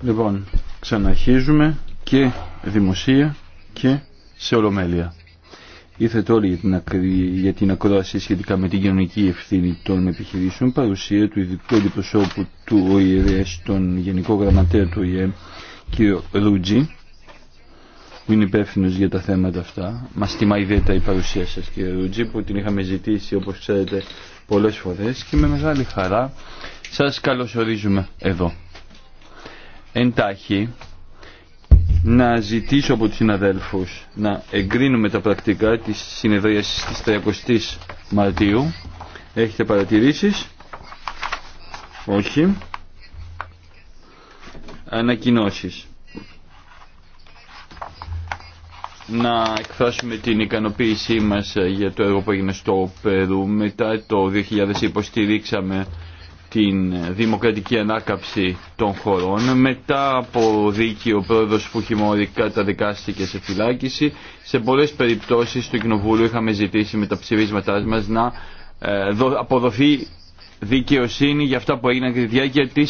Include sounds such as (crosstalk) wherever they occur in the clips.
Λοιπόν, ξαναρχίζουμε και δημοσία και σε ολομέλεια. Ήρθατε όλοι για την, για την ακρόαση σχετικά με την κοινωνική ευθύνη των επιχειρήσεων, παρουσία του ειδικού αντιπροσώπου του ΟΗΕ τον Γενικό Γραμματέα του ΟΗΕ, κ. Ρούτζι, που είναι υπεύθυνο για τα θέματα αυτά. Μα τιμά ιδιαίτερα η παρουσία σα, κ. Ρούτζι, που την είχαμε ζητήσει, όπω ξέρετε, πολλέ φορέ και με μεγάλη χαρά σας καλωσορίζουμε εδώ. Εντάχει, να ζητήσω από τους συναδέλφους να εγκρίνουμε τα πρακτικά της συνεδρίασης της 30ης Μαρτίου. Έχετε παρατηρήσεις? Όχι. Ανακοινώσεις. να εκφράσουμε την ικανοποίησή μας για το έργο που έγινε στο Περού. Μετά το 2000 υποστηρίξαμε την δημοκρατική ανάκαψη των χωρών. Μετά από δίκη ο πρόεδρος Φουχημόρη καταδικάστηκε σε φυλάκιση. Σε πολλές περιπτώσεις του Κοινοβούλιο είχαμε ζητήσει με τα ψηφίσματά μας να ε, αποδοθεί δικαιοσύνη για αυτά που έγιναν και τη διάρκεια τη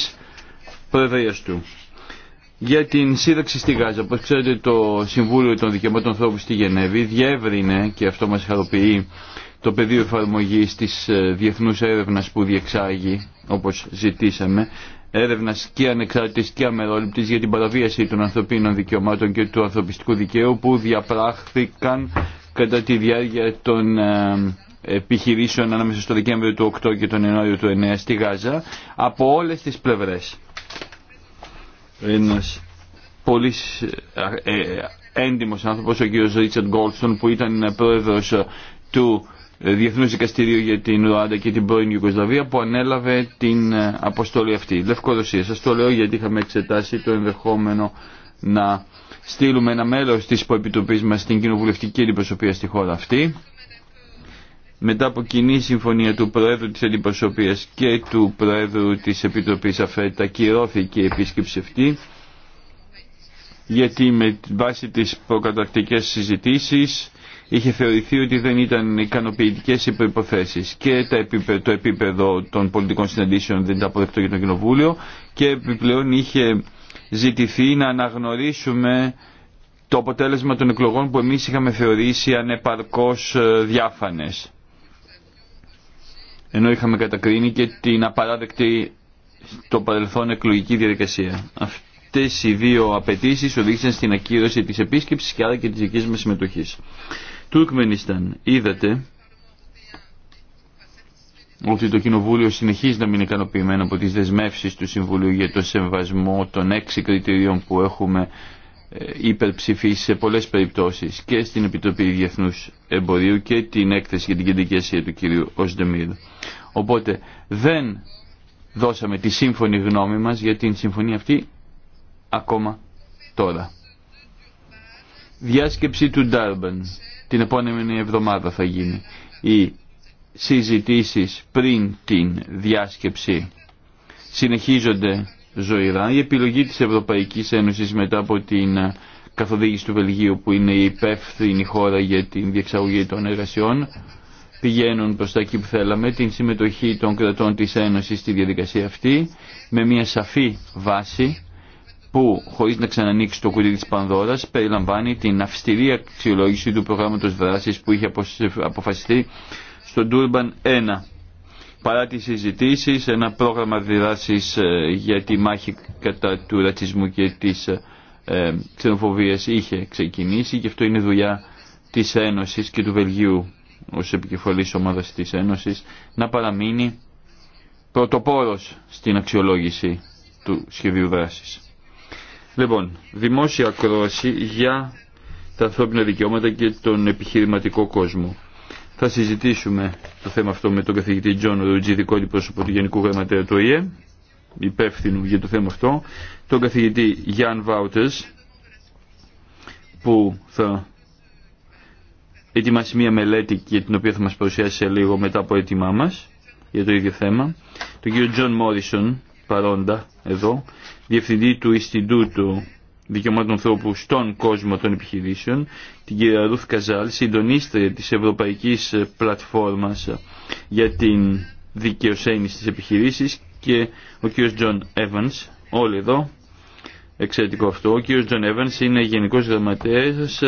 προεδρίας του. Για την σύνταξη στη Γάζα, όπως ξέρετε το Συμβούλιο των Δικαιωμάτων Ανθρώπου στη Γενέβη διεύρυνε, και αυτό μας χαροποιεί, το πεδίο εφαρμογής της ε, διεθνούς έρευνας που διεξάγει, όπως ζητήσαμε, έρευνα και ανεξάρτητη και αμερόληπτη για την παραβίαση των ανθρωπίνων δικαιωμάτων και του ανθρωπιστικού δικαίου που διαπράχθηκαν κατά τη διάρκεια των ε, επιχειρήσεων ανάμεσα στο Δεκέμβριο του 8 και τον Ιανουάριο του 9 στη Γάζα από όλε τι πλευρέ. Ένα πολύ ε, έντιμο άνθρωπο, ο κ. Ρίτσαρντ Γκόλστον που ήταν πρόεδρο του ε, Διεθνού Δικαστηρίου για την Ρουάντα και την πρώην Ιουγκοσλαβία που ανέλαβε την ε, αποστολή αυτή. Λευκοδοσία. Σα το λέω γιατί είχαμε εξετάσει το ενδεχόμενο να στείλουμε ένα μέλος τη υποεπιτροπή μας στην κοινοβουλευτική αντιπροσωπεία στη χώρα αυτή. Μετά από κοινή συμφωνία του Προέδρου της Αντιπροσωπείας και του Προέδρου της Επιτροπής Αφέτα κυρώθηκε η επίσκεψη αυτή γιατί με βάση τις προκαταρκτικές συζητήσεις είχε θεωρηθεί ότι δεν ήταν ικανοποιητικέ οι προποθέσει και το επίπεδο των πολιτικών συναντήσεων δεν ήταν αποδεκτό για το Κοινοβούλιο και επιπλέον είχε ζητηθεί να αναγνωρίσουμε το αποτέλεσμα των εκλογών που εμείς είχαμε θεωρήσει ανεπαρκώς ε, διάφανες. Ενώ είχαμε κατακρίνει και την απαράδεκτη στο παρελθόν εκλογική διαδικασία. Αυτές οι δύο απαιτήσει οδήγησαν στην ακύρωση της επίσκεψης και άρα και της δικής μας συμμετοχής. Τουρκμενιστάν. Είδατε ότι το Κοινοβούλιο συνεχίζει να μην είναι ικανοποιημένο από τις δεσμεύσεις του Συμβουλίου για το σεμβασμό των έξι κριτηρίων που έχουμε ε, υπερψηφίσει σε πολλές περιπτώσεις και στην Επιτροπή διεθνού Εμπορίου και την έκθεση για την Κεντρική Ασία του κυρίου Οσδεμίδου. Οπότε δεν δώσαμε τη σύμφωνη γνώμη μας για την συμφωνία αυτή ακόμα τώρα. Διάσκεψη του Ντάρμπαν την επόμενη εβδομάδα θα γίνει οι συζητήσεις πριν την διάσκεψη συνεχίζονται ζωηρά. Η επιλογή της Ευρωπαϊκής Ένωσης μετά από την καθοδήγηση του Βελγίου που είναι η υπεύθυνη χώρα για την διεξαγωγή των εργασιών πηγαίνουν προς τα εκεί που θέλαμε την συμμετοχή των κρατών της Ένωσης στη διαδικασία αυτή με μια σαφή βάση που χωρίς να ξανανοίξει το κουτί της Πανδώρας περιλαμβάνει την αυστηρή αξιολόγηση του προγράμματος δράσης που είχε αποφασιστεί στο Τούρμπαν 1. Παρά τις συζητήσεις, ένα πρόγραμμα δράσης ε, για τη μάχη κατά του ρατσισμού και της ε, ε είχε ξεκινήσει και αυτό είναι δουλειά της Ένωσης και του Βελγίου ως επικεφαλής ομάδας της Ένωσης να παραμείνει πρωτοπόρος στην αξιολόγηση του σχεδίου δράσης. Λοιπόν, δημόσια ακρόαση για τα ανθρώπινα δικαιώματα και τον επιχειρηματικό κόσμο. Θα συζητήσουμε το θέμα αυτό με τον καθηγητή Τζον Ρουτζή, δικό αντιπρόσωπο του Γενικού Γραμματέα του ΟΗΕ, υπεύθυνου για το θέμα αυτό, τον καθηγητή Γιάνν Βάουτερς, που θα ετοιμάσει μια μελέτη και την οποία θα μας παρουσιάσει σε λίγο μετά από έτοιμά μας για το ίδιο θέμα. Τον κύριο Τζον Μόρισον, παρόντα εδώ, Διευθυντή του Ινστιτούτου Δικαιωμάτων Ανθρώπου στον κόσμο των επιχειρήσεων, την κυρία Ρουθ Καζάλ, συντονίστρια της Ευρωπαϊκής Πλατφόρμας για την Δικαιοσύνη στις Επιχειρήσεις και ο κύριος Τζον Evans, όλοι εδώ, εξαιρετικό αυτό. Ο κύριος Τζον Evans είναι Γενικός Γραμματέας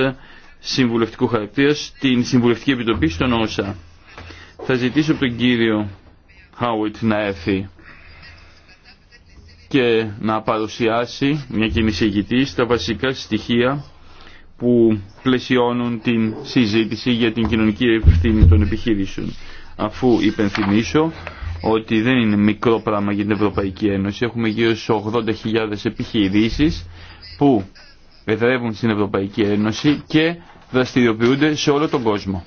Συμβουλευτικού Χαρακτήρα στην Συμβουλευτική Επιτροπή στον ΩΣΑ. Θα ζητήσω από τον κύριο Χάουιτ να έρθει και να παρουσιάσει μια κοινή στα βασικά στοιχεία που πλαισιώνουν την συζήτηση για την κοινωνική ευθύνη των επιχειρήσεων. Αφού υπενθυμίσω ότι δεν είναι μικρό πράγμα για την Ευρωπαϊκή Ένωση, έχουμε γύρω στις 80.000 επιχειρήσεις που εδρεύουν στην Ευρωπαϊκή Ένωση και δραστηριοποιούνται σε όλο τον κόσμο.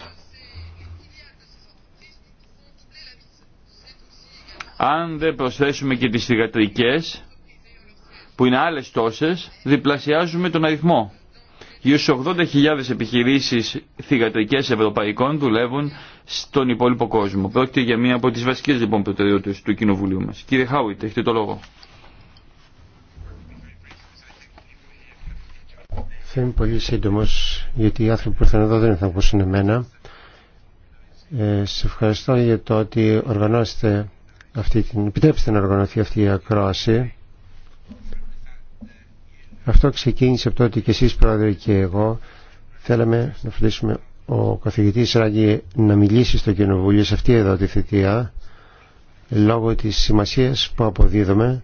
αν δεν προσθέσουμε και τις θηγατρικές, που είναι άλλες τόσες, διπλασιάζουμε τον αριθμό. Γύρω στις 80.000 επιχειρήσεις θηγατρικές ευρωπαϊκών δουλεύουν στον υπόλοιπο κόσμο. Πρόκειται για μία από τις βασικές λοιπόν προτεραιότητες του Κοινοβουλίου μας. Κύριε Χάουιτ, έχετε το λόγο. Θα είμαι πολύ σύντομο γιατί οι άνθρωποι που ήρθαν εδώ δεν θα ακούσουν εμένα. Ε, ευχαριστώ για το ότι οργανώσετε αυτή την, επιτρέψτε να οργανωθεί αυτή η ακρόαση. Αυτό ξεκίνησε από τότε και εσείς πρόεδρε και εγώ. Θέλαμε να φροντίσουμε ο καθηγητής Ράγκη να μιλήσει στο κοινοβούλιο σε αυτή εδώ τη θητεία λόγω της σημασίας που αποδίδουμε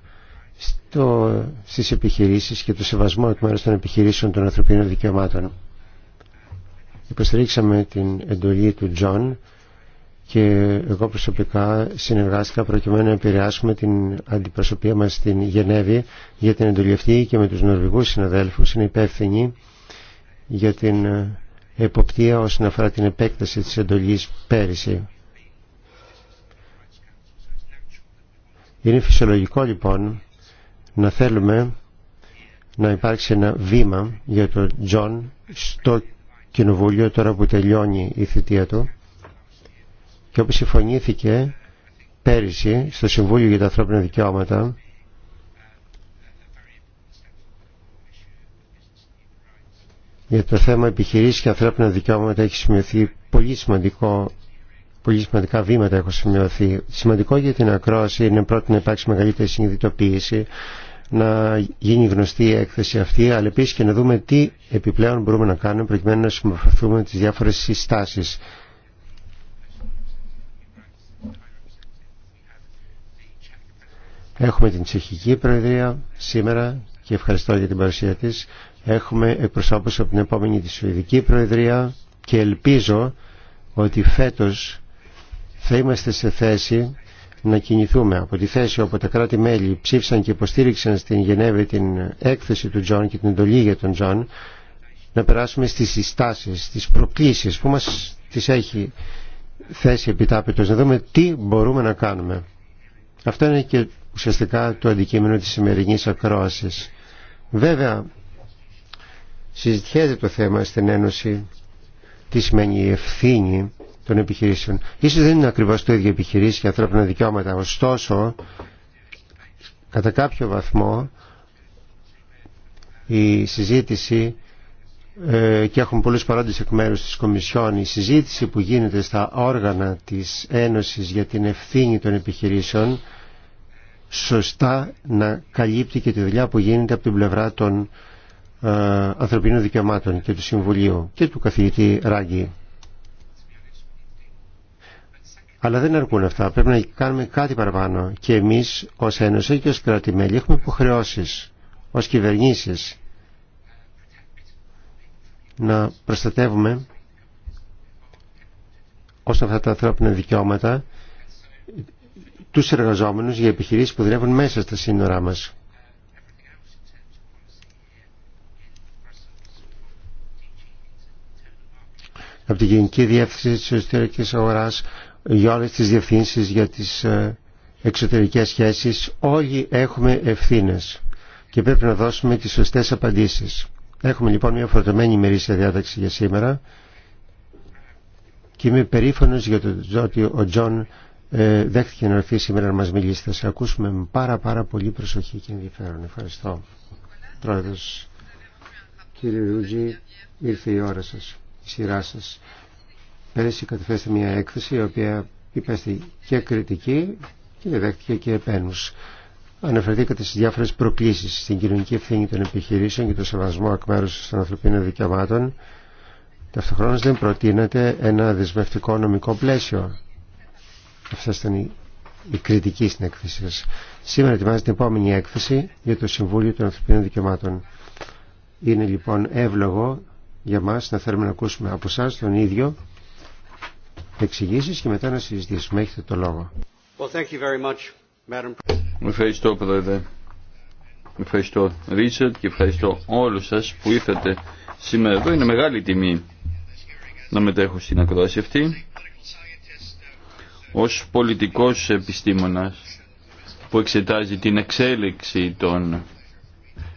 στο, στις επιχειρήσεις και το σεβασμό εκ μέρους των επιχειρήσεων των ανθρωπίνων δικαιωμάτων. Υποστηρίξαμε την εντολή του Τζον και εγώ προσωπικά συνεργάστηκα προκειμένου να επηρεάσουμε την αντιπροσωπεία μας στην Γενέβη για την εντολή αυτή και με τους νορβηγούς συναδέλφους είναι υπεύθυνοι για την ε, εποπτεία όσον αφορά την επέκταση της εντολής πέρυσι. Είναι φυσιολογικό λοιπόν να θέλουμε να υπάρξει ένα βήμα για τον Τζον στο Κοινοβούλιο τώρα που τελειώνει η θητεία του και όπως συμφωνήθηκε πέρυσι στο Συμβούλιο για τα Ανθρώπινα Δικαιώματα για το θέμα επιχειρήσεις και ανθρώπινα δικαιώματα έχει σημειωθεί πολύ σημαντικό Πολύ σημαντικά βήματα έχουν σημειωθεί. Σημαντικό για την ακρόαση είναι πρώτον να υπάρξει μεγαλύτερη συνειδητοποίηση, να γίνει γνωστή η έκθεση αυτή, αλλά επίση και να δούμε τι επιπλέον μπορούμε να κάνουμε προκειμένου να συμμορφωθούμε τι διάφορες συστάσει Έχουμε την ψυχική προεδρία σήμερα και ευχαριστώ για την παρουσία της. Έχουμε εκπροσώπους από την επόμενη τη Σουηδική Προεδρία και ελπίζω ότι φέτος θα είμαστε σε θέση να κινηθούμε από τη θέση όπου τα κράτη-μέλη ψήφισαν και υποστήριξαν στην Γενέβη την έκθεση του Τζον και την εντολή για τον Τζον να περάσουμε στις συστάσεις, στις προκλήσεις που μας τις έχει θέσει επιτάπητος να δούμε τι μπορούμε να κάνουμε. Αυτό είναι και ουσιαστικά το αντικείμενο της σημερινής ακρόασης. Βέβαια, συζητιέται το θέμα στην Ένωση τι σημαίνει η ευθύνη των επιχειρήσεων. Ίσως δεν είναι ακριβώς το ίδιο επιχειρήσει και ανθρώπινα δικαιώματα. Ωστόσο, κατά κάποιο βαθμό, η συζήτηση ε, και έχουν πολλούς παρόντες εκ μέρους της Κομισιόν η συζήτηση που γίνεται στα όργανα της Ένωσης για την ευθύνη των επιχειρήσεων σωστά να καλύπτει και τη δουλειά που γίνεται από την πλευρά των ε, ανθρωπίνων δικαιωμάτων και του Συμβουλίου και του καθηγητή Ράγκη. Αλλά δεν αρκούν αυτά. Πρέπει να κάνουμε κάτι παραπάνω. Και εμείς ως Ένωση και ως κρατημέλη έχουμε υποχρεώσει ως κυβερνήσεις να προστατεύουμε όσον αυτά τα ανθρώπινα δικαιώματα τους εργαζόμενους για επιχειρήσεις που δουλεύουν μέσα στα σύνορά μας. Από την Γενική Διεύθυνση της Εσωτερικής Αγοράς για όλες τις διευθύνσεις για τις ε, εξωτερικές σχέσεις όλοι έχουμε ευθύνες και πρέπει να δώσουμε τις σωστές απαντήσεις. Έχουμε λοιπόν μια φορτωμένη ημερήσια διάταξη για σήμερα και είμαι περήφανος για το ότι ο Τζον ε, δέχτηκε να έρθει σήμερα να μας μιλήσει. Θα σε ακούσουμε με πάρα πάρα πολύ προσοχή και ενδιαφέρον. Ευχαριστώ. Πρόεδρος, κύριε Ρούτζη, ήρθε η ώρα σας, η σειρά σας. Πέρυσι κατεφέστε μια έκθεση η οποία υπέστη και κριτική και δέχτηκε και επένους. Αναφερθήκατε στις διάφορε προκλήσει στην κοινωνική ευθύνη των επιχειρήσεων και το σεβασμό εκ μέρου των ανθρωπίνων δικαιωμάτων. Ταυτοχρόνω δεν προτείνατε ένα δεσμευτικό νομικό πλαίσιο Αυτά ήταν οι, οι κριτικοί στην έκθεση σα. Σήμερα ετοιμάζεται την επόμενη έκθεση για το Συμβούλιο των Ανθρωπίνων Δικαιωμάτων. Είναι λοιπόν εύλογο για μας να θέλουμε να ακούσουμε από εσά τον ίδιο εξηγήσει και μετά να συζητήσουμε. Έχετε το λόγο. thank you very much, Madam. Ευχαριστώ Πρόεδρε. Ευχαριστώ Ρίτσαρτ και ευχαριστώ όλους σας που ήρθατε σήμερα εδώ. Είναι μεγάλη τιμή να μετέχω στην ακρόαση αυτή ως πολιτικός επιστήμονας που εξετάζει την εξέλιξη των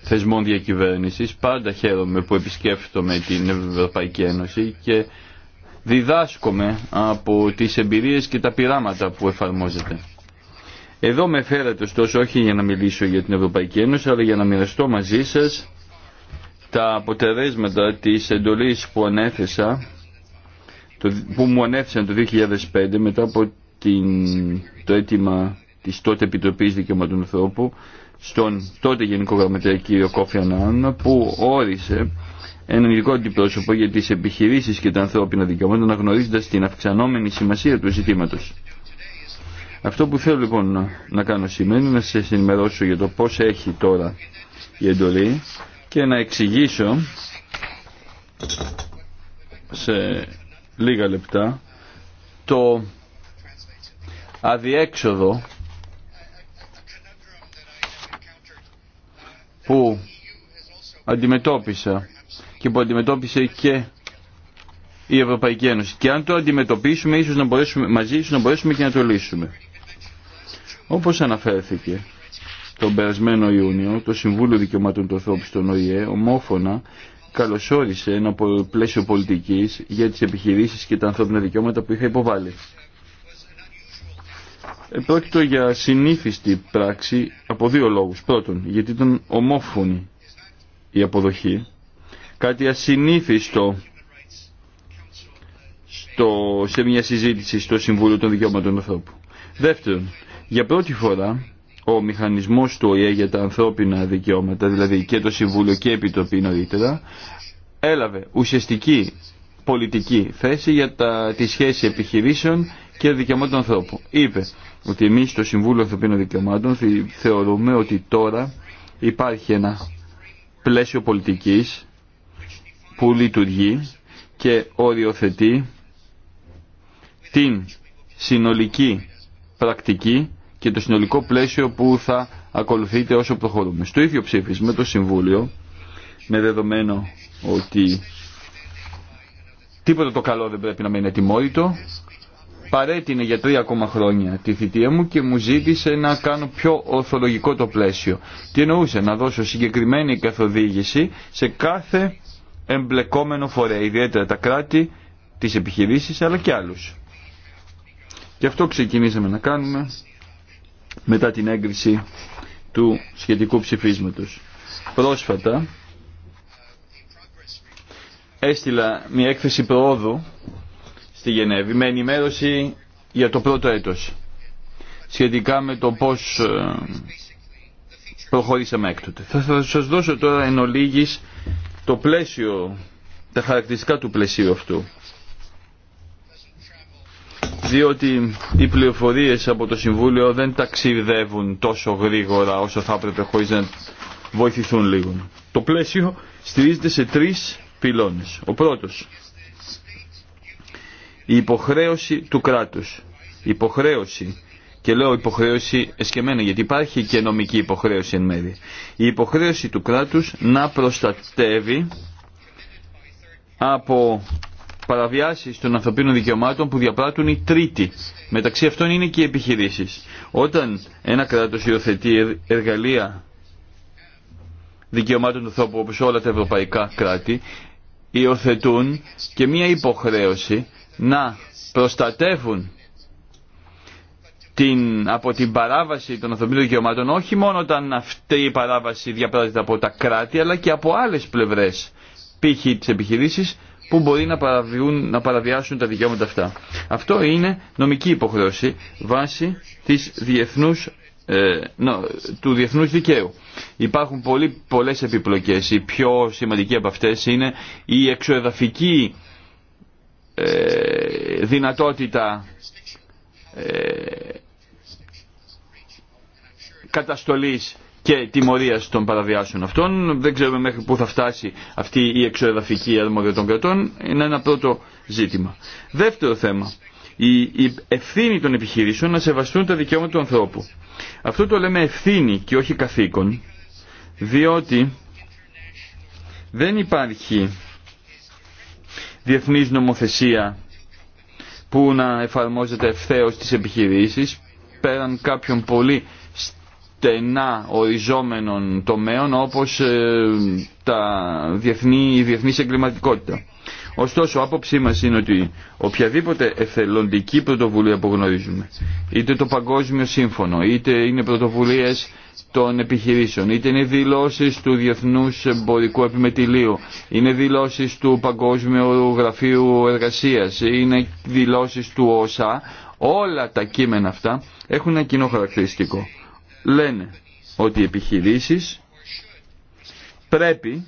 θεσμών διακυβέρνησης πάντα χαίρομαι που επισκέφτομαι την Ευρωπαϊκή Ένωση και διδάσκομαι από τις εμπειρίες και τα πειράματα που εφαρμόζεται. Εδώ με φέρατε ωστόσο όχι για να μιλήσω για την Ευρωπαϊκή Ένωση αλλά για να μοιραστώ μαζί σας τα αποτελέσματα της εντολής που ανέθεσα που μου ανέφεσαν το 2005 μετά από την, το αίτημα τη τότε επιτροπή Δικαιωμάτων Ανθρώπου στον τότε Γενικό Γραμματέα κύριο Κόφη που όρισε έναν ειδικό αντιπρόσωπο για τι επιχειρήσεις και τα ανθρώπινα δικαιώματα αναγνωρίζοντα την αυξανόμενη σημασία του ζητήματο. Αυτό που θέλω λοιπόν να κάνω σήμερα είναι να σα ενημερώσω για το πώς έχει τώρα η εντολή και να εξηγήσω σε λίγα λεπτά το αδιέξοδο που αντιμετώπισα και που αντιμετώπισε και η Ευρωπαϊκή Ένωση. Και αν το αντιμετωπίσουμε, ίσως να μπορέσουμε, μαζί ίσως να μπορέσουμε και να το λύσουμε. Όπως αναφέρθηκε τον περασμένο Ιούνιο, το Συμβούλιο Δικαιωμάτων του Ανθρώπου στον ΟΗΕ ομόφωνα καλωσόρισε ένα πλαίσιο πολιτικής για τις επιχειρήσεις και τα ανθρώπινα δικαιώματα που είχα υποβάλει. Πρόκειται για συνήθιστη πράξη από δύο λόγους. Πρώτον, γιατί ήταν ομόφωνη η αποδοχή, κάτι ασυνήθιστο στο, σε μια συζήτηση στο Συμβούλιο των Δικαιωμάτων του Ανθρώπου. Δεύτερον, για πρώτη φορά ο μηχανισμός του ΟΗΕ για τα ανθρώπινα δικαιώματα, δηλαδή και το Συμβούλιο και η Επιτροπή νωρίτερα, έλαβε ουσιαστική πολιτική θέση για τη σχέση επιχειρήσεων και δικαιωμάτων ανθρώπου. Είπε ότι εμεί στο Συμβούλιο Ανθρωπίνων Δικαιωμάτων θεωρούμε ότι τώρα υπάρχει ένα πλαίσιο πολιτική που λειτουργεί και οριοθετεί την συνολική πρακτική και το συνολικό πλαίσιο που θα ακολουθείτε όσο προχωρούμε. Στο ίδιο ψήφισμα το Συμβούλιο, με δεδομένο ότι τίποτα το καλό δεν πρέπει να μείνει ατιμόρυτο, παρέτεινε για τρία ακόμα χρόνια τη θητεία μου και μου ζήτησε να κάνω πιο ορθολογικό το πλαίσιο. Τι εννοούσε, να δώσω συγκεκριμένη καθοδήγηση σε κάθε εμπλεκόμενο φορέα, ιδιαίτερα τα κράτη, τις επιχειρήσεις αλλά και άλλους. Και αυτό ξεκινήσαμε να κάνουμε μετά την έγκριση του σχετικού ψηφίσματος. Πρόσφατα έστειλα μια έκθεση προόδου στη Γενέβη με ενημέρωση για το πρώτο έτος σχετικά με το πώς ε, προχωρήσαμε έκτοτε. Θα σας δώσω τώρα εν ολίγης το πλαίσιο, τα χαρακτηριστικά του πλαισίου αυτού. Διότι οι πληροφορίες από το Συμβούλιο δεν ταξιδεύουν τόσο γρήγορα όσο θα έπρεπε χωρίς να βοηθηθούν λίγο. Το πλαίσιο στηρίζεται σε τρεις πυλώνες. Ο πρώτος, η υποχρέωση του κράτους. Υποχρέωση. Και λέω υποχρέωση εσκεμένα γιατί υπάρχει και νομική υποχρέωση εν μέρει. Η υποχρέωση του κράτους να προστατεύει από παραβιάσεις των ανθρωπίνων δικαιωμάτων που διαπράττουν οι τρίτοι. Μεταξύ αυτών είναι και οι επιχειρήσεις. Όταν ένα κράτος υιοθετεί εργαλεία δικαιωμάτων του ανθρώπου όπως όλα τα ευρωπαϊκά κράτη, υιοθετούν και μία υποχρέωση να προστατεύουν την, από την παράβαση των ανθρωπίνων δικαιωμάτων όχι μόνο όταν αυτή η παράβαση διαπράττεται από τα κράτη αλλά και από άλλες πλευρές π.χ. τις επιχειρήσεις που μπορεί να, να παραβιάσουν τα δικαιώματα αυτά. Αυτό είναι νομική υποχρέωση βάσει της διεθνούς, ε, του διεθνούς δικαίου. Υπάρχουν πολύ, πολλές επιπλοκές. Η πιο σημαντική από αυτές είναι η εξοεδαφική ε, δυνατότητα ε, καταστολής και τιμωρία των παραβιάσεων αυτών. Δεν ξέρουμε μέχρι πού θα φτάσει αυτή η εξοεδαφική αρμόδια των κρατών. Είναι ένα πρώτο ζήτημα. Δεύτερο θέμα. Η ευθύνη των επιχειρήσεων να σεβαστούν τα δικαιώματα του ανθρώπου. Αυτό το λέμε ευθύνη και όχι καθήκον, διότι δεν υπάρχει διεθνής νομοθεσία που να εφαρμόζεται ευθέως στις επιχειρήσεις πέραν κάποιων πολύ στενά οριζόμενων τομέων όπως ε, τα διεθνή, η διεθνής εγκληματικότητα. Ωστόσο, άποψή μας είναι ότι οποιαδήποτε εθελοντική πρωτοβουλία που γνωρίζουμε, είτε το Παγκόσμιο Σύμφωνο, είτε είναι πρωτοβουλίες των επιχειρήσεων, είτε είναι δηλώσει του διεθνού Εμπορικού Επιμετηλίου, είναι δηλώσει του Παγκόσμιου Γραφείου Εργασίας, είναι δηλώσει του ΟΣΑ, όλα τα κείμενα αυτά έχουν ένα κοινό χαρακτηριστικό. Λένε ότι οι επιχειρήσεις πρέπει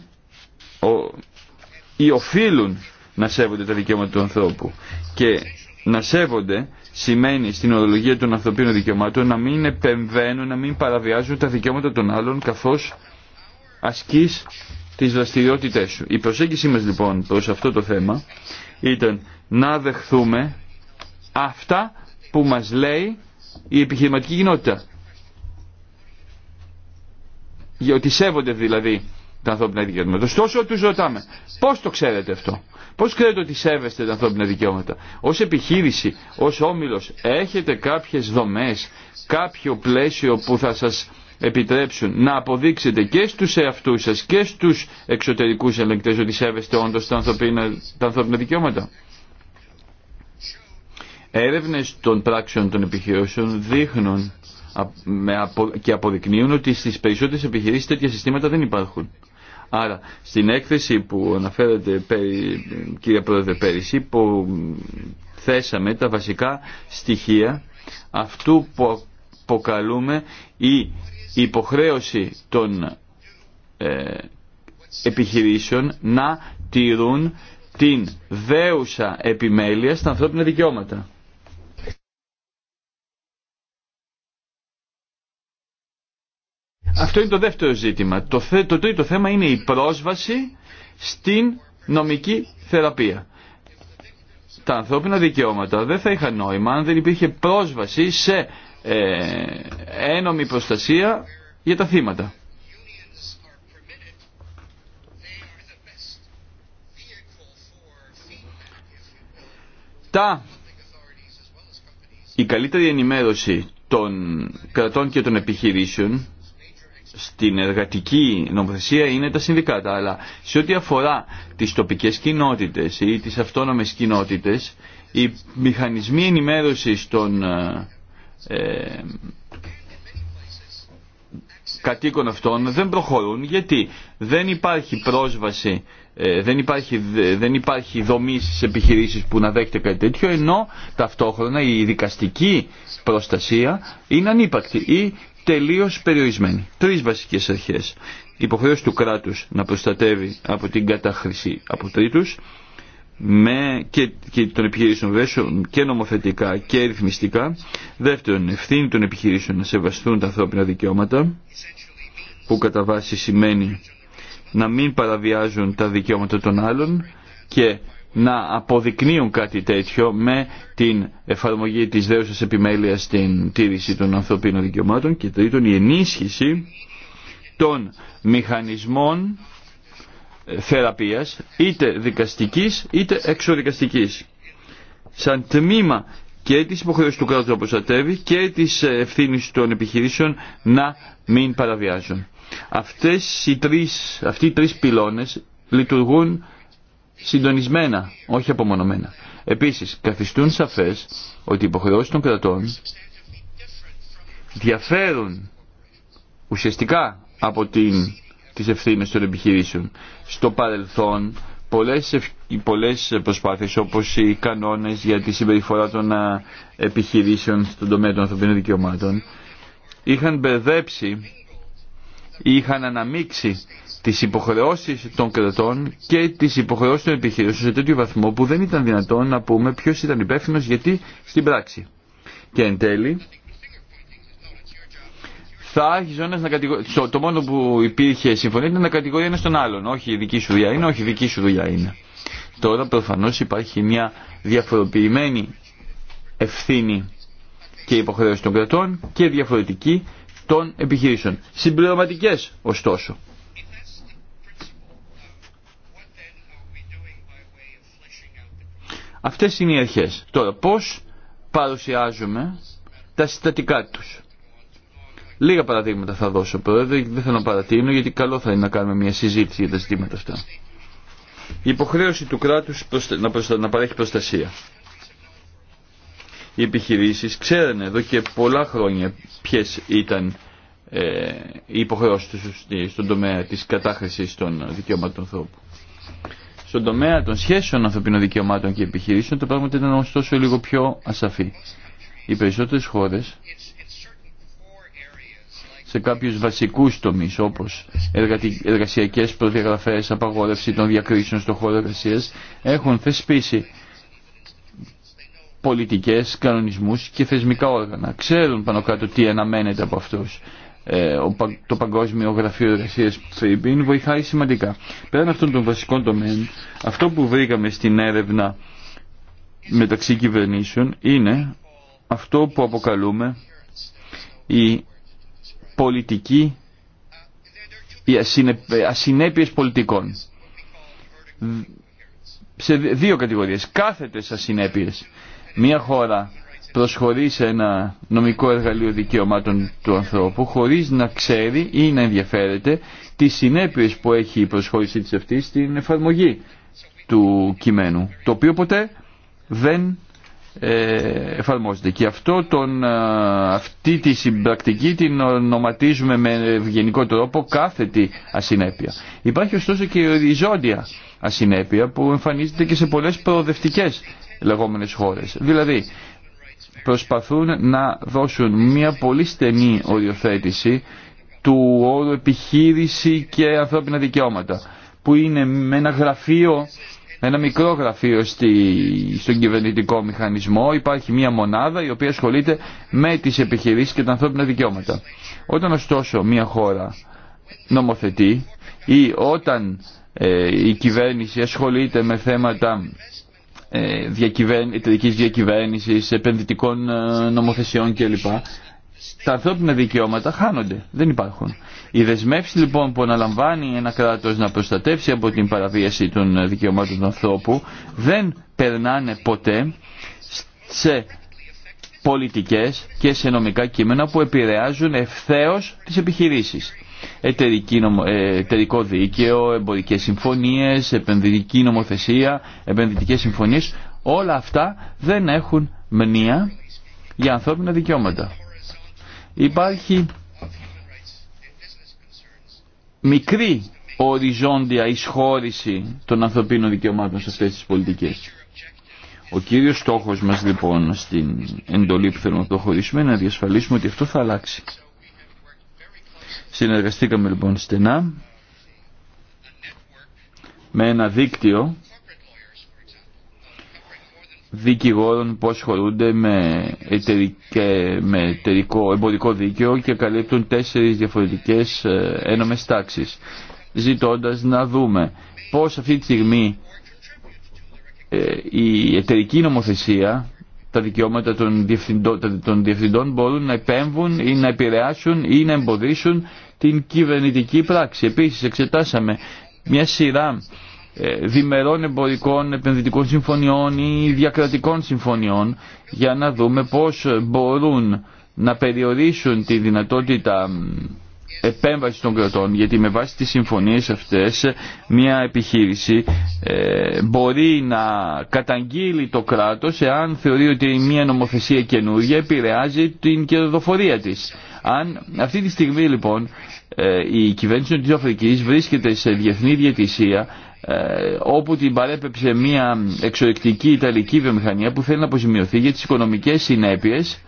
ή οφείλουν να σέβονται τα δικαιώματα του ανθρώπου και να σέβονται σημαίνει στην ορολογία των ανθρωπίνων δικαιωμάτων να μην επεμβαίνουν, να μην παραβιάζουν τα δικαιώματα των άλλων καθώς ασκείς τις δραστηριότητές σου. Η προσέγγιση μας λοιπόν προς αυτό το θέμα ήταν να δεχθούμε αυτά που μας λέει η επιχειρηματική κοινότητα. Για ότι σέβονται δηλαδή τα ανθρώπινα δικαιώματα. Ωστόσο τους ρωτάμε πώς το ξέρετε αυτό. Πώς ξέρετε ότι σέβεστε τα ανθρώπινα δικαιώματα. Ως επιχείρηση, ως όμιλος, έχετε κάποιες δομές, κάποιο πλαίσιο που θα σας επιτρέψουν να αποδείξετε και στους εαυτούς σας και στους εξωτερικούς ελεγκτές ότι σέβεστε όντως τα ανθρώπινα, τα ανθρώπινα δικαιώματα. Έρευνες των πράξεων των επιχειρήσεων δείχνουν και αποδεικνύουν ότι στις περισσότερες επιχειρήσεις τέτοια συστήματα δεν υπάρχουν. Άρα, στην έκθεση που αναφέρατε, κύριε Πρόεδρε, πέρυσι, που θέσαμε τα βασικά στοιχεία αυτού που αποκαλούμε η υποχρέωση των ε, επιχειρήσεων να τηρούν την δέουσα επιμέλεια στα ανθρώπινα δικαιώματα. Αυτό είναι το δεύτερο ζήτημα. Το, το τρίτο θέμα είναι η πρόσβαση στην νομική θεραπεία. Τα ανθρώπινα δικαιώματα δεν θα είχαν νόημα αν δεν υπήρχε πρόσβαση σε ε, ένομη προστασία για τα θύματα. Τα, η καλύτερη ενημέρωση των κρατών και των επιχειρήσεων στην εργατική νομοθεσία είναι τα συνδικάτα, αλλά σε ό,τι αφορά τις τοπικές κοινότητες ή τις αυτόνομες κοινότητες, οι μηχανισμοί ενημέρωσης των ε, ε, κατοίκων αυτών δεν προχωρούν γιατί δεν υπάρχει πρόσβαση, ε, δεν, υπάρχει, δεν υπάρχει δομή στις επιχειρήσεις που να δέχεται κάτι τέτοιο ενώ ταυτόχρονα η δικαστική προστασία είναι ανύπαρκτη τελείως περιορισμένη. Τρεις βασικές αρχές. Υποχρέωση του κράτους να προστατεύει από την κατάχρηση από τρίτους με και, και των επιχειρήσεων βέσεων και νομοθετικά και ρυθμιστικά. Δεύτερον, ευθύνη των επιχειρήσεων να σεβαστούν τα ανθρώπινα δικαιώματα που κατά βάση σημαίνει να μην παραβιάζουν τα δικαιώματα των άλλων και να αποδεικνύουν κάτι τέτοιο με την εφαρμογή της δέωσης επιμέλειας στην τήρηση των ανθρωπίνων δικαιωμάτων και τρίτον η ενίσχυση των μηχανισμών ε, θεραπείας είτε δικαστικής είτε εξωδικαστικής σαν τμήμα και της υποχρέωσης του κράτους να προστατεύει και της ε, ευθύνη των επιχειρήσεων να μην παραβιάζουν. Αυτές οι τρεις, αυτοί οι τρεις πυλώνες λειτουργούν συντονισμένα, όχι απομονωμένα. Επίσης, καθιστούν σαφές ότι οι υποχρεώσεις των κρατών διαφέρουν ουσιαστικά από την, τις ευθύνες των επιχειρήσεων. Στο παρελθόν, πολλές, ευ, πολλές προσπάθειες όπως οι κανόνες για τη συμπεριφορά των επιχειρήσεων στον τομέα των ανθρωπίνων δικαιωμάτων είχαν μπερδέψει ή είχαν αναμίξει τις υποχρεώσεις των κρατών και τις υποχρεώσεις των επιχειρήσεων σε τέτοιο βαθμό που δεν ήταν δυνατόν να πούμε ποιος ήταν υπεύθυνο γιατί στην πράξη. Και εν τέλει, θα να Το μόνο που υπήρχε συμφωνία ήταν να κατηγορεί ένα τον άλλον. Όχι η δική σου δουλειά είναι, όχι η δική σου δουλειά είναι. Τώρα προφανώ υπάρχει μια διαφοροποιημένη ευθύνη και υποχρέωση των κρατών και διαφορετική των επιχειρήσεων. Συμπληρωματικέ ωστόσο. Αυτές είναι οι αρχές. Τώρα πώς παρουσιάζουμε τα συστατικά τους. Λίγα παραδείγματα θα δώσω πρόεδρε, δεν θέλω να παρατείνω γιατί καλό θα είναι να κάνουμε μια συζήτηση για τα ζητήματα αυτά. Η υποχρέωση του κράτους να, παρέχει προστασία. Οι επιχειρήσεις ξέρανε εδώ και πολλά χρόνια ποιες ήταν ε, οι υποχρεώσεις στον τομέα της κατάχρησης των δικαιωμάτων ανθρώπου στον τομέα των σχέσεων ανθρωπίνων δικαιωμάτων και επιχειρήσεων το πράγμα ήταν ωστόσο λίγο πιο ασαφή. Οι περισσότερες χώρες σε κάποιους βασικούς τομείς όπως εργασιακέ προδιαγραφές, απαγόρευση των διακρίσεων στον χώρο εργασίας έχουν θεσπίσει πολιτικές, κανονισμούς και θεσμικά όργανα. Ξέρουν πάνω κάτω τι αναμένεται από αυτούς. Ε, το Παγκόσμιο Γραφείο Εργασία Φρύμπιν βοηθάει σημαντικά. Πέραν αυτών των βασικών τομέων, αυτό που βρήκαμε στην έρευνα μεταξύ κυβερνήσεων είναι αυτό που αποκαλούμε η πολιτική, οι ασυνέπειες πολιτικών. Σε δύο κατηγορίες. Κάθετες ασυνέπειες. Μία χώρα προσχωρεί σε ένα νομικό εργαλείο δικαιωμάτων του ανθρώπου χωρίς να ξέρει ή να ενδιαφέρεται τις συνέπειες που έχει η προσχώρησή της αυτή στην εφαρμογή του κειμένου, το οποίο ποτέ δεν ε, εφαρμόζεται. Και αυτό τον, ε, αυτή τη συμπρακτική την ονοματίζουμε με ευγενικό τρόπο κάθετη ασυνέπεια. Υπάρχει ωστόσο και οριζόντια ασυνέπεια που εμφανίζεται και σε πολλές προοδευτικές λεγόμενες χώρες. Δηλαδή, προσπαθούν να δώσουν μια πολύ στενή οριοθέτηση του όρου επιχείρηση και ανθρώπινα δικαιώματα που είναι με ένα γραφείο, ένα μικρό γραφείο στη, στον κυβερνητικό μηχανισμό. Υπάρχει μια μονάδα η οποία ασχολείται με τις επιχειρήσεις και τα ανθρώπινα δικαιώματα. Όταν ωστόσο μια χώρα νομοθετεί ή όταν ε, η κυβέρνηση ασχολείται με θέματα ε, διακυβέρνηση επενδυτικών ε, νομοθεσιών κλπ. Τα ανθρώπινα δικαιώματα χάνονται, δεν υπάρχουν. Οι δεσμεύσει λοιπόν που αναλαμβάνει ένα κράτο να προστατεύσει από την παραβίαση των ε, δικαιωμάτων του ανθρώπου δεν περνάνε ποτέ σε πολιτικές και σε νομικά κείμενα που επηρεάζουν ευθέως τις επιχειρήσεις. Ε, εταιρικό δίκαιο, εμπορικές συμφωνίες, επενδυτική νομοθεσία, επενδυτικές συμφωνίες, όλα αυτά δεν έχουν μνήα για ανθρώπινα δικαιώματα. Υπάρχει μικρή οριζόντια εισχώρηση των ανθρωπίνων δικαιωμάτων σε αυτές τις πολιτικές. Ο κύριος στόχος μας λοιπόν στην εντολή που θέλουμε να προχωρήσουμε είναι να διασφαλίσουμε ότι αυτό θα αλλάξει. Συνεργαστήκαμε λοιπόν στενά με ένα δίκτυο δικηγόρων που ασχολούνται με, εταιρικέ, με εταιρικό, εμπορικό δίκαιο και καλύπτουν τέσσερις διαφορετικές ε, ένομες τάξεις ζητώντας να δούμε πώς αυτή τη στιγμή ε, η εταιρική νομοθεσία τα δικαιώματα των διευθυντών, των διευθυντών μπορούν να επέμβουν ή να επηρεάσουν ή να εμποδίσουν την κυβερνητική πράξη. Επίσης εξετάσαμε μια σειρά ε, διμερών εμπορικών επενδυτικών συμφωνιών ή διακρατικών συμφωνιών για να δούμε πώς μπορούν να περιορίσουν τη δυνατότητα επέμβαση των κρατών γιατί με βάση τις συμφωνίες αυτές μια επιχείρηση ε, μπορεί να καταγγείλει το κράτος εάν θεωρεί ότι μια νομοθεσία καινούργια επηρεάζει την κερδοφορία της. Αν αυτή τη στιγμή λοιπόν ε, η κυβέρνηση της Αφρικής βρίσκεται σε διεθνή διαιτησία ε, όπου την παρέπεψε μια εξωτερική ιταλική βιομηχανία που θέλει να αποζημιωθεί για τις οικονομικές συνέπειες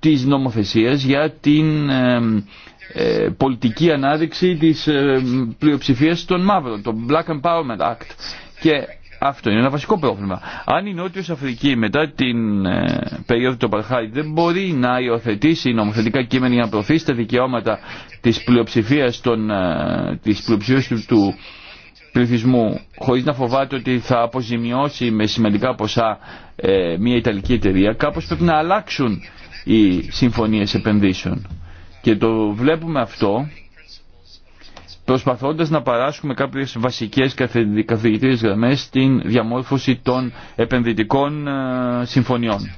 της νομοθεσίας για την ε, πολιτική ανάδειξη της ε, πλειοψηφίας των μαύρων, το Black Empowerment Act. Και αυτό είναι ένα βασικό πρόβλημα. Αν η Νότιο Αφρική μετά την ε, περίοδο του Παρχάη δεν μπορεί να υιοθετήσει νομοθετικά κείμενα για να προωθήσει τα δικαιώματα τη πλειοψηφία ε, του, πληθυσμού Χωρί να φοβάται ότι θα αποζημιώσει με σημαντικά ποσά ε, μια Ιταλική εταιρεία, κάπω πρέπει να αλλάξουν οι συμφωνίε επενδύσεων. Και το βλέπουμε αυτό προσπαθώντας να παράσχουμε κάποιες βασικές καθηγητήριες γραμμές στην διαμόρφωση των επενδυτικών ε, συμφωνιών.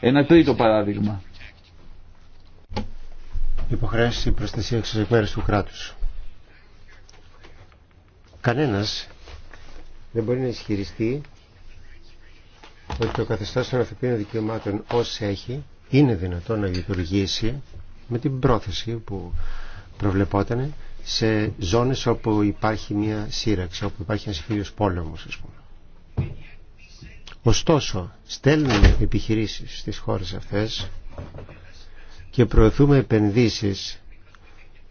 Ένα τρίτο παράδειγμα. Υποχρέωση προστασία εξωτερικού του κράτους. Κανένας δεν μπορεί να ισχυριστεί ότι το καθεστώ των ανθρωπίνων δικαιωμάτων ω έχει είναι δυνατόν να λειτουργήσει με την πρόθεση που προβλεπόταν σε ζώνες όπου υπάρχει μια σύραξη, όπου υπάρχει ένας φίλος πόλεμος, Ωστόσο, στέλνουμε επιχειρήσεις στις χώρες αυτές και προωθούμε επενδύσεις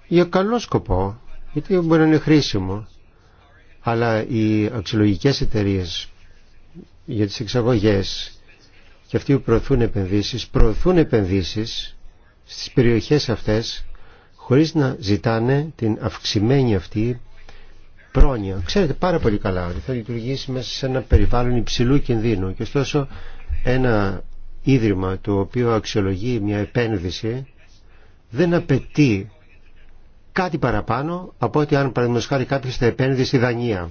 για καλό σκοπό, γιατί μπορεί να είναι χρήσιμο, αλλά οι αξιολογικές εταιρείε για τις εξαγωγές και αυτοί που προωθούν επενδύσεις, προωθούν επενδύσεις στις περιοχές αυτές χωρίς να ζητάνε την αυξημένη αυτή πρόνοια. Ξέρετε πάρα πολύ καλά ότι θα λειτουργήσει μέσα σε ένα περιβάλλον υψηλού κινδύνου και ωστόσο ένα ίδρυμα το οποίο αξιολογεί μια επένδυση δεν απαιτεί κάτι παραπάνω από ότι αν παραδείγματος χάρη κάποιος θα επένδυση δανεία.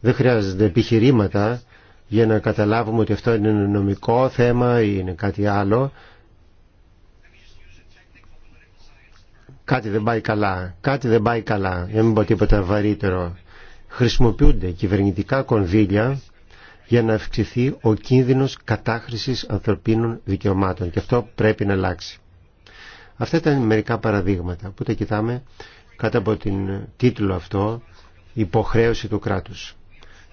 Δεν χρειάζονται επιχειρήματα για να καταλάβουμε ότι αυτό είναι νομικό θέμα ή είναι κάτι άλλο. Κάτι δεν πάει καλά, κάτι δεν πάει καλά, για μην πω τίποτα βαρύτερο. Χρησιμοποιούνται κυβερνητικά κονδύλια για να αυξηθεί ο κίνδυνος κατάχρησης ανθρωπίνων δικαιωμάτων και αυτό πρέπει να αλλάξει. Αυτά ήταν μερικά παραδείγματα που τα κοιτάμε κάτω από την τίτλο αυτό «Υποχρέωση του κράτους».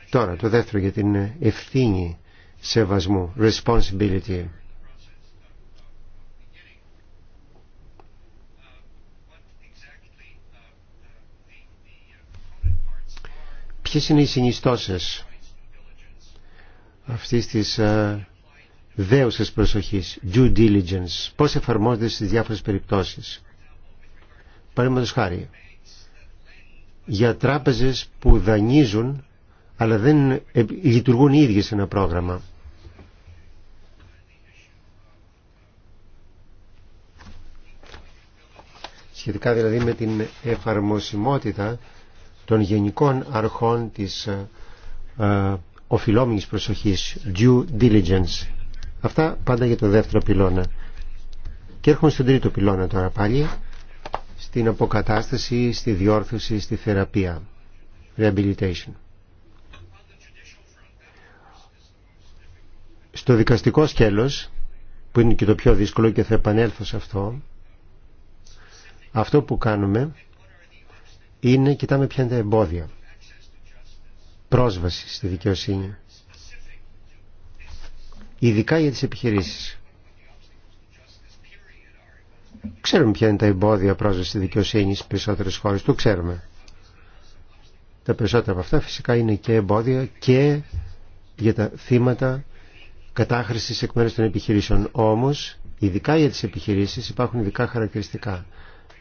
Τώρα το δεύτερο για την ευθύνη σεβασμού, responsibility. Ποιες είναι οι συνιστώσεις αυτής της ε, δέουσας προσοχής, due diligence, πώς εφαρμόζεται στις διάφορες περιπτώσεις. Παραδείγματος χάρη, για τράπεζες που δανείζουν αλλά δεν λειτουργούν οι σε ένα πρόγραμμα. Σχετικά δηλαδή με την εφαρμοσιμότητα των γενικών αρχών της ε, ε, οφειλόμενης προσοχής, due diligence. Αυτά πάντα για το δεύτερο πυλώνα. Και έρχομαι στον τρίτο πυλώνα τώρα πάλι, στην αποκατάσταση, στη διόρθωση, στη θεραπεία. Rehabilitation. Στο δικαστικό σκέλος, που είναι και το πιο δύσκολο και θα επανέλθω σε αυτό, αυτό που κάνουμε είναι κοιτάμε ποια είναι τα εμπόδια. Πρόσβαση στη δικαιοσύνη. Ειδικά για τις επιχειρήσεις. Ξέρουμε ποια είναι τα εμπόδια πρόσβαση στη δικαιοσύνη στις περισσότερες χώρες του. Ξέρουμε. Τα περισσότερα από αυτά φυσικά είναι και εμπόδια και για τα θύματα κατάχρησης εκ μέρους των επιχειρήσεων. Όμως, ειδικά για τις επιχειρήσεις υπάρχουν ειδικά χαρακτηριστικά.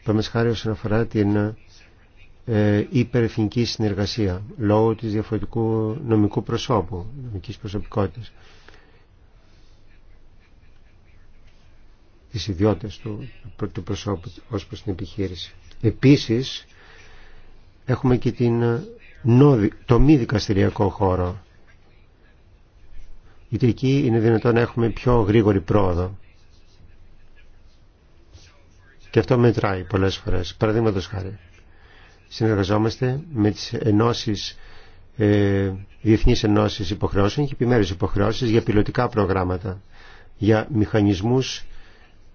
Πάμε χάρη όσον αφορά την ε, υπερεθνική συνεργασία λόγω της διαφορετικού νομικού προσώπου, νομικής προσωπικότητας. Τις ιδιότητες του, του προσώπου ως προς την επιχείρηση. Επίσης, έχουμε και την, ε, το μη δικαστηριακό χώρο. Γιατί εκεί είναι δυνατόν να έχουμε πιο γρήγορη πρόοδο. Και αυτό μετράει πολλές φορές. Παραδείγματος χάρη συνεργαζόμαστε με τις ενώσεις, ε, διεθνείς ενώσεις υποχρεώσεων και επιμέρους υποχρεώσεις για πιλωτικά προγράμματα, για μηχανισμούς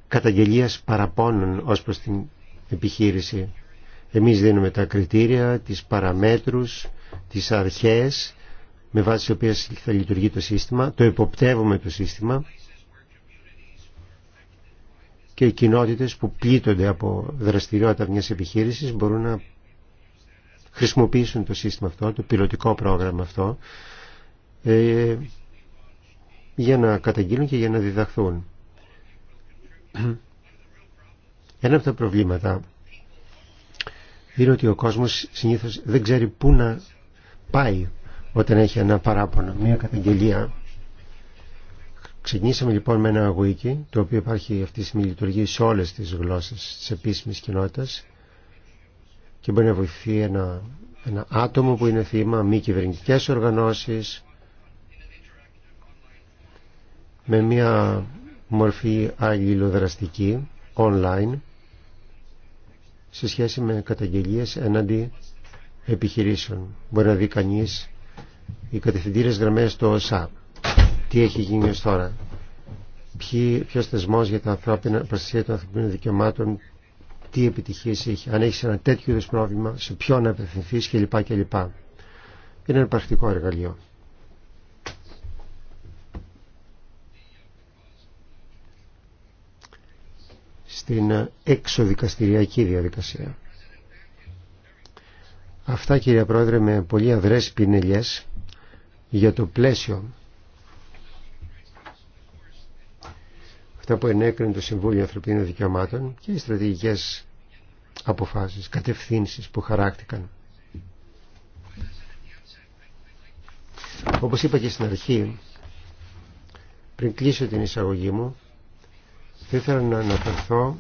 καταγγελίας παραπώνων ως προς την επιχείρηση. Εμείς δίνουμε τα κριτήρια, τις παραμέτρους, τις αρχές με βάση τις οποίες θα λειτουργεί το σύστημα, το υποπτεύουμε το σύστημα και οι κοινότητες που πλήττονται από δραστηριότητα μιας επιχείρησης μπορούν να χρησιμοποιήσουν το σύστημα αυτό, το πιλωτικό πρόγραμμα αυτό, ε, για να καταγγείλουν και για να διδαχθούν. Ένα από τα προβλήματα είναι ότι ο κόσμος συνήθως δεν ξέρει πού να πάει όταν έχει ένα παράπονο, μια καταγγελία. Ξεκινήσαμε λοιπόν με ένα γουίκι, το οποίο υπάρχει αυτή τη στιγμή λειτουργεί σε όλες τις γλώσσες της επίσημης κοινότητας και μπορεί να βοηθεί ένα, ένα άτομο που είναι θύμα, μη κυβερνητικέ οργανώσεις με μια μορφή αλληλοδραστική online σε σχέση με καταγγελίες έναντι επιχειρήσεων. Μπορεί να δει κανείς οι κατευθυντήρες γραμμές του ΩΣΑ. Τι έχει γίνει ως τώρα. Ποιος θεσμός για την προστασία των ανθρωπίνων δικαιωμάτων τι επιτυχίες έχει, αν έχει ένα τέτοιο είδο πρόβλημα, σε ποιο να κλπ. κλπ. Είναι ένα πρακτικό εργαλείο. Στην εξοδικαστηριακή διαδικασία. Αυτά κύριε Πρόεδρε με πολύ αδρές πινελιές για το πλαίσιο αυτά που ενέκρινε το Συμβούλιο Ανθρωπίνων Δικαιωμάτων και οι στρατηγικές αποφάσεις, κατευθύνσεις που χαράκτηκαν. Όπως είπα και στην αρχή, πριν κλείσω την εισαγωγή μου, θα ήθελα να αναφερθώ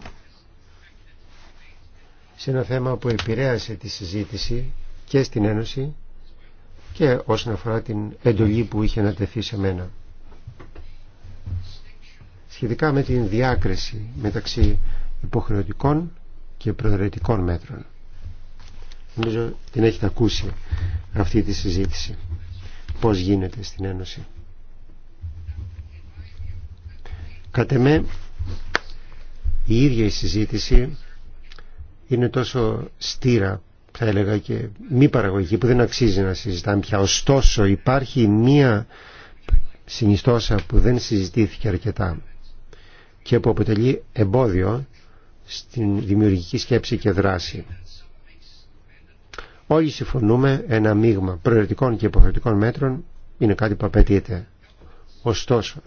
σε ένα θέμα που επηρέασε τη συζήτηση και στην Ένωση και όσον αφορά την εντολή που είχε ανατεθεί σε μένα σχετικά με την διάκριση μεταξύ υποχρεωτικών και προαιρετικών μέτρων. Νομίζω την έχετε ακούσει αυτή τη συζήτηση. Πώς γίνεται στην Ένωση. Κατ' εμέ, η ίδια η συζήτηση είναι τόσο στήρα, θα έλεγα και μη παραγωγική, που δεν αξίζει να συζητάμε πια. Ωστόσο, υπάρχει μία συνιστόσα που δεν συζητήθηκε αρκετά και που αποτελεί εμπόδιο στην δημιουργική σκέψη και δράση. Όλοι συμφωνούμε ένα μείγμα προαιρετικών και υποχρεωτικών μέτρων είναι κάτι που απαιτείται. Ωστόσο,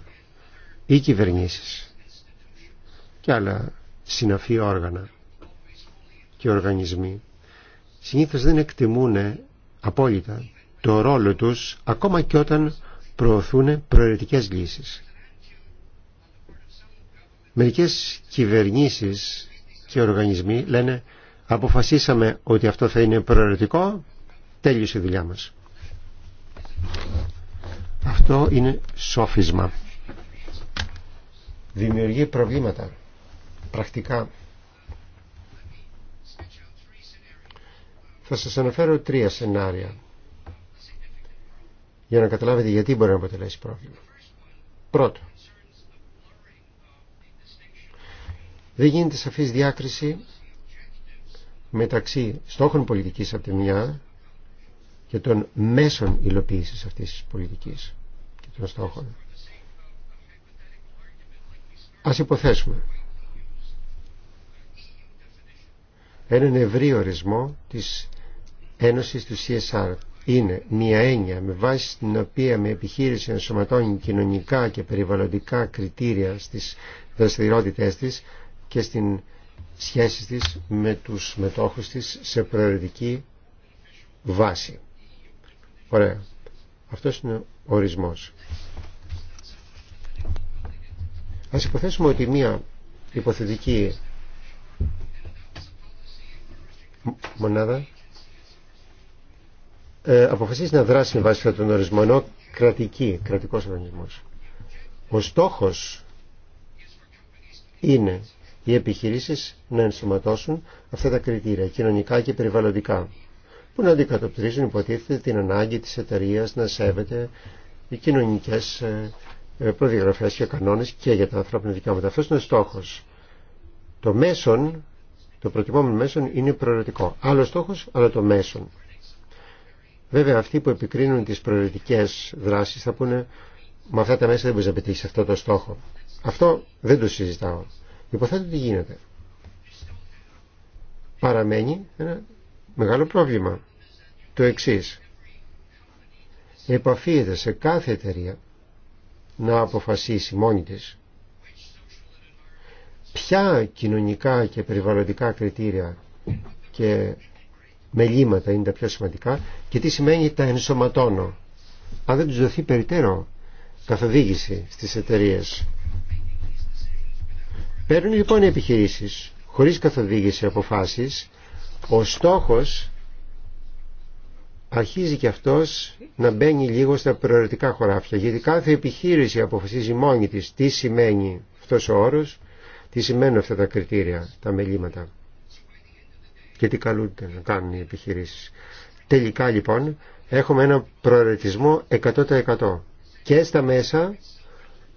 οι κυβερνήσεις και άλλα συναφή όργανα και οργανισμοί συνήθως δεν εκτιμούν απόλυτα το ρόλο τους ακόμα και όταν προωθούν προαιρετικές λύσεις. Μερικές κυβερνήσεις και οργανισμοί λένε αποφασίσαμε ότι αυτό θα είναι προαιρετικό, τέλειωσε η δουλειά μας. Αυτό είναι σόφισμα. Δημιουργεί προβλήματα. Πρακτικά. Θα σας αναφέρω τρία σενάρια για να καταλάβετε γιατί μπορεί να αποτελέσει πρόβλημα. Πρώτο, Δεν γίνεται σαφής διάκριση μεταξύ στόχων πολιτικής από τη μια και των μέσων υλοποίησης αυτής της πολιτικής και των στόχων. Ας υποθέσουμε έναν ευρύ ορισμό της Ένωσης του CSR. Είναι μια έννοια με βάση την οποία με επιχείρηση ενσωματώνει κοινωνικά και περιβαλλοντικά κριτήρια στις δραστηριότητές της και στην σχέση της με τους μετόχους της σε προαιρετική βάση. Ωραία. Αυτός είναι ο ορισμός. Ας υποθέσουμε ότι μία υποθετική μονάδα ε, αποφασίζει να δράσει με βάση αυτόν τον ορισμό ενώ κρατική, κρατικός οργανισμός. Ο στόχος είναι οι επιχειρήσεις να ενσωματώσουν αυτά τα κριτήρια κοινωνικά και περιβαλλοντικά που να αντικατοπτρίζουν υποτίθεται την ανάγκη της εταιρεία να σέβεται οι κοινωνικές ε, ε, προδιαγραφές και κανόνες και για τα ανθρώπινα δικαιώματα. Αυτός είναι ο στόχος. Το μέσον, το προτιμόμενο μέσον είναι προαιρετικό. Άλλο στόχος, αλλά το μέσον. Βέβαια αυτοί που επικρίνουν τις προαιρετικές δράσεις θα πούνε με αυτά τα μέσα δεν μπορεί να πετύχει αυτό το στόχο. Αυτό δεν το συζητάω. Υποθέτω τι γίνεται. Παραμένει ένα μεγάλο πρόβλημα. Το εξή. Επαφίεται σε κάθε εταιρεία να αποφασίσει μόνη της ποια κοινωνικά και περιβαλλοντικά κριτήρια και μελήματα είναι τα πιο σημαντικά και τι σημαίνει τα ενσωματώνω. Αν δεν τους δοθεί περιττέρω καθοδήγηση στις εταιρείες Παίρνουν λοιπόν οι επιχειρήσεις χωρίς καθοδήγηση αποφάσεις. Ο στόχος αρχίζει και αυτός να μπαίνει λίγο στα προαιρετικά χωράφια. Γιατί κάθε επιχείρηση αποφασίζει μόνη της τι σημαίνει αυτός ο όρος, τι σημαίνουν αυτά τα κριτήρια, τα μελήματα. Και τι καλούνται να κάνουν οι επιχειρήσεις. Τελικά λοιπόν έχουμε ένα προαιρετισμό 100% και στα μέσα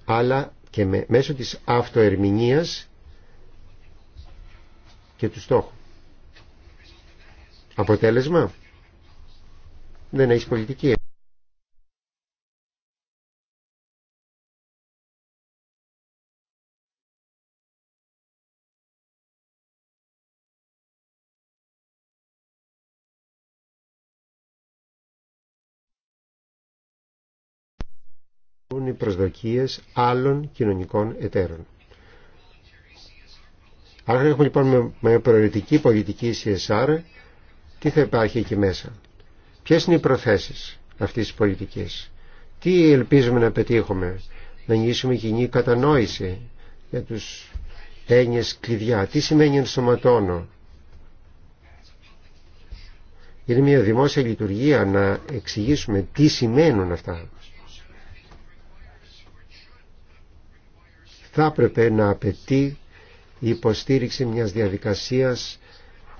αλλά και μέσω της αυτοερμηνίας και του στόχου. Αποτέλεσμα δεν έχει πολιτική. προσδοκίες άλλων κοινωνικών εταίρων. Άρα έχουμε λοιπόν με προαιρετική πολιτική CSR τι θα υπάρχει εκεί μέσα. Ποιες είναι οι προθέσεις αυτής της πολιτικής. Τι ελπίζουμε να πετύχουμε. Να νιώσουμε κοινή κατανόηση για τους έννοιες κλειδιά. Τι σημαίνει ενσωματώνω. Είναι μια δημόσια λειτουργία να εξηγήσουμε τι σημαίνουν αυτά. θα έπρεπε να απαιτεί η υποστήριξη μιας διαδικασίας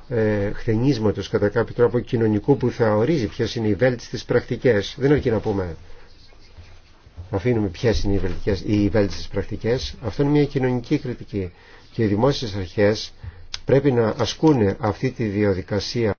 ε, χθενίσματος κατά κάποιο τρόπο κοινωνικού που θα ορίζει ποιες είναι οι βέλτιστες πρακτικές. Δεν αρκεί να πούμε αφήνουμε ποιες είναι οι, βελτιές, οι βέλτιστες πρακτικές. Αυτό είναι μια κοινωνική κριτική και οι δημόσιες αρχές πρέπει να ασκούν αυτή τη διαδικασία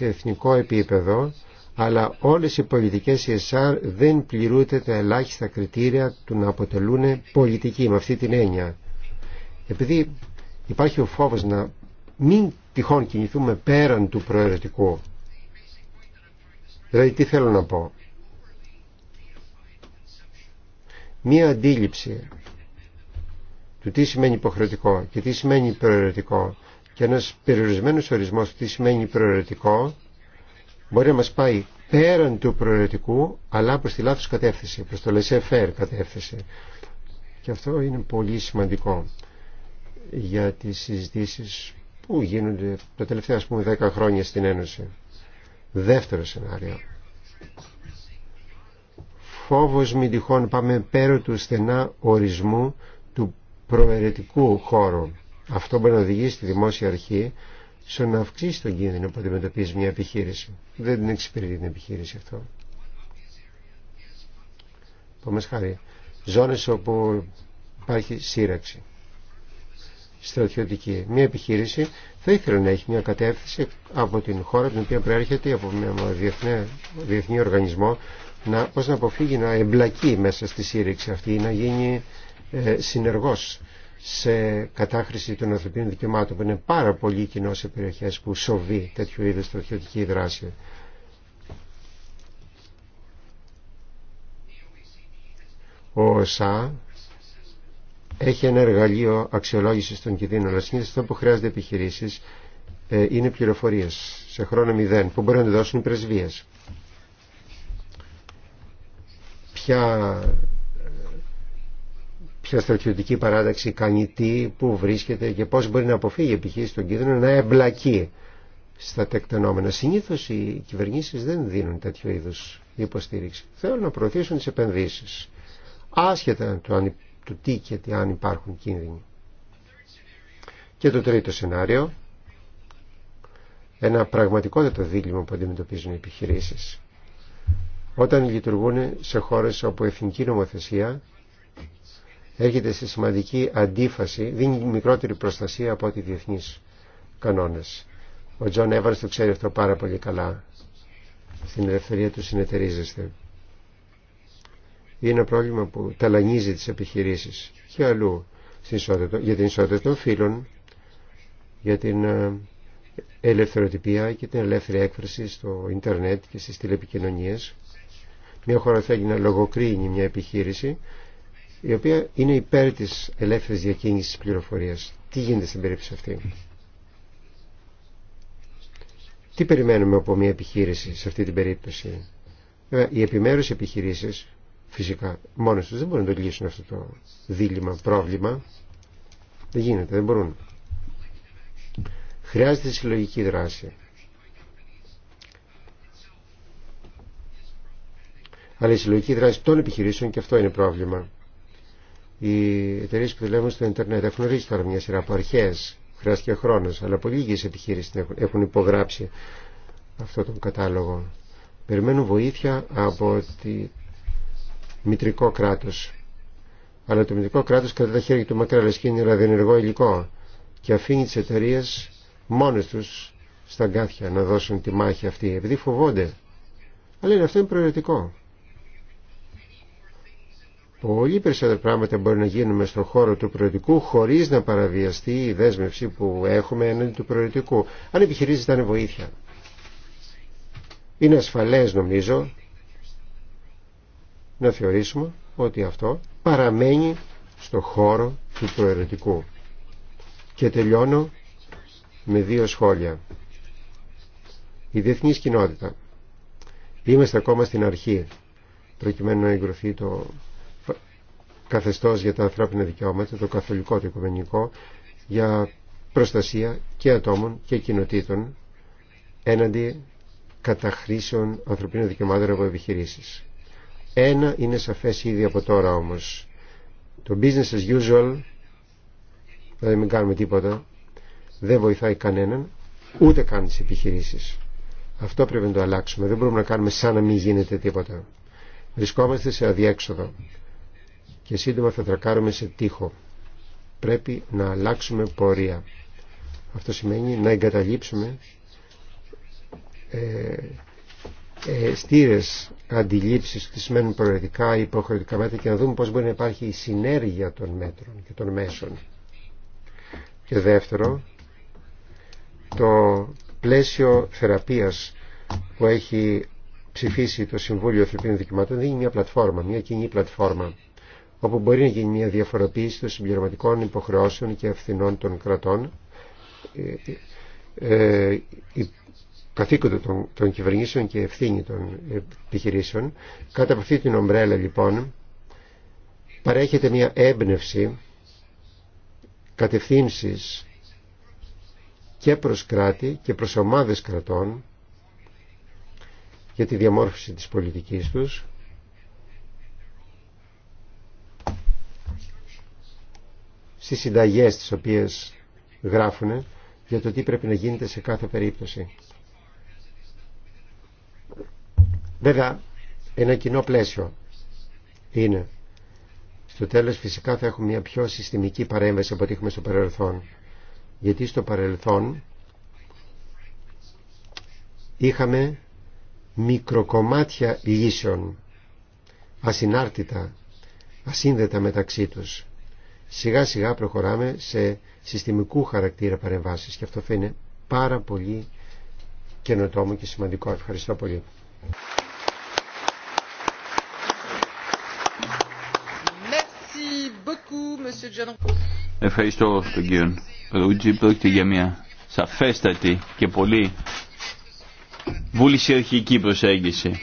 σε εθνικό επίπεδο, αλλά όλες οι πολιτικές CSR δεν πληρούνται τα ελάχιστα κριτήρια του να αποτελούν πολιτική με αυτή την έννοια. Επειδή υπάρχει ο φόβος να μην τυχόν κινηθούμε πέραν του προαιρετικού. Δηλαδή τι θέλω να πω. Μία αντίληψη του τι σημαίνει υποχρεωτικό και τι σημαίνει προαιρετικό και ένας περιορισμένος ορισμός τι σημαίνει προαιρετικό μπορεί να μας πάει πέραν του προαιρετικού αλλά προς τη λάθος κατεύθυνση, προς το laissez-faire κατεύθυνση. Και αυτό είναι πολύ σημαντικό για τις συζητήσεις που γίνονται τα τελευταία ας πούμε δέκα χρόνια στην Ένωση. Δεύτερο σενάριο. Φόβος μην τυχόν πάμε πέρα του στενά ορισμού του προαιρετικού χώρου. Αυτό μπορεί να οδηγήσει τη δημόσια αρχή στο να αυξήσει τον κίνδυνο που αντιμετωπίζει μια επιχείρηση. Δεν την εξυπηρετεί την επιχείρηση αυτό. Πάμε χάρη. Ζώνε όπου υπάρχει σύραξη στρατιωτική. Μια επιχείρηση θα ήθελε να έχει μια κατεύθυνση από την χώρα την οποία προέρχεται από μια διεθνή, διεθνή οργανισμό να, πώς να αποφύγει να εμπλακεί μέσα στη σύρεξη αυτή ή να γίνει ε, συνεργός σε κατάχρηση των ανθρωπίνων δικαιωμάτων που είναι πάρα πολύ κοινό σε περιοχές που σοβεί τέτοιου είδους στρατιωτική δράση. Ο ΩΣΑ έχει ένα εργαλείο αξιολόγησης των κινδύνων, αλλά συνήθως αυτό που χρειάζεται επιχειρήσεις ε, είναι πληροφορίες σε χρόνο μηδέν που μπορεί να δώσουν οι πρεσβείες. Ποια ποια στρατιωτική παράταξη κάνει τι, πού βρίσκεται και πώς μπορεί να αποφύγει η επιχείρηση των κίνδυνο να εμπλακεί στα τεκτενόμενα. Συνήθως οι κυβερνήσεις δεν δίνουν τέτοιο είδους υποστήριξη. Θέλουν να προωθήσουν τις επενδύσεις, άσχετα του, αν, του τι και τι αν υπάρχουν κίνδυνοι. Και το τρίτο σενάριο, ένα πραγματικό δίλημα που αντιμετωπίζουν οι επιχειρήσεις. Όταν λειτουργούν σε χώρες όπου η εθνική νομοθεσία έρχεται σε σημαντική αντίφαση, δίνει μικρότερη προστασία από ό,τι διεθνείς κανόνες. Ο Τζον το ξέρει αυτό πάρα πολύ καλά. Στην ελευθερία του συνεταιρίζεστε. Είναι ένα πρόβλημα που ταλανίζει τις επιχειρήσεις και αλλού για την ισότητα των φύλων, για την ε, ελευθεροτυπία και την ελεύθερη έκφραση στο ίντερνετ και στις τηλεπικοινωνίες. Μια χώρα θέλει να λογοκρίνει μια επιχείρηση η οποία είναι υπέρ της ελεύθερης διακίνησης πληροφορία. Τι γίνεται στην περίπτωση αυτή. Τι περιμένουμε από μια επιχείρηση σε αυτή την περίπτωση. Βέβαια, οι επιμέρους επιχειρήσεις φυσικά μόνε του δεν μπορούν να το λύσουν αυτό το δίλημα, πρόβλημα. Δεν γίνεται, δεν μπορούν. Χρειάζεται συλλογική δράση. Αλλά η συλλογική δράση των επιχειρήσεων και αυτό είναι πρόβλημα. Οι εταιρείε που δουλεύουν στο Ιντερνετ έχουν ρίξει τώρα μια σειρά από αρχέ. Χρειάστηκε χρόνο, αλλά πολύ λίγε επιχείρησει έχουν υπογράψει αυτόν τον κατάλογο. Περιμένουν βοήθεια από τη μητρικό κράτο. Αλλά το μητρικό κράτο κρατά τα χέρια του μακρά είναι ραδιενεργό υλικό και αφήνει τι εταιρείε μόνε του στα γκάθια να δώσουν τη μάχη αυτή επειδή φοβόνται. Αλλά είναι αυτό είναι προαιρετικό. Πολύ περισσότερα πράγματα μπορεί να γίνουμε στον χώρο του προαιρετικού χωρίς να παραβιαστεί η δέσμευση που έχουμε έναντι του προαιρετικού. Αν επιχειρήσεις ήταν βοήθεια. Είναι ασφαλές νομίζω να θεωρήσουμε ότι αυτό παραμένει στο χώρο του προαιρετικού. Και τελειώνω με δύο σχόλια. Η διεθνής κοινότητα. Είμαστε ακόμα στην αρχή προκειμένου να εγκροθεί το καθεστώς για τα ανθρώπινα δικαιώματα, το καθολικό, το οικουμενικό, για προστασία και ατόμων και κοινοτήτων έναντι καταχρήσεων ανθρωπίνων δικαιωμάτων από επιχειρήσεις. Ένα είναι σαφές ήδη από τώρα όμως. Το business as usual, δηλαδή μην κάνουμε τίποτα, δεν βοηθάει κανέναν, ούτε καν τις επιχειρήσεις. Αυτό πρέπει να το αλλάξουμε. Δεν μπορούμε να κάνουμε σαν να μην γίνεται τίποτα. Βρισκόμαστε σε αδιέξοδο και σύντομα θα τρακάρουμε σε τείχο. Πρέπει να αλλάξουμε πορεία. Αυτό σημαίνει να εγκαταλείψουμε ε, ε, στήρες αντιλήψεις που σημαίνουν προαιρετικά ή υποχρεωτικά μέτρα και να δούμε πώς μπορεί να υπάρχει η συνέργεια των μέτρων και των μέσων. Και δεύτερο, το πλαίσιο θεραπείας που έχει ψηφίσει το Συμβούλιο Εθνικών Δικαιωμάτων δίνει μια πλατφόρμα, μια κοινή πλατφόρμα όπου μπορεί να γίνει μια διαφοροποίηση των συμπληρωματικών υποχρεώσεων και ευθυνών των κρατών ε, ε, ε καθήκοντα των, κυβερνήσεων και ευθύνη των επιχειρήσεων. Κατά από αυτή την ομπρέλα λοιπόν παρέχεται μια έμπνευση κατευθύνσεις και προς κράτη και προς ομάδες κρατών για τη διαμόρφωση της πολιτικής τους στις συνταγές τις οποίες γράφουν για το τι πρέπει να γίνεται σε κάθε περίπτωση. Βέβαια, ένα κοινό πλαίσιο είναι. Στο τέλος φυσικά θα έχουμε μια πιο συστημική παρέμβαση από ό,τι έχουμε στο παρελθόν. Γιατί στο παρελθόν είχαμε μικροκομμάτια λύσεων ασυνάρτητα, ασύνδετα μεταξύ τους σιγά σιγά προχωράμε σε συστημικού χαρακτήρα παρεμβάσεις και αυτό φαίνεται πάρα πολύ καινοτόμο και σημαντικό. Ευχαριστώ πολύ. Ευχαριστώ τον κύριο Ρούτζι. Πρόκειται για μια σαφέστατη και πολύ βούληση αρχική προσέγγιση.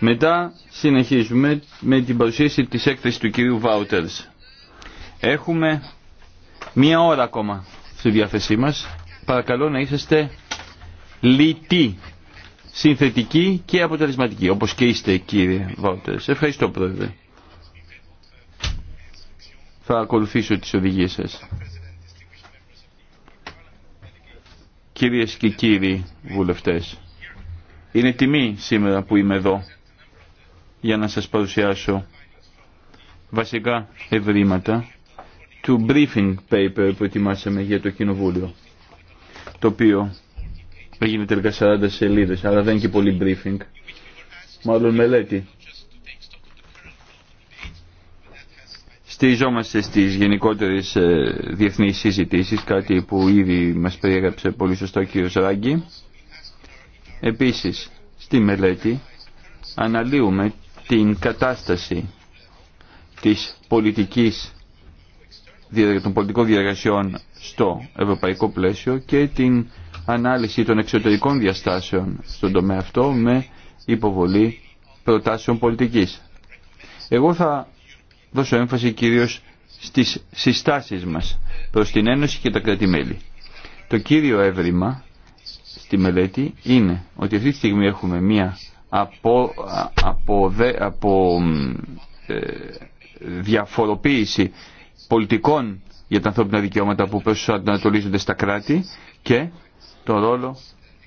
Μετά συνεχίζουμε με την παρουσίαση της έκθεσης του κυρίου Βάουτερς. Έχουμε μία ώρα ακόμα στη διάθεσή μας. Παρακαλώ να είσαστε λυτοί, συνθετικοί και αποτελεσματικοί, όπως και είστε κύριε Βόρτε. Ευχαριστώ πρόεδρε. Θα ακολουθήσω τις οδηγίες σας. Κυρίες και κύριοι βουλευτές, είναι τιμή σήμερα που είμαι εδώ για να σας παρουσιάσω βασικά ευρήματα του briefing paper που ετοιμάσαμε για το κοινοβούλιο το οποίο έγινε τελικά 40 σελίδες αλλά δεν είναι και πολύ briefing μάλλον μελέτη στηριζόμαστε στις γενικότερες ε, διεθνείς συζητήσεις κάτι που ήδη μας περιέγραψε πολύ σωστά ο κ. Ράγκη επίσης στη μελέτη αναλύουμε την κατάσταση της πολιτικής των πολιτικών διαργασιών στο ευρωπαϊκό πλαίσιο και την ανάλυση των εξωτερικών διαστάσεων στον τομέα αυτό με υποβολή προτάσεων πολιτικής. Εγώ θα δώσω έμφαση κυρίως στις συστάσεις μας προς την Ένωση και τα κράτη-μέλη. Το κύριο έβριμα στη μελέτη είναι ότι αυτή τη στιγμή έχουμε μία από, από, από πολιτικών για τα ανθρώπινα δικαιώματα που προσανατολίζονται στα κράτη και τον ρόλο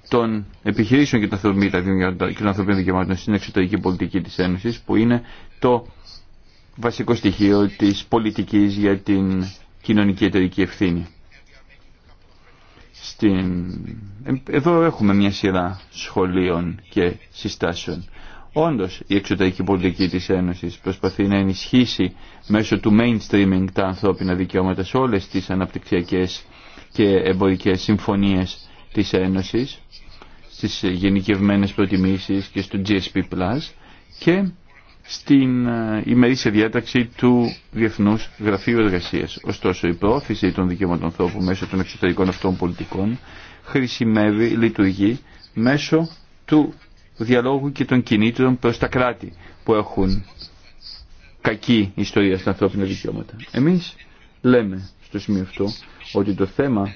των επιχειρήσεων και των ανθρωπίνων δικαιωμάτων στην εξωτερική πολιτική της Ένωσης που είναι το βασικό στοιχείο της πολιτικής για την κοινωνική εταιρική ευθύνη. Στην... Εδώ έχουμε μια σειρά σχολείων και συστάσεων. Όντω η εξωτερική πολιτική τη Ένωση προσπαθεί να ενισχύσει μέσω του mainstreaming τα ανθρώπινα δικαιώματα σε όλες τις αναπτυξιακές και εμπορικές συμφωνίες της Ένωσης, στις γενικευμένε προτιμήσεις και στο GSP+, Plus και στην ε, ημερήσια διάταξη του διεθνού Γραφείου εργασία. Ωστόσο, η πρόθεση των δικαιωμάτων ανθρώπου μέσω των εξωτερικών αυτών πολιτικών χρησιμεύει, λειτουργεί μέσω του διαλόγου και των κινήτρων προς τα κράτη που έχουν κακή ιστορία στα ανθρώπινα δικαιώματα. Εμείς λέμε στο σημείο αυτό ότι το θέμα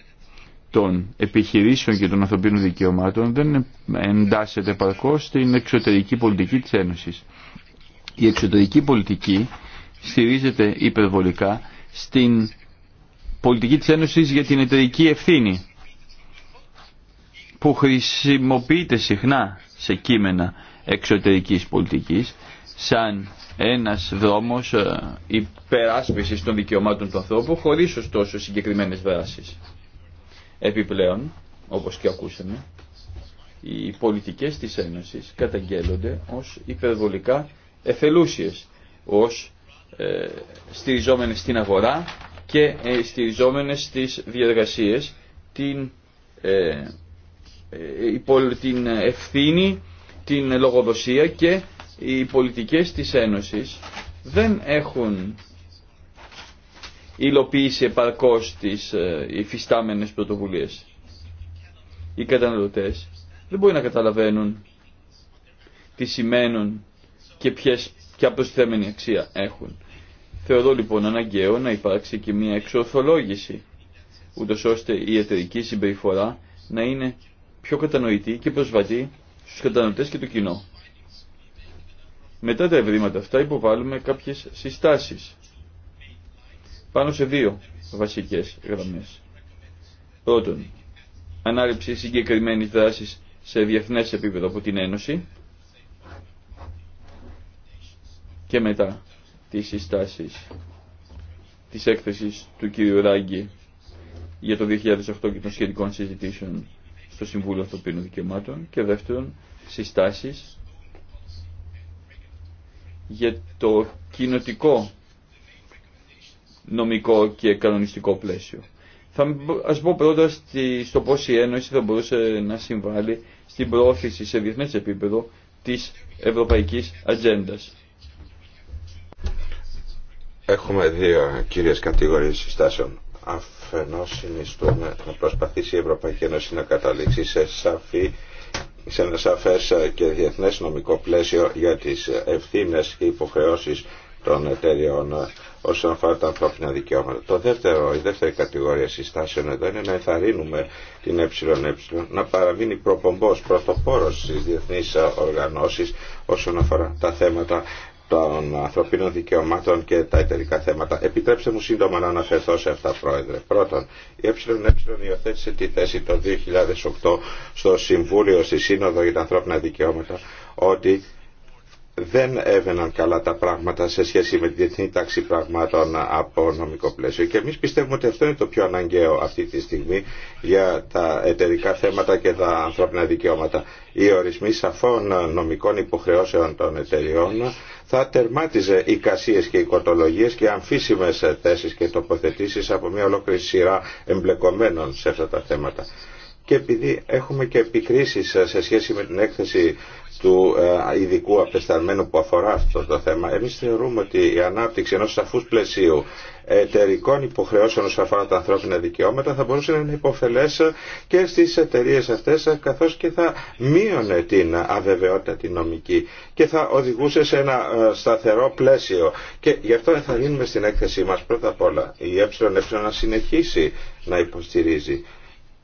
των επιχειρήσεων και των ανθρωπίνων δικαιωμάτων δεν εντάσσεται παρκώς στην εξωτερική πολιτική της Ένωσης. Η εξωτερική πολιτική στηρίζεται υπερβολικά στην πολιτική της Ένωσης για την εταιρική ευθύνη που χρησιμοποιείται συχνά σε κείμενα εξωτερικής πολιτικής σαν ένας δρόμος ε, υπεράσπισης των δικαιωμάτων του ανθρώπου χωρίς ωστόσο συγκεκριμένες δράσεις. Επιπλέον, όπως και ακούσαμε, οι πολιτικές της Ένωσης καταγγέλλονται ως υπερβολικά εθελούσιες, ως ε, στηριζόμενες στην αγορά και ε, στηριζόμενες στις διεργασίες, την ε, την ευθύνη, την λογοδοσία και οι πολιτικές της Ένωσης δεν έχουν υλοποιήσει επαρκώς τις ε, υφιστάμενες πρωτοβουλίες. Οι καταναλωτές δεν μπορεί να καταλαβαίνουν τι σημαίνουν και ποιες, ποια προσθέμενη αξία έχουν. Θεωρώ λοιπόν αναγκαίο να υπάρξει και μια εξορθολόγηση, ούτως ώστε η εταιρική συμπεριφορά να είναι πιο κατανοητή και προσβατή στους κατανοητές και το κοινό. Μετά τα ευρήματα αυτά υποβάλλουμε κάποιες συστάσεις πάνω σε δύο βασικές γραμμές. Πρώτον, ανάληψη συγκεκριμένης δράσης σε διεθνές επίπεδο από την Ένωση και μετά τις συστάσεις της έκθεσης του κ. Ράγκη για το 2008 και των σχετικών συζητήσεων στο Συμβούλιο Ανθρωπίνων Δικαιωμάτων και δεύτερον συστάσεις για το κοινοτικό νομικό και κανονιστικό πλαίσιο. Θα, ας πω πρώτα στο πώς η Ένωση θα μπορούσε να συμβάλλει στην πρόθεση σε διεθνές επίπεδο της ευρωπαϊκής ατζέντα. Έχουμε δύο κυρίες κατηγορίες συστάσεων αφενός συνιστούμε να προσπαθήσει η Ευρωπαϊκή Ένωση να καταλήξει σε σαφή σε ένα σαφές και διεθνές νομικό πλαίσιο για τις ευθύνες και υποχρεώσεις των εταιριών όσον αφορά τα ανθρώπινα δικαιώματα. Το δεύτερο, η δεύτερη κατηγορία συστάσεων εδώ είναι να εθαρρύνουμε την ΕΕ να παραμείνει προπομπός, πρωτοπόρος στις διεθνείς οργανώσεις όσον αφορά τα θέματα των ανθρωπίνων δικαιωμάτων και τα εταιρικά θέματα. Επιτρέψτε μου σύντομα να αναφερθώ σε αυτά, Πρόεδρε. Πρώτον, η ΕΕ υιοθέτησε τη θέση το 2008 στο Συμβούλιο στη Σύνοδο για τα Ανθρώπινα Δικαιώματα ότι δεν έβαιναν καλά τα πράγματα σε σχέση με την διεθνή τάξη πραγμάτων από νομικό πλαίσιο. Και εμεί πιστεύουμε ότι αυτό είναι το πιο αναγκαίο αυτή τη στιγμή για τα εταιρικά θέματα και τα ανθρώπινα δικαιώματα. Οι ορισμοί σαφών νομικών υποχρεώσεων των εταιριών θα τερμάτιζε εικασίε και οικοτολογίε και αμφίσιμε θέσει και τοποθετήσει από μια ολόκληρη σειρά εμπλεκομένων σε αυτά τα θέματα και επειδή έχουμε και επικρίσεις σε σχέση με την έκθεση του ε, ειδικού απεσταλμένου που αφορά αυτό το θέμα. Εμείς θεωρούμε ότι η ανάπτυξη ενός σαφούς πλαισίου εταιρικών υποχρεώσεων όσον αφορά τα ανθρώπινα δικαιώματα θα μπορούσε να είναι υποφελές και στις εταιρείες αυτές καθώς και θα μείωνε την αβεβαιότητα την νομική και θα οδηγούσε σε ένα ε, σταθερό πλαίσιο και γι' αυτό θα δίνουμε στην έκθεσή μας πρώτα απ' όλα η ΕΕ να συνεχίσει να υποστηρίζει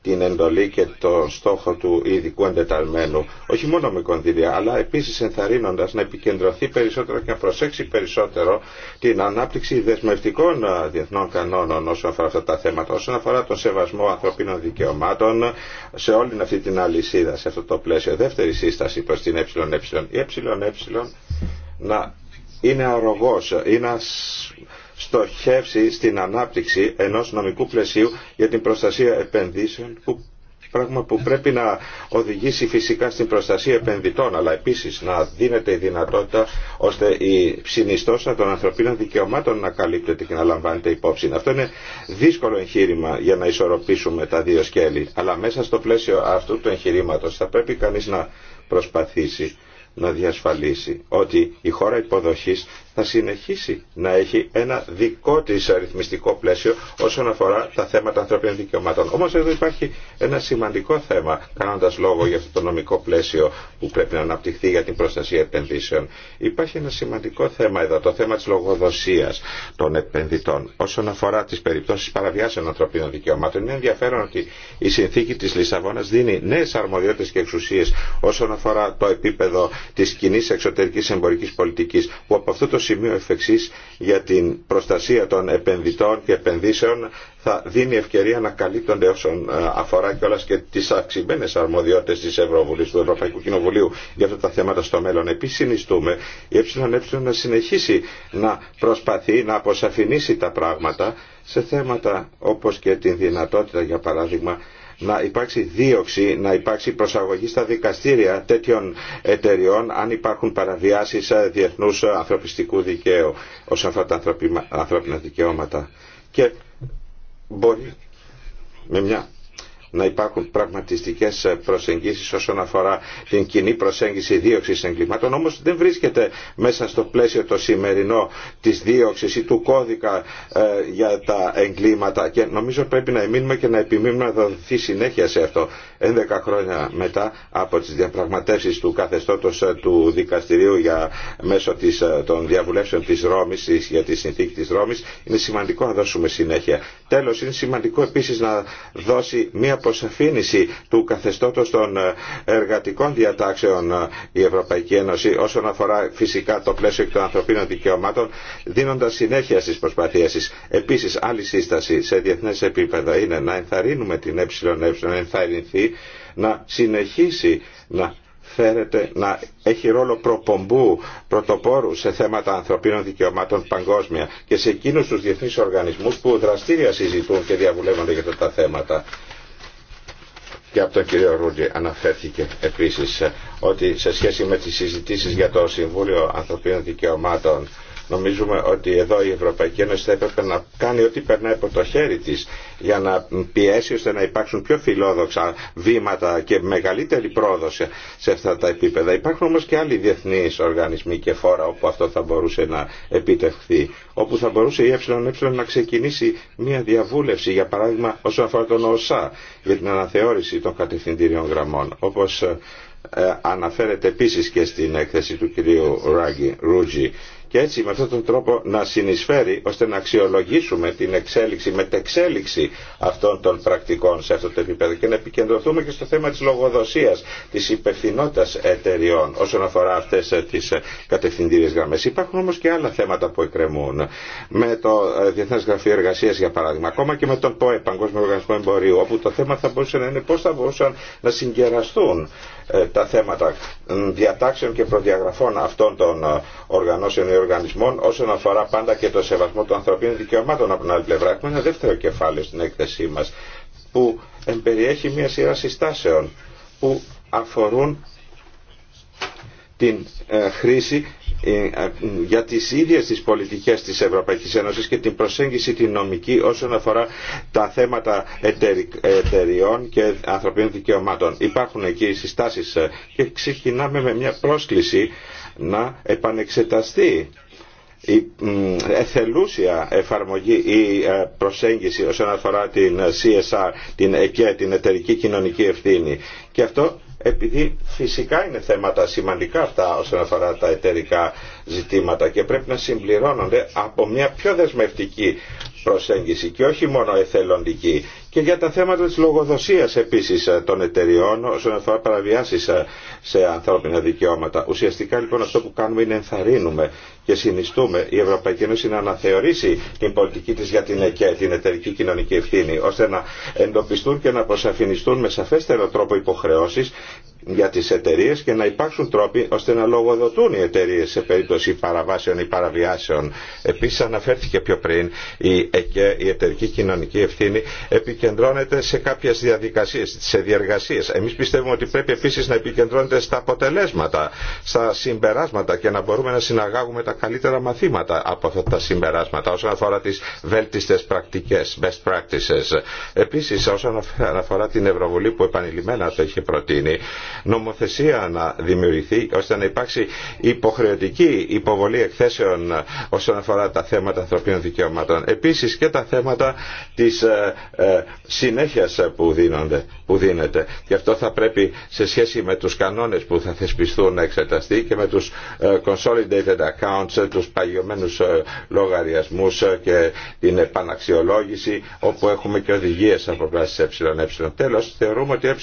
την εντολή και το στόχο του ειδικού εντεταλμένου, όχι μόνο με κονδύλια, αλλά επίσης ενθαρρύνοντας να επικεντρωθεί περισσότερο και να προσέξει περισσότερο την ανάπτυξη δεσμευτικών διεθνών κανόνων όσον αφορά αυτά τα θέματα, όσον αφορά τον σεβασμό ανθρωπίνων δικαιωμάτων σε όλη αυτή την αλυσίδα, σε αυτό το πλαίσιο. Δεύτερη σύσταση προς την ΕΕ. Η ΕΕ να είναι αρρωγός, είναι στοχεύσει στην ανάπτυξη ενός νομικού πλαισίου για την προστασία επενδύσεων πράγμα που πρέπει να οδηγήσει φυσικά στην προστασία επενδυτών, αλλά επίσης να δίνεται η δυνατότητα ώστε η συνιστόσα των ανθρωπίνων δικαιωμάτων να καλύπτεται και να λαμβάνεται υπόψη. Αυτό είναι δύσκολο εγχείρημα για να ισορροπήσουμε τα δύο σκέλη, αλλά μέσα στο πλαίσιο αυτού του εγχειρήματο θα πρέπει κανείς να προσπαθήσει να διασφαλίσει ότι η χώρα υποδοχής θα συνεχίσει να έχει ένα δικό της αριθμιστικό πλαίσιο όσον αφορά τα θέματα ανθρωπίνων δικαιωμάτων. Όμως εδώ υπάρχει ένα σημαντικό θέμα, κάνοντας λόγο για αυτό το νομικό πλαίσιο που πρέπει να αναπτυχθεί για την προστασία επενδύσεων. Υπάρχει ένα σημαντικό θέμα εδώ, το θέμα της λογοδοσίας των επενδυτών όσον αφορά τις περιπτώσεις παραβιάσεων ανθρωπίνων δικαιωμάτων. Είναι ενδιαφέρον ότι η συνθήκη της Λισαβόνας δίνει νέες αρμοδιότητες και εξουσίες όσον αφορά το επίπεδο της κοινή εξωτερικής εμπορικής πολιτικής που αυτό σημείο εφεξής για την προστασία των επενδυτών και επενδύσεων θα δίνει ευκαιρία να καλύπτονται όσον ε, αφορά κιόλα και τι αυξημένε αρμοδιότητε τη Ευρωβουλή, του Ευρωπαϊκού Κοινοβουλίου για αυτά τα θέματα στο μέλλον. Επίση, συνιστούμε η ΕΕ να συνεχίσει να προσπαθεί να αποσαφηνίσει τα πράγματα σε θέματα όπω και την δυνατότητα, για παράδειγμα, να υπάρξει δίωξη, να υπάρξει προσαγωγή στα δικαστήρια τέτοιων εταιριών αν υπάρχουν παραβιάσεις ε, διεθνούς ε, ανθρωπιστικού δικαίου όσον αφορά τα ανθρώπινα δικαιώματα. Και μπορεί με μια να υπάρχουν πραγματιστικές προσεγγίσεις όσον αφορά την κοινή προσέγγιση δίωξης εγκλημάτων όμως δεν βρίσκεται μέσα στο πλαίσιο το σημερινό της δίωξης ή του κώδικα ε, για τα εγκλήματα και νομίζω πρέπει να εμείνουμε και να επιμείνουμε να δοθεί συνέχεια σε αυτό. 11 χρόνια μετά από τις διαπραγματεύσεις του καθεστώτος ε, του δικαστηρίου για, μέσω της, ε, των διαβουλεύσεων της Ρώμης για τη συνθήκη της Ρώμης είναι σημαντικό να δώσουμε συνέχεια. Τέλος είναι σημαντικό επίσης να δώσει μια αποσαφήνιση του καθεστώτος των εργατικών διατάξεων ε, η Ευρωπαϊκή Ένωση όσον αφορά φυσικά το πλαίσιο των ανθρωπίνων δικαιωμάτων δίνοντας συνέχεια στις προσπαθίες της. Επίσης άλλη σύσταση σε διεθνές επίπεδα είναι να ενθαρρύνουμε την ΕΕ να ενθαρρυνθεί να συνεχίσει να να έχει ρόλο προπομπού πρωτοπόρου σε θέματα ανθρωπίνων δικαιωμάτων παγκόσμια και σε εκείνους τους διεθνείς οργανισμούς που δραστήρια συζητούν και διαβουλεύονται για αυτά τα θέματα και από τον κύριο Ρούντι αναφέρθηκε επίσης ότι σε σχέση με τις συζητήσεις για το Συμβούλιο Ανθρωπίνων Δικαιωμάτων Νομίζουμε ότι εδώ η Ευρωπαϊκή Ένωση θα έπρεπε να κάνει ό,τι περνάει από το χέρι της για να πιέσει ώστε να υπάρξουν πιο φιλόδοξα βήματα και μεγαλύτερη πρόοδο σε αυτά τα επίπεδα. Υπάρχουν όμως και άλλοι διεθνείς οργανισμοί και φόρα όπου αυτό θα μπορούσε να επιτευχθεί, όπου θα μπορούσε η ΕΕ να ξεκινήσει μια διαβούλευση, για παράδειγμα όσον αφορά τον ΟΣΑ, για την αναθεώρηση των κατευθυντήριων γραμμών, όπως ε, ε, αναφέρεται επίσης και στην έκθεση του κυρίου Ρούτζι και έτσι με αυτόν τον τρόπο να συνεισφέρει ώστε να αξιολογήσουμε την εξέλιξη, μετεξέλιξη αυτών των πρακτικών σε αυτό το επίπεδο και να επικεντρωθούμε και στο θέμα της λογοδοσίας, της υπευθυνότητας εταιριών όσον αφορά αυτές ε, τις ε, κατευθυντήριες γραμμές. Υπάρχουν όμως και άλλα θέματα που εκκρεμούν. Με το ε, Διεθνές Γραφείο Εργασίας για παράδειγμα, ακόμα και με τον ΠΟΕ, Παγκόσμιο Οργανισμό Εμπορίου, όπου το θέμα θα μπορούσε να είναι πώς θα μπορούσαν να συγκεραστούν ε, τα θέματα διατάξεων και προδιαγραφών αυτών των ε, οργανώσεων ή οργανισμών όσον αφορά πάντα και το σεβασμό των ανθρωπίνων δικαιωμάτων από την άλλη πλευρά. Έχουμε ένα δεύτερο κεφάλαιο στην έκθεσή μας που περιέχει μια σειρά συστάσεων που αφορούν την ε, χρήση ε, για τις ίδιες τις πολιτικές της Ευρωπαϊκής Ένωσης και την προσέγγιση τη νομική όσον αφορά τα θέματα εταιριών και ανθρωπίνων δικαιωμάτων. Υπάρχουν εκεί συστάσεις ε, και ξεκινάμε με μια πρόσκληση να επανεξεταστεί η εθελούσια εφαρμογή ή ε, προσέγγιση όσον αφορά την CSR, την ΕΚΕ, την εταιρική κοινωνική ευθύνη. Και αυτό επειδή φυσικά είναι θέματα σημαντικά αυτά όσον αφορά τα εταιρικά ζητήματα και πρέπει να συμπληρώνονται από μια πιο δεσμευτική προσέγγιση και όχι μόνο εθελοντική και για τα θέματα της λογοδοσίας επίσης ε, των εταιριών όσον αφορά παραβιάσεις ε, σε ανθρώπινα δικαιώματα. Ουσιαστικά λοιπόν αυτό που κάνουμε είναι ενθαρρύνουμε και συνιστούμε η Ευρωπαϊκή Ένωση να αναθεωρήσει την πολιτική της για την ΕΚΕ, την εταιρική κοινωνική ευθύνη, ώστε να εντοπιστούν και να προσαφινιστούν με σαφέστερο τρόπο υποχρεώσεις για τις εταιρείες και να υπάρξουν τρόποι ώστε να λογοδοτούν οι εταιρείες σε περίπτωση παραβάσεων ή παραβιάσεων. Επίσης αναφέρθηκε πιο πριν η, ΕΚΕ, η εταιρική κοινωνική ευθύνη επικεντρώνεται σε κάποιες διαδικασίες, σε διεργασίες. Εμείς πιστεύουμε ότι πρέπει επίσης να επικεντρώνεται στα αποτελέσματα, στα συμπεράσματα και να μπορούμε να συναγάγουμε τα καλύτερα μαθήματα από αυτά τα συμπεράσματα όσον αφορά τις βέλτιστες πρακτικές, best practices. Επίσης όσον αφορά την Ευρωβουλή που επανειλημμένα το είχε προτείνει, νομοθεσία να δημιουργηθεί ώστε να υπάρξει υποχρεωτική υποβολή εκθέσεων όσον αφορά τα θέματα ανθρωπίνων δικαιωμάτων. Επίσης και τα θέματα της ε, ε, συνέχειας που, δίνονται, που δίνεται. Και αυτό θα πρέπει σε σχέση με τους κανόνες που θα θεσπιστούν να εξεταστεί και με τους ε, consolidated accounts, τους παγιωμένους λογαριασμούς και την επαναξιολόγηση όπου έχουμε και οδηγίες από ΕΕ. Τέλος, θεωρούμε ότι ΕΕ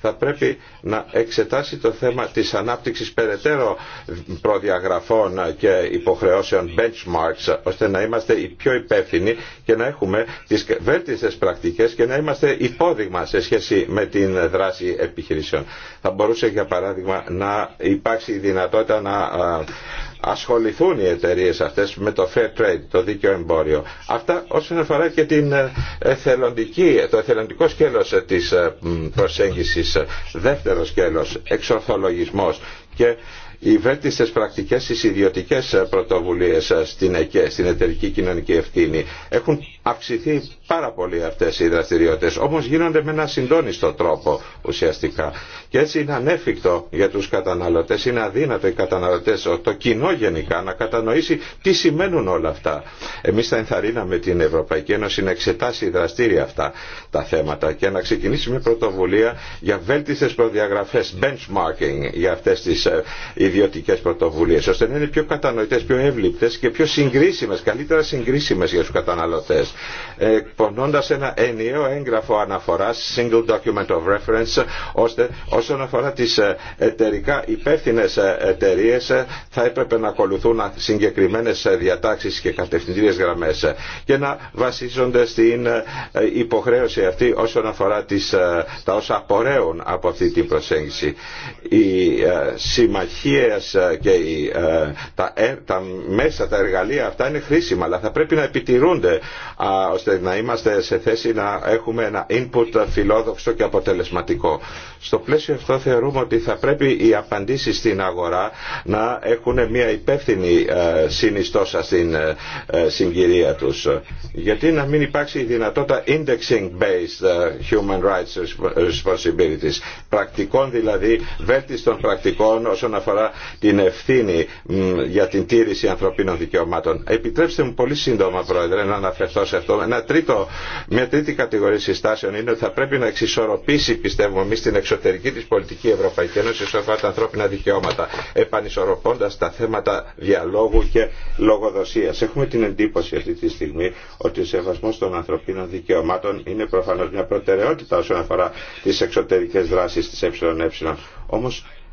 θα πρέπει να εξετάσει το θέμα της ανάπτυξης περαιτέρω προδιαγραφών και υποχρεώσεων benchmarks ώστε να είμαστε οι πιο υπεύθυνοι και να έχουμε τις βέλτιστες πρακτικές και να είμαστε υπόδειγμα σε σχέση με την δράση επιχειρήσεων. Θα μπορούσε για παράδειγμα να υπάρξει η δυνατότητα να ασχοληθούν οι εταιρείε αυτές με το fair trade, το δίκαιο εμπόριο. Αυτά όσον αφορά και την ε, εθελοντική, το εθελοντικό σκέλο ε, τη ε, προσέγγισης, δεύτερο σκέλος, εξορθολογισμό. και οι βέλτιστες πρακτικές στις ιδιωτικές πρωτοβουλίες στην ΕΚΕ, στην εταιρική κοινωνική ευθύνη. Έχουν αυξηθεί πάρα πολύ αυτές οι δραστηριότητες, όμως γίνονται με ένα συντόνιστο τρόπο ουσιαστικά. Και έτσι είναι ανέφικτο για τους καταναλωτές, είναι αδύνατο οι καταναλωτές, το κοινό γενικά να κατανοήσει τι σημαίνουν όλα αυτά. Εμείς θα ενθαρρύναμε την Ευρωπαϊκή Ένωση να εξετάσει δραστήρια αυτά τα θέματα και να ξεκινήσει μια πρωτοβουλία για βέλτιστες προδιαγραφές, benchmarking για αυτές τις ε, ιδιωτικέ πρωτοβουλίε, ώστε να είναι πιο κατανοητέ, πιο εύληπτε και πιο συγκρίσιμε, καλύτερα συγκρίσιμε για του καταναλωτέ. Εκπονώντα ένα ενιαίο έγγραφο αναφορά, single document of reference, ώστε όσον αφορά τι ε, εταιρικά υπεύθυνε εταιρείε, ε, θα έπρεπε να ακολουθούν συγκεκριμένε ε, διατάξει και κατευθυντήριε γραμμέ και να βασίζονται στην υποχρέωση αυτή όσον αφορά τις, τα όσα απορρέουν από αυτή την προσέγγιση. Η συμμαχία ε, και ε, τα, ε, τα μέσα, τα εργαλεία αυτά είναι χρήσιμα, αλλά θα πρέπει να επιτηρούνται ώστε να είμαστε σε θέση να έχουμε ένα input φιλόδοξο και αποτελεσματικό. Στο πλαίσιο αυτό θεωρούμε ότι θα πρέπει οι απαντήσεις στην αγορά να έχουν μια υπεύθυνη συνιστόσα στην συγκυρία τους. Γιατί να μην υπάρξει η δυνατότητα indexing based human rights responsibilities, πρακτικών δηλαδή βέλτιστων πρακτικών όσον αφορά την ευθύνη για την τήρηση ανθρωπίνων δικαιωμάτων. Επιτρέψτε μου πολύ σύντομα, Πρόεδρε, να αναφερθώ σε αυτό. Ένα τρίτο, μια τρίτη κατηγορία συστάσεων είναι ότι θα πρέπει να εξισορροπήσει, πιστεύουμε εμεί, την εξωτερική τη πολιτική Ευρωπαϊκή Ένωση όσον αφορά τα ανθρώπινα δικαιώματα, επανισορροπώντα τα θέματα διαλόγου και λογοδοσία. Έχουμε την εντύπωση αυτή τη στιγμή ότι ο σεβασμό των ανθρωπίνων δικαιωμάτων είναι προφανώ μια προτεραιότητα όσον αφορά τι εξωτερικέ δράσει τη ΕΕ. Όμω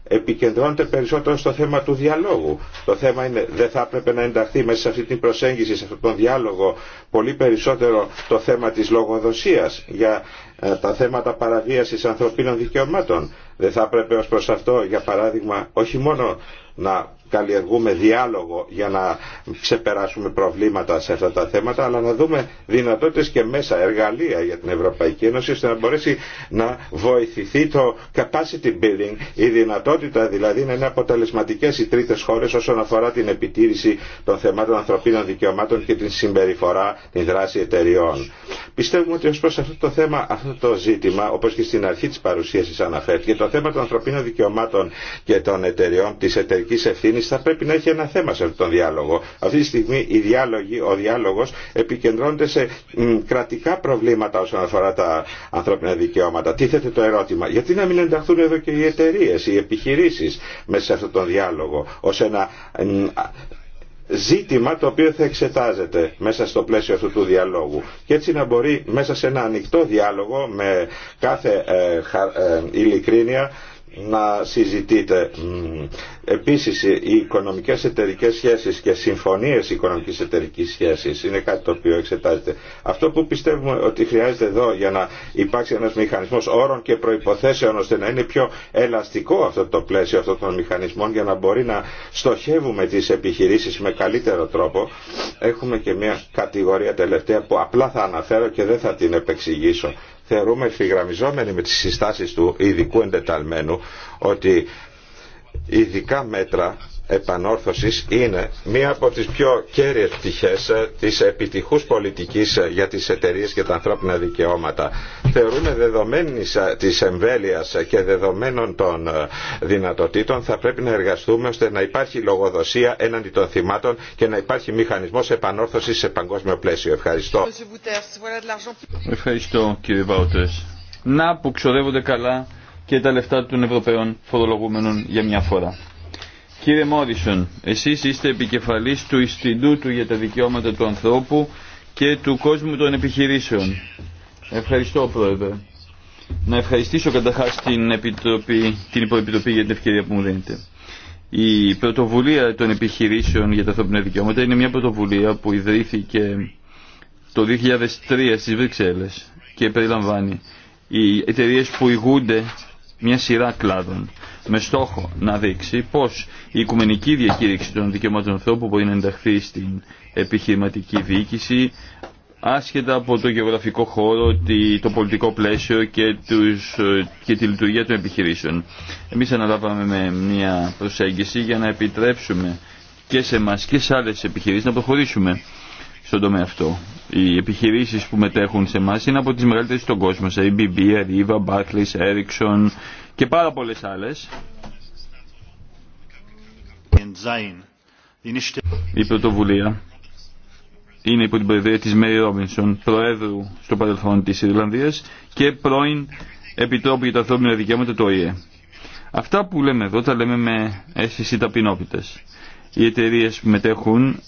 επικεντρώνεται περισσότερο στο θέμα του διαλόγου. Το θέμα είναι δεν θα έπρεπε να ενταχθεί μέσα σε αυτή την προσέγγιση, σε αυτόν τον διάλογο πολύ περισσότερο το θέμα της λογοδοσίας για ε, τα θέματα παραβίασης ανθρωπίνων δικαιωμάτων. Δεν θα έπρεπε ως προς αυτό, για παράδειγμα, όχι μόνο να καλλιεργούμε διάλογο για να ξεπεράσουμε προβλήματα σε αυτά τα θέματα, αλλά να δούμε δυνατότητες και μέσα, εργαλεία για την Ευρωπαϊκή Ένωση, ώστε να μπορέσει να βοηθηθεί το capacity building, η δυνατότητα δηλαδή να είναι αποτελεσματικές οι τρίτες χώρες όσον αφορά την επιτήρηση των θεμάτων ανθρωπίνων δικαιωμάτων και την συμπεριφορά, την δράση εταιριών. Πιστεύουμε ότι ως προς αυτό το θέμα, αυτό το ζήτημα, όπως και στην αρχή της παρουσίασης αναφέρθηκε, το θέμα των ανθρωπίνων δικαιωμάτων και των εταιριών, της ευθύνη θα πρέπει να έχει ένα θέμα σε αυτόν τον διάλογο. Αυτή τη στιγμή η ο διάλογο επικεντρώνεται σε κρατικά προβλήματα όσον αφορά τα ανθρώπινα δικαιώματα. Τι Τίθεται το ερώτημα, γιατί να μην ενταχθούν εδώ και οι εταιρείε, οι επιχειρήσει μέσα σε αυτόν τον διάλογο, ω ένα ζήτημα το οποίο θα εξετάζεται μέσα στο πλαίσιο αυτού του διαλόγου και έτσι να μπορεί μέσα σε ένα ανοιχτό διάλογο με κάθε ε, ε, ειλικρίνεια να συζητείτε Επίσης οι οικονομικές εταιρικέ σχέσεις και συμφωνίες οικονομικής εταιρικής σχέσης είναι κάτι το οποίο εξετάζεται. Αυτό που πιστεύουμε ότι χρειάζεται εδώ για να υπάρξει ένας μηχανισμός όρων και προϋποθέσεων ώστε να είναι πιο ελαστικό αυτό το πλαίσιο αυτών των μηχανισμών για να μπορεί να στοχεύουμε τις επιχειρήσεις με καλύτερο τρόπο. Έχουμε και μια κατηγορία τελευταία που απλά θα αναφέρω και δεν θα την επεξηγήσω θεωρούμε ευθυγραμμιζόμενοι με τις συστάσεις του ειδικού εντεταλμένου ότι ειδικά μέτρα επανόρθωσης είναι μία από τις πιο κέρυες πτυχές ε, της επιτυχούς πολιτικής ε, για τις εταιρείες και τα ανθρώπινα δικαιώματα. Θεωρούμε δεδομένη ε, της εμβέλειας και δεδομένων των δυνατοτήτων θα πρέπει να εργαστούμε ώστε να υπάρχει λογοδοσία έναντι των θυμάτων και να υπάρχει μηχανισμός επανόρθωσης σε παγκόσμιο πλαίσιο. Ευχαριστώ. Ευχαριστώ κύριε Βάουτες. Να που ξοδεύονται καλά και τα λεφτά των Ευρωπαίων φορολογούμενων για μια φορά. Κύριε Μόρισον, εσείς είστε επικεφαλής του Ιστιντούτου για τα Δικαιώματα του Ανθρώπου και του κόσμου των επιχειρήσεων. Ευχαριστώ Πρόεδρε. Να ευχαριστήσω καταρχάς την, την Υποεπιτροπή για την ευκαιρία που μου δίνετε. Η πρωτοβουλία των επιχειρήσεων για τα ανθρώπινα δικαιώματα είναι μια πρωτοβουλία που ιδρύθηκε το 2003 στις Βρυξέλλες και περιλαμβάνει οι εταιρείε που ηγούνται μια σειρά κλάδων με στόχο να δείξει πως η οικουμενική διακήρυξη των δικαιωμάτων ανθρώπου μπορεί να ενταχθεί στην επιχειρηματική διοίκηση άσχετα από το γεωγραφικό χώρο, το πολιτικό πλαίσιο και, και τη λειτουργία των επιχειρήσεων. Εμείς αναλάβαμε με μια προσέγγιση για να επιτρέψουμε και σε εμά και σε άλλες επιχειρήσεις να προχωρήσουμε στον τομέα αυτό οι επιχειρήσει που μετέχουν σε εμά είναι από τι μεγαλύτερες στον κόσμο. ABB, Arriva, Barclays, Ericsson και πάρα πολλέ άλλε. Η πρωτοβουλία είναι υπό την προεδρία της Μέρι Ρόμπινσον, προέδρου στο παρελθόν της Ιρλανδίας και πρώην Επιτρόπου για τα ανθρώπινα δικαιώματα του ΟΗΕ. Αυτά που λέμε εδώ τα λέμε με αίσθηση ταπεινότητας. Οι εταιρείε που μετέχουν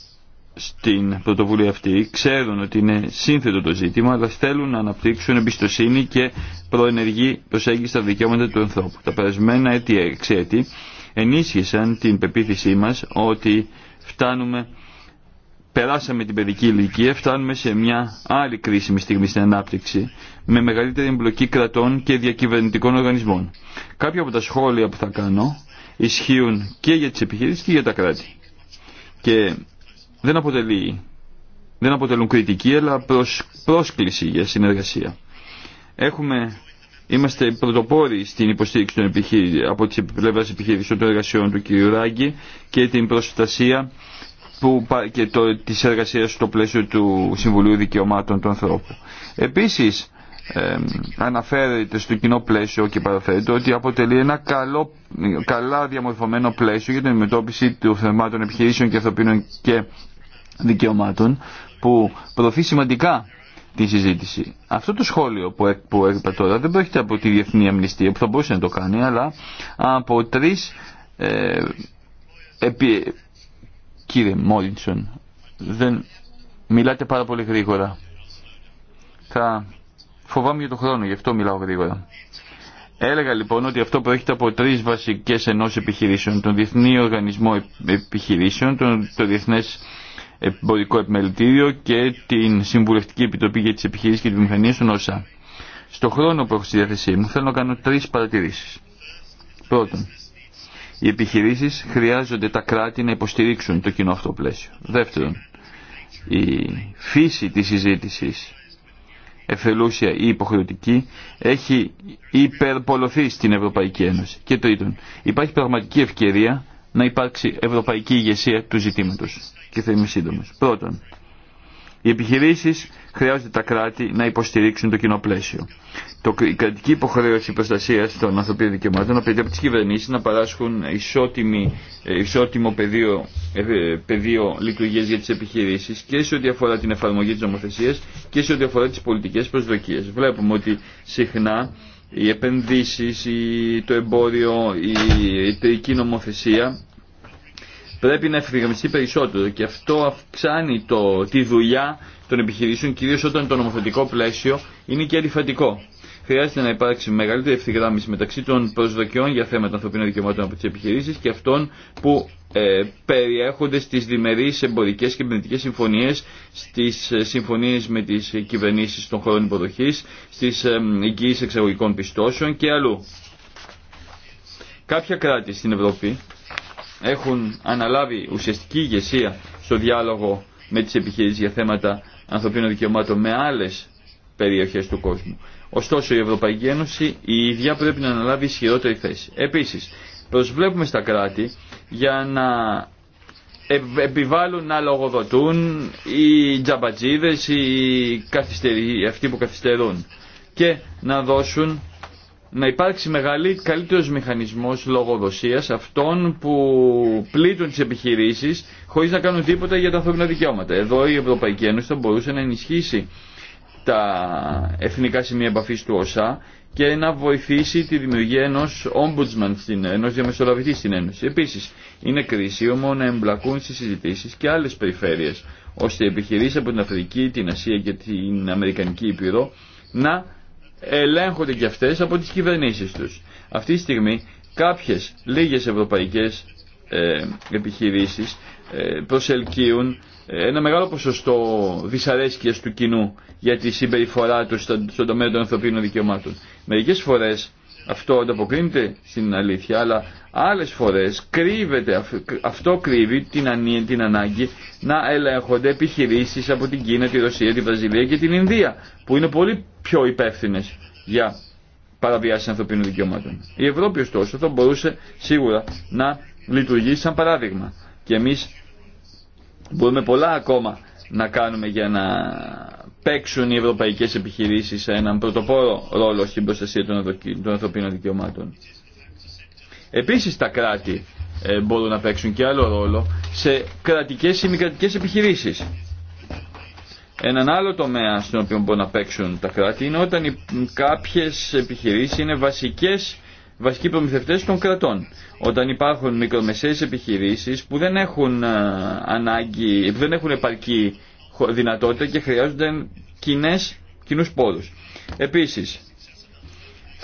στην πρωτοβουλία αυτή ξέρουν ότι είναι σύνθετο το ζήτημα, αλλά θέλουν να αναπτύξουν εμπιστοσύνη και προενεργή προσέγγιση στα δικαιώματα του ανθρώπου. Τα περασμένα έτη εξέτη ενίσχυσαν την πεποίθησή μας ότι φτάνουμε, περάσαμε την παιδική ηλικία, φτάνουμε σε μια άλλη κρίσιμη στιγμή στην ανάπτυξη, με μεγαλύτερη εμπλοκή κρατών και διακυβερνητικών οργανισμών. Κάποια από τα σχόλια που θα κάνω ισχύουν και για τις επιχειρήσεις και για τα κράτη. Και δεν, αποτελεί, δεν αποτελούν κριτική αλλά προς, πρόσκληση για συνεργασία. Έχουμε, είμαστε πρωτοπόροι στην υποστήριξη των από τις πλευράς επιχειρήσεων των εργασιών του κ. Ράγκη και την προστασία που, και το, της εργασίας στο πλαίσιο του Συμβουλίου Δικαιωμάτων του Ανθρώπου. Επίσης, αναφέρεται στο κοινό πλαίσιο και παραφέρεται ότι αποτελεί ένα καλό, καλά διαμορφωμένο πλαίσιο για την αντιμετώπιση του θεμάτων επιχειρήσεων και ανθρωπίνων και δικαιωμάτων που προωθεί σημαντικά τη συζήτηση. Αυτό το σχόλιο που, που τώρα δεν πρόκειται από τη Διεθνή Αμνηστία που θα μπορούσε να το κάνει αλλά από τρεις ε, επί... κύριε Μόλινσον δεν μιλάτε πάρα πολύ γρήγορα θα Φοβάμαι για τον χρόνο, γι' αυτό μιλάω γρήγορα. Έλεγα λοιπόν ότι αυτό προέρχεται από τρει βασικέ ενό επιχειρήσεων. Τον Διεθνή Οργανισμό Επιχειρήσεων, τον, το Διεθνέ Εμπορικό Επιμελητήριο και την Συμβουλευτική Επιτροπή για τι Επιχειρήσει και τη Βιομηχανία, τον ΩΣΑ. Στον χρόνο που έχω στη διάθεσή μου θέλω να κάνω τρει παρατηρήσει. Πρώτον, οι επιχειρήσει χρειάζονται τα κράτη να υποστηρίξουν το κοινό αυτό πλαίσιο. Δεύτερον, η φύση τη συζήτηση εφελούσια ή υποχρεωτική, έχει υπερπολωθεί στην Ευρωπαϊκή Ένωση. Και τρίτον, υπάρχει πραγματική ευκαιρία να υπάρξει ευρωπαϊκή ηγεσία του ζητήματος. Και θα είμαι σύντομος. Πρώτον, οι επιχειρήσει χρειάζονται τα κράτη να υποστηρίξουν το κοινό πλαίσιο. Το, η κρατική υποχρέωση προστασία των ανθρωπίνων δικαιωμάτων απαιτεί από τι κυβερνήσει να παράσχουν ε, ισότιμο πεδίο, ε, ε, πεδίο λειτουργία για τι επιχειρήσει και σε ό,τι αφορά την εφαρμογή τη νομοθεσία και σε ό,τι αφορά τι πολιτικέ προσδοκίε. Βλέπουμε ότι συχνά οι επενδύσει, το εμπόριο, η εταιρική νομοθεσία πρέπει να ευθυγραμμιστεί περισσότερο και αυτό αυξάνει το, τη δουλειά των επιχειρήσεων κυρίως όταν το νομοθετικό πλαίσιο είναι και αντιφατικό. Χρειάζεται να υπάρξει μεγαλύτερη ευθυγράμμιση μεταξύ των προσδοκιών για θέματα ανθρωπίνων δικαιωμάτων από τις επιχειρήσεις και αυτών που ε, περιέχονται στις διμερείς εμπορικές και συμφωνίες, συμφωνίε, στι ε, συμφωνίες με τις κυβερνήσει των χωρών υποδοχή, στι ε, εγγυήσεις εξαγωγικών πιστώσεων και αλλού. Κάποια κράτη στην Ευρώπη έχουν αναλάβει ουσιαστική ηγεσία στο διάλογο με τις επιχειρήσεις για θέματα ανθρωπίνων δικαιωμάτων με άλλες περιοχές του κόσμου. Ωστόσο η Ευρωπαϊκή Ένωση η ίδια πρέπει να αναλάβει ισχυρότερη θέση. Επίσης προσβλέπουμε στα κράτη για να ε, επιβάλλουν να λογοδοτούν οι τζαμπατζίδες, οι αυτοί που καθυστερούν και να δώσουν να υπάρξει μεγάλη, καλύτερος μηχανισμός λογοδοσίας αυτών που πλήττουν τις επιχειρήσεις χωρίς να κάνουν τίποτα για τα ανθρώπινα δικαιώματα. Εδώ η Ευρωπαϊκή Ένωση θα μπορούσε να ενισχύσει τα εθνικά σημεία επαφής του ΩΣΑ και να βοηθήσει τη δημιουργία ενός ombudsman, στην, ενός διαμεσολαβητή στην Ένωση. Επίσης, είναι κρίσιμο να εμπλακούν στις συζητήσεις και άλλες περιφέρειες, ώστε οι επιχειρήσεις από την Αφρική, την Ασία και την Αμερικανική Ήπειρο να ελέγχονται και αυτές από τις κυβερνήσεις τους. Αυτή τη στιγμή κάποιες λίγες ευρωπαϊκές ε, επιχειρήσεις ε, προσελκύουν ε, ένα μεγάλο ποσοστό δυσαρέσκειας του κοινού για τη συμπεριφορά του στον τομέα των ανθρωπίνων δικαιωμάτων. Μερικές φορές αυτό ανταποκρίνεται στην αλήθεια, αλλά Άλλες φορές κρύβεται, αυτό κρύβει την, την ανάγκη να ελέγχονται επιχειρήσεις από την Κίνα, τη Ρωσία, τη Βραζιλία και την Ινδία που είναι πολύ πιο υπεύθυνε για παραβιάσεις ανθρωπίνων δικαιωμάτων. Η Ευρώπη ωστόσο θα μπορούσε σίγουρα να λειτουργήσει σαν παράδειγμα και εμείς μπορούμε πολλά ακόμα να κάνουμε για να παίξουν οι ευρωπαϊκές επιχειρήσεις σε έναν πρωτοπόρο ρόλο στην προστασία των ανθρωπίνων δικαιωμάτων. Επίσης τα κράτη ε, μπορούν να παίξουν και άλλο ρόλο σε κρατικές ή μη κρατικές επιχειρήσεις. Έναν άλλο τομέα στον οποίο μπορούν να παίξουν τα κράτη είναι όταν κάποιες επιχειρήσεις είναι βασικές, βασικοί προμηθευτές των κρατών. Όταν υπάρχουν μικρομεσαίες επιχειρήσεις που δεν έχουν ε, ανάγκη, δεν έχουν επαρκή δυνατότητα και χρειάζονται κοινές, κοινούς πόρους. Επίσης,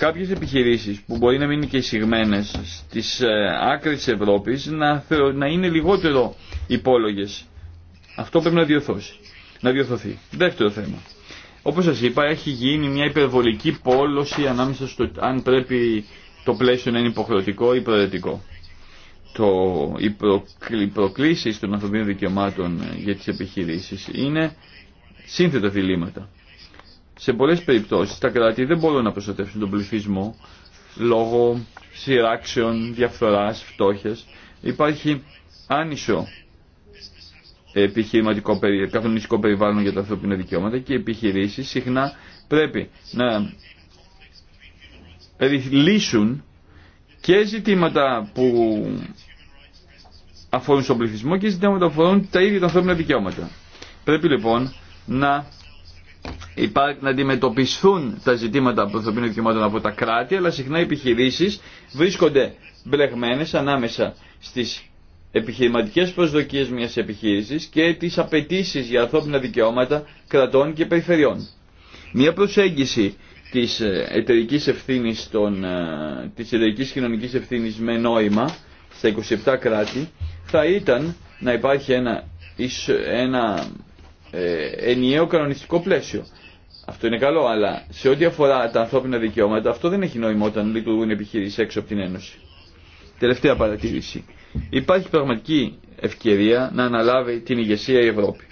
κάποιες επιχειρήσεις που μπορεί να μην και εισηγμένες στις ε, άκρες της Ευρώπης να, να είναι λιγότερο υπόλογες. Αυτό πρέπει να διορθώσει. Να διορθωθεί. Δεύτερο θέμα. Όπως σας είπα έχει γίνει μια υπερβολική πόλωση ανάμεσα στο αν πρέπει το πλαίσιο να είναι υποχρεωτικό ή προαιρετικό. Το, οι, προκλήσεις των ανθρωπίνων δικαιωμάτων για τις επιχειρήσεις είναι σύνθετα διλήμματα σε πολλές περιπτώσεις τα κράτη δεν μπορούν να προστατεύσουν τον πληθυσμό λόγω σειράξεων, διαφθοράς, φτώχειας. Υπάρχει άνισο επιχειρηματικό καθονιστικό περιβάλλον για τα ανθρώπινα δικαιώματα και οι επιχειρήσεις συχνά πρέπει να λύσουν και ζητήματα που αφορούν στον πληθυσμό και ζητήματα που αφορούν τα ίδια τα ανθρώπινα δικαιώματα. Πρέπει λοιπόν να να αντιμετωπιστούν τα ζητήματα ανθρωπίνων δικαιωμάτων από τα κράτη, αλλά συχνά οι επιχειρήσει βρίσκονται μπλεγμένες ανάμεσα στις επιχειρηματικέ προσδοκίες μιας επιχείρησης και τις απαιτήσει για ανθρώπινα δικαιώματα κρατών και περιφερειών. Μια προσέγγιση της εταιρική ευθύνη, τη ε, της κοινωνική κοινωνικής με νόημα στα 27 κράτη θα ήταν να υπάρχει ένα, ένα ε, ενιαίο κανονιστικό πλαίσιο. Αυτό είναι καλό, αλλά σε ό,τι αφορά τα ανθρώπινα δικαιώματα, αυτό δεν έχει νόημα όταν λειτουργούν επιχειρήσει έξω από την Ένωση. Τελευταία παρατήρηση. Υπάρχει πραγματική ευκαιρία να αναλάβει την ηγεσία η Ευρώπη.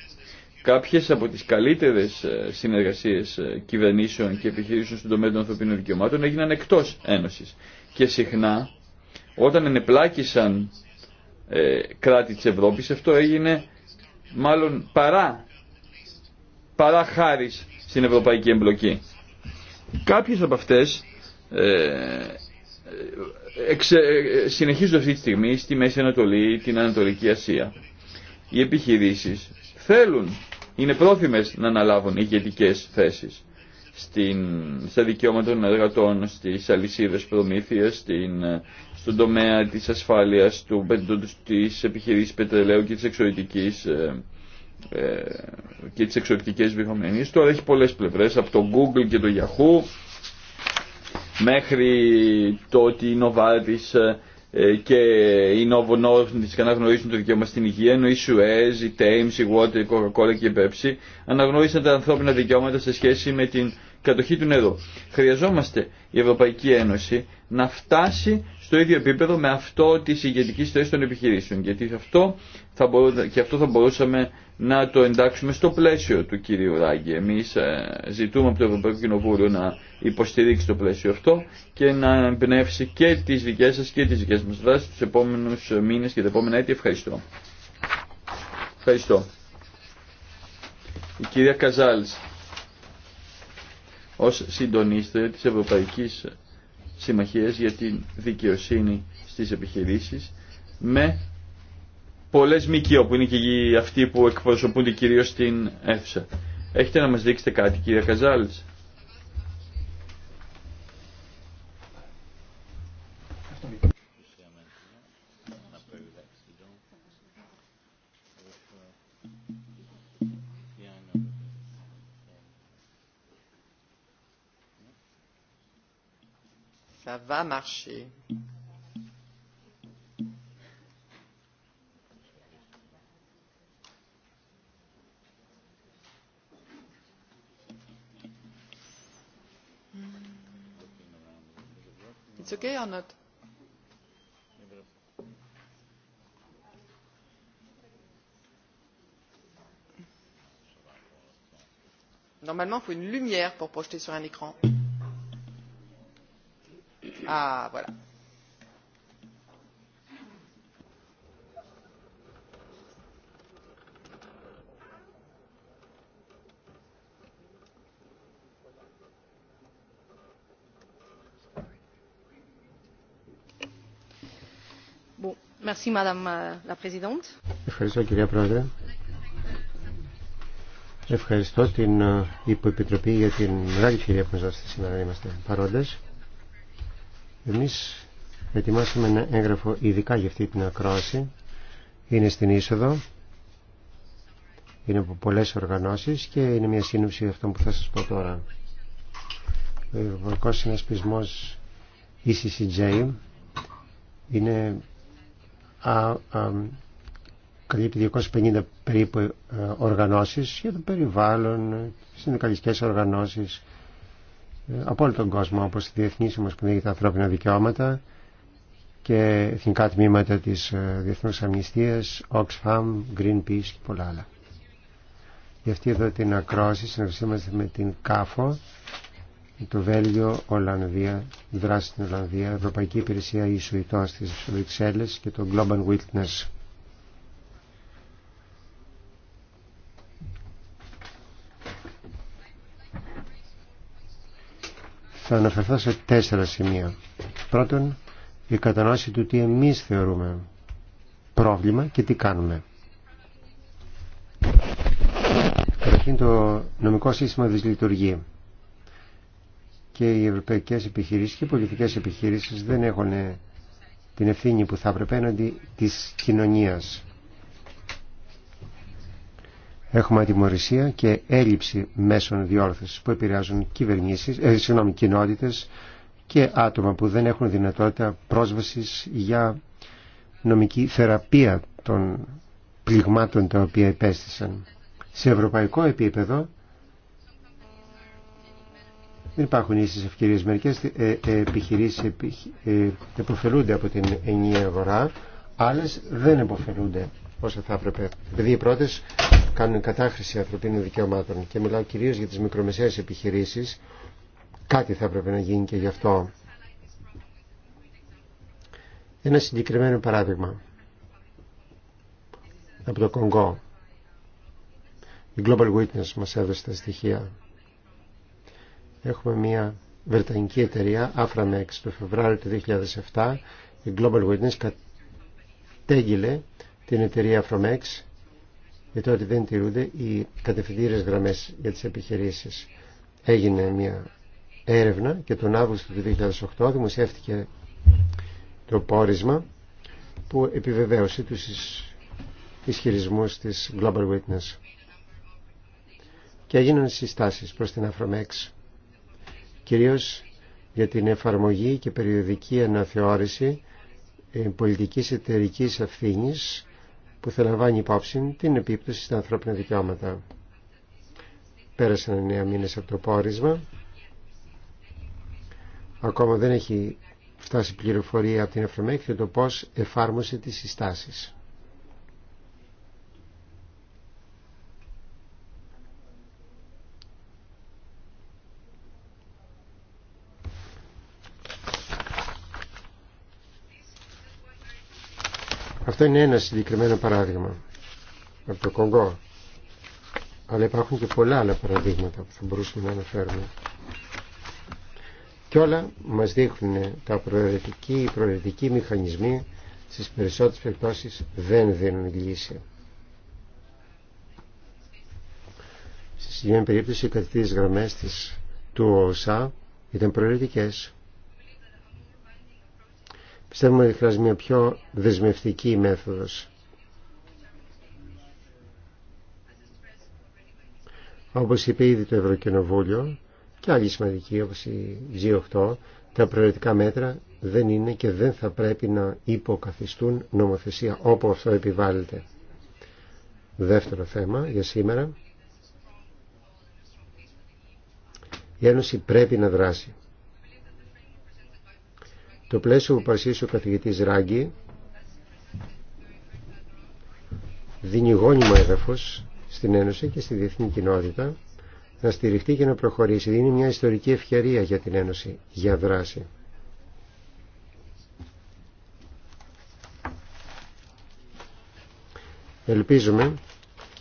Κάποιες από τις καλύτερες ε, συνεργασίες ε, κυβερνήσεων και επιχειρήσεων στον τομέα των ανθρωπίνων δικαιωμάτων έγιναν εκτός Ένωσης. Και συχνά όταν ενεπλάκησαν ε, κράτη τη Ευρώπη, αυτό έγινε μάλλον παρά παρά χάρη στην ευρωπαϊκή εμπλοκή. Κάποιε από αυτέ ε, ε, συνεχίζονται αυτή τη στιγμή στη Μέση Ανατολή, την Ανατολική Ασία. Οι επιχειρήσεις θέλουν, είναι πρόθυμες να αναλάβουν ηγετικέ θέσει στα δικαιώματα των εργατών, στι αλυσίδε προμήθεια, στον τομέα της ασφάλειας, του, της επιχειρήσης πετρελαίου και της εξωτική. Ε, ε, και τις εξωτικές βιομηχανίες. Τώρα έχει πολλές πλευρές, από το Google και το Yahoo μέχρι το ότι η Novartis ε, ε, και οι Novo Nordisk αναγνωρίζουν το δικαίωμα στην υγεία, ενώ η Suez, η Thames, η Water, η Coca-Cola και η Pepsi αναγνώρισαν τα ανθρώπινα δικαιώματα σε σχέση με την κατοχή του νερού. Χρειαζόμαστε η Ευρωπαϊκή Ένωση να φτάσει στο ίδιο επίπεδο με αυτό τη ηγετική θέση των επιχειρήσεων. Γιατί και αυτό θα μπορούσαμε να το εντάξουμε στο πλαίσιο του κυρίου Ράγκη. Εμείς ε, ζητούμε από το Ευρωπαϊκό Κοινοβούλιο να υποστηρίξει το πλαίσιο αυτό και να εμπνεύσει και τις δικές σας και τις δικές μας δράσεις τους επόμενους μήνες και τα επόμενα έτη. Ευχαριστώ. Ευχαριστώ. Η κυρία Καζάλς, ως συντονίστρια της Ευρωπαϊκής Συμμαχίας για την Δικαιοσύνη στις Επιχειρήσεις, με Πολλέ ΜΚΟ που είναι και αυτοί που εκπροσωπούνται κυρίω στην αίθουσα. Έχετε να μα δείξετε κάτι κύριε Καζάλη. Ça va marcher. Normalement, il faut une lumière pour projeter sur un écran. Ah, voilà. Euh, Ευχαριστώ κυρία Πρόεδρε. Ευχαριστώ την ε, Υποεπιτροπή για την μεγάλη ευκαιρία που μας δώσετε σήμερα να είμαστε παρόντες. Εμείς ετοιμάσαμε ένα έγγραφο ειδικά για αυτή την ακρόαση. Είναι στην είσοδο, είναι από πολλές οργανώσεις και είναι μια σύνοψη αυτό που θα σας πω τώρα. Ο Ευρωπαϊκός Συνασπισμός ECCJ είναι α, α, καλύπτει 250 περίπου ε, οργανώσεις για το περιβάλλον, συνδικαλιστικές οργανώσεις ε, από όλο τον κόσμο όπως η Διεθνή Ομοσπονδία για τα Ανθρώπινα Δικαιώματα και εθνικά τμήματα της ε, Διεθνούς Αμνηστίας, Oxfam, Greenpeace και πολλά άλλα. Για αυτή εδώ την ακρόαση συνεργασία με την ΚΑΦΟ το Βέλγιο, Ολλανδία, δράση στην Ολλανδία, Ευρωπαϊκή Υπηρεσία Ισουητών στις Βρυξέλλες και το Global Witness. Θα αναφερθώ σε τέσσερα σημεία. Πρώτον, η κατανόηση του τι εμείς θεωρούμε πρόβλημα και τι κάνουμε. Καταρχήν το νομικό σύστημα δυσλειτουργεί και οι ευρωπαϊκές επιχειρήσεις και οι πολιτικές επιχειρήσεις δεν έχουν την ευθύνη που θα έπρεπε έναντι της κοινωνίας. Έχουμε ατιμορρησία και έλλειψη μέσων διόρθωσης που επηρεάζουν κυβερνήσεις, ε, κοινότητε και άτομα που δεν έχουν δυνατότητα πρόσβασης για νομική θεραπεία των πληγμάτων τα οποία υπέστησαν. Σε ευρωπαϊκό επίπεδο δεν υπάρχουν ίσες ευκαιρίες. Μερικές ε, ε, επιχειρήσεις ε, εποφελούνται από την ενιαία αγορά, άλλες δεν εποφελούνται όσα θα έπρεπε. Επειδή οι πρώτες κάνουν κατάχρηση ανθρωπίνων δικαιωμάτων και μιλάω κυρίως για τις μικρομεσαίες επιχειρήσεις, κάτι θα έπρεπε να γίνει και γι' αυτό. Ένα συγκεκριμένο παράδειγμα από το Κονγκό. Η Global Witness μας έδωσε τα στοιχεία. Έχουμε μια βρετανική εταιρεία, Aframex, το Φεβράριο του 2007, η Global Witness κατέγγειλε την εταιρεία Aframex για το ότι δεν τηρούνται οι κατευθυντήρες γραμμές για τις επιχειρήσεις. Έγινε μια έρευνα και τον Αύγουστο του 2008 δημοσιεύτηκε το πόρισμα που επιβεβαίωσε τους ισχυρισμούς της Global Witness και έγιναν συστάσεις προς την Αφρομέξ κυρίως για την εφαρμογή και περιοδική αναθεώρηση ε, πολιτικής εταιρικής ευθύνη που θα λαμβάνει υπόψη την επίπτωση στα ανθρώπινα δικαιώματα. Πέρασαν εννέα μήνες από το πόρισμα. Ακόμα δεν έχει φτάσει πληροφορία από την εφημερίδα για το πώς εφάρμοσε τις συστάσεις. Αυτό είναι ένα συγκεκριμένο παράδειγμα από το Κονγκό. Αλλά υπάρχουν και πολλά άλλα παραδείγματα που θα μπορούσαμε να αναφέρουμε. Και όλα μας δείχνουν τα προαιρετικοί, ή προαιρετικοί μηχανισμοί στις περισσότερες περιπτώσεις δεν δίνουν λύση. Στη συγκεκριμένη περίπτωση οι κατευθύνες γραμμές της, του ΟΣΑ ήταν προαιρετικές. Πιστεύουμε ότι χρειάζεται μια πιο δεσμευτική μέθοδος. Όπως είπε ήδη το Ευρωκοινοβούλιο και άλλοι σημαντικοί όπως η G8, τα προαιρετικά μέτρα δεν είναι και δεν θα πρέπει να υποκαθιστούν νομοθεσία όπου αυτό επιβάλλεται. Δεύτερο θέμα για σήμερα. Η Ένωση πρέπει να δράσει. Το πλαίσιο που παρουσίασε ο καθηγητής Ράγκη δίνει γόνιμο έδαφος στην Ένωση και στη διεθνή κοινότητα να στηριχτεί και να προχωρήσει. Δίνει μια ιστορική ευκαιρία για την Ένωση, για δράση. Ελπίζουμε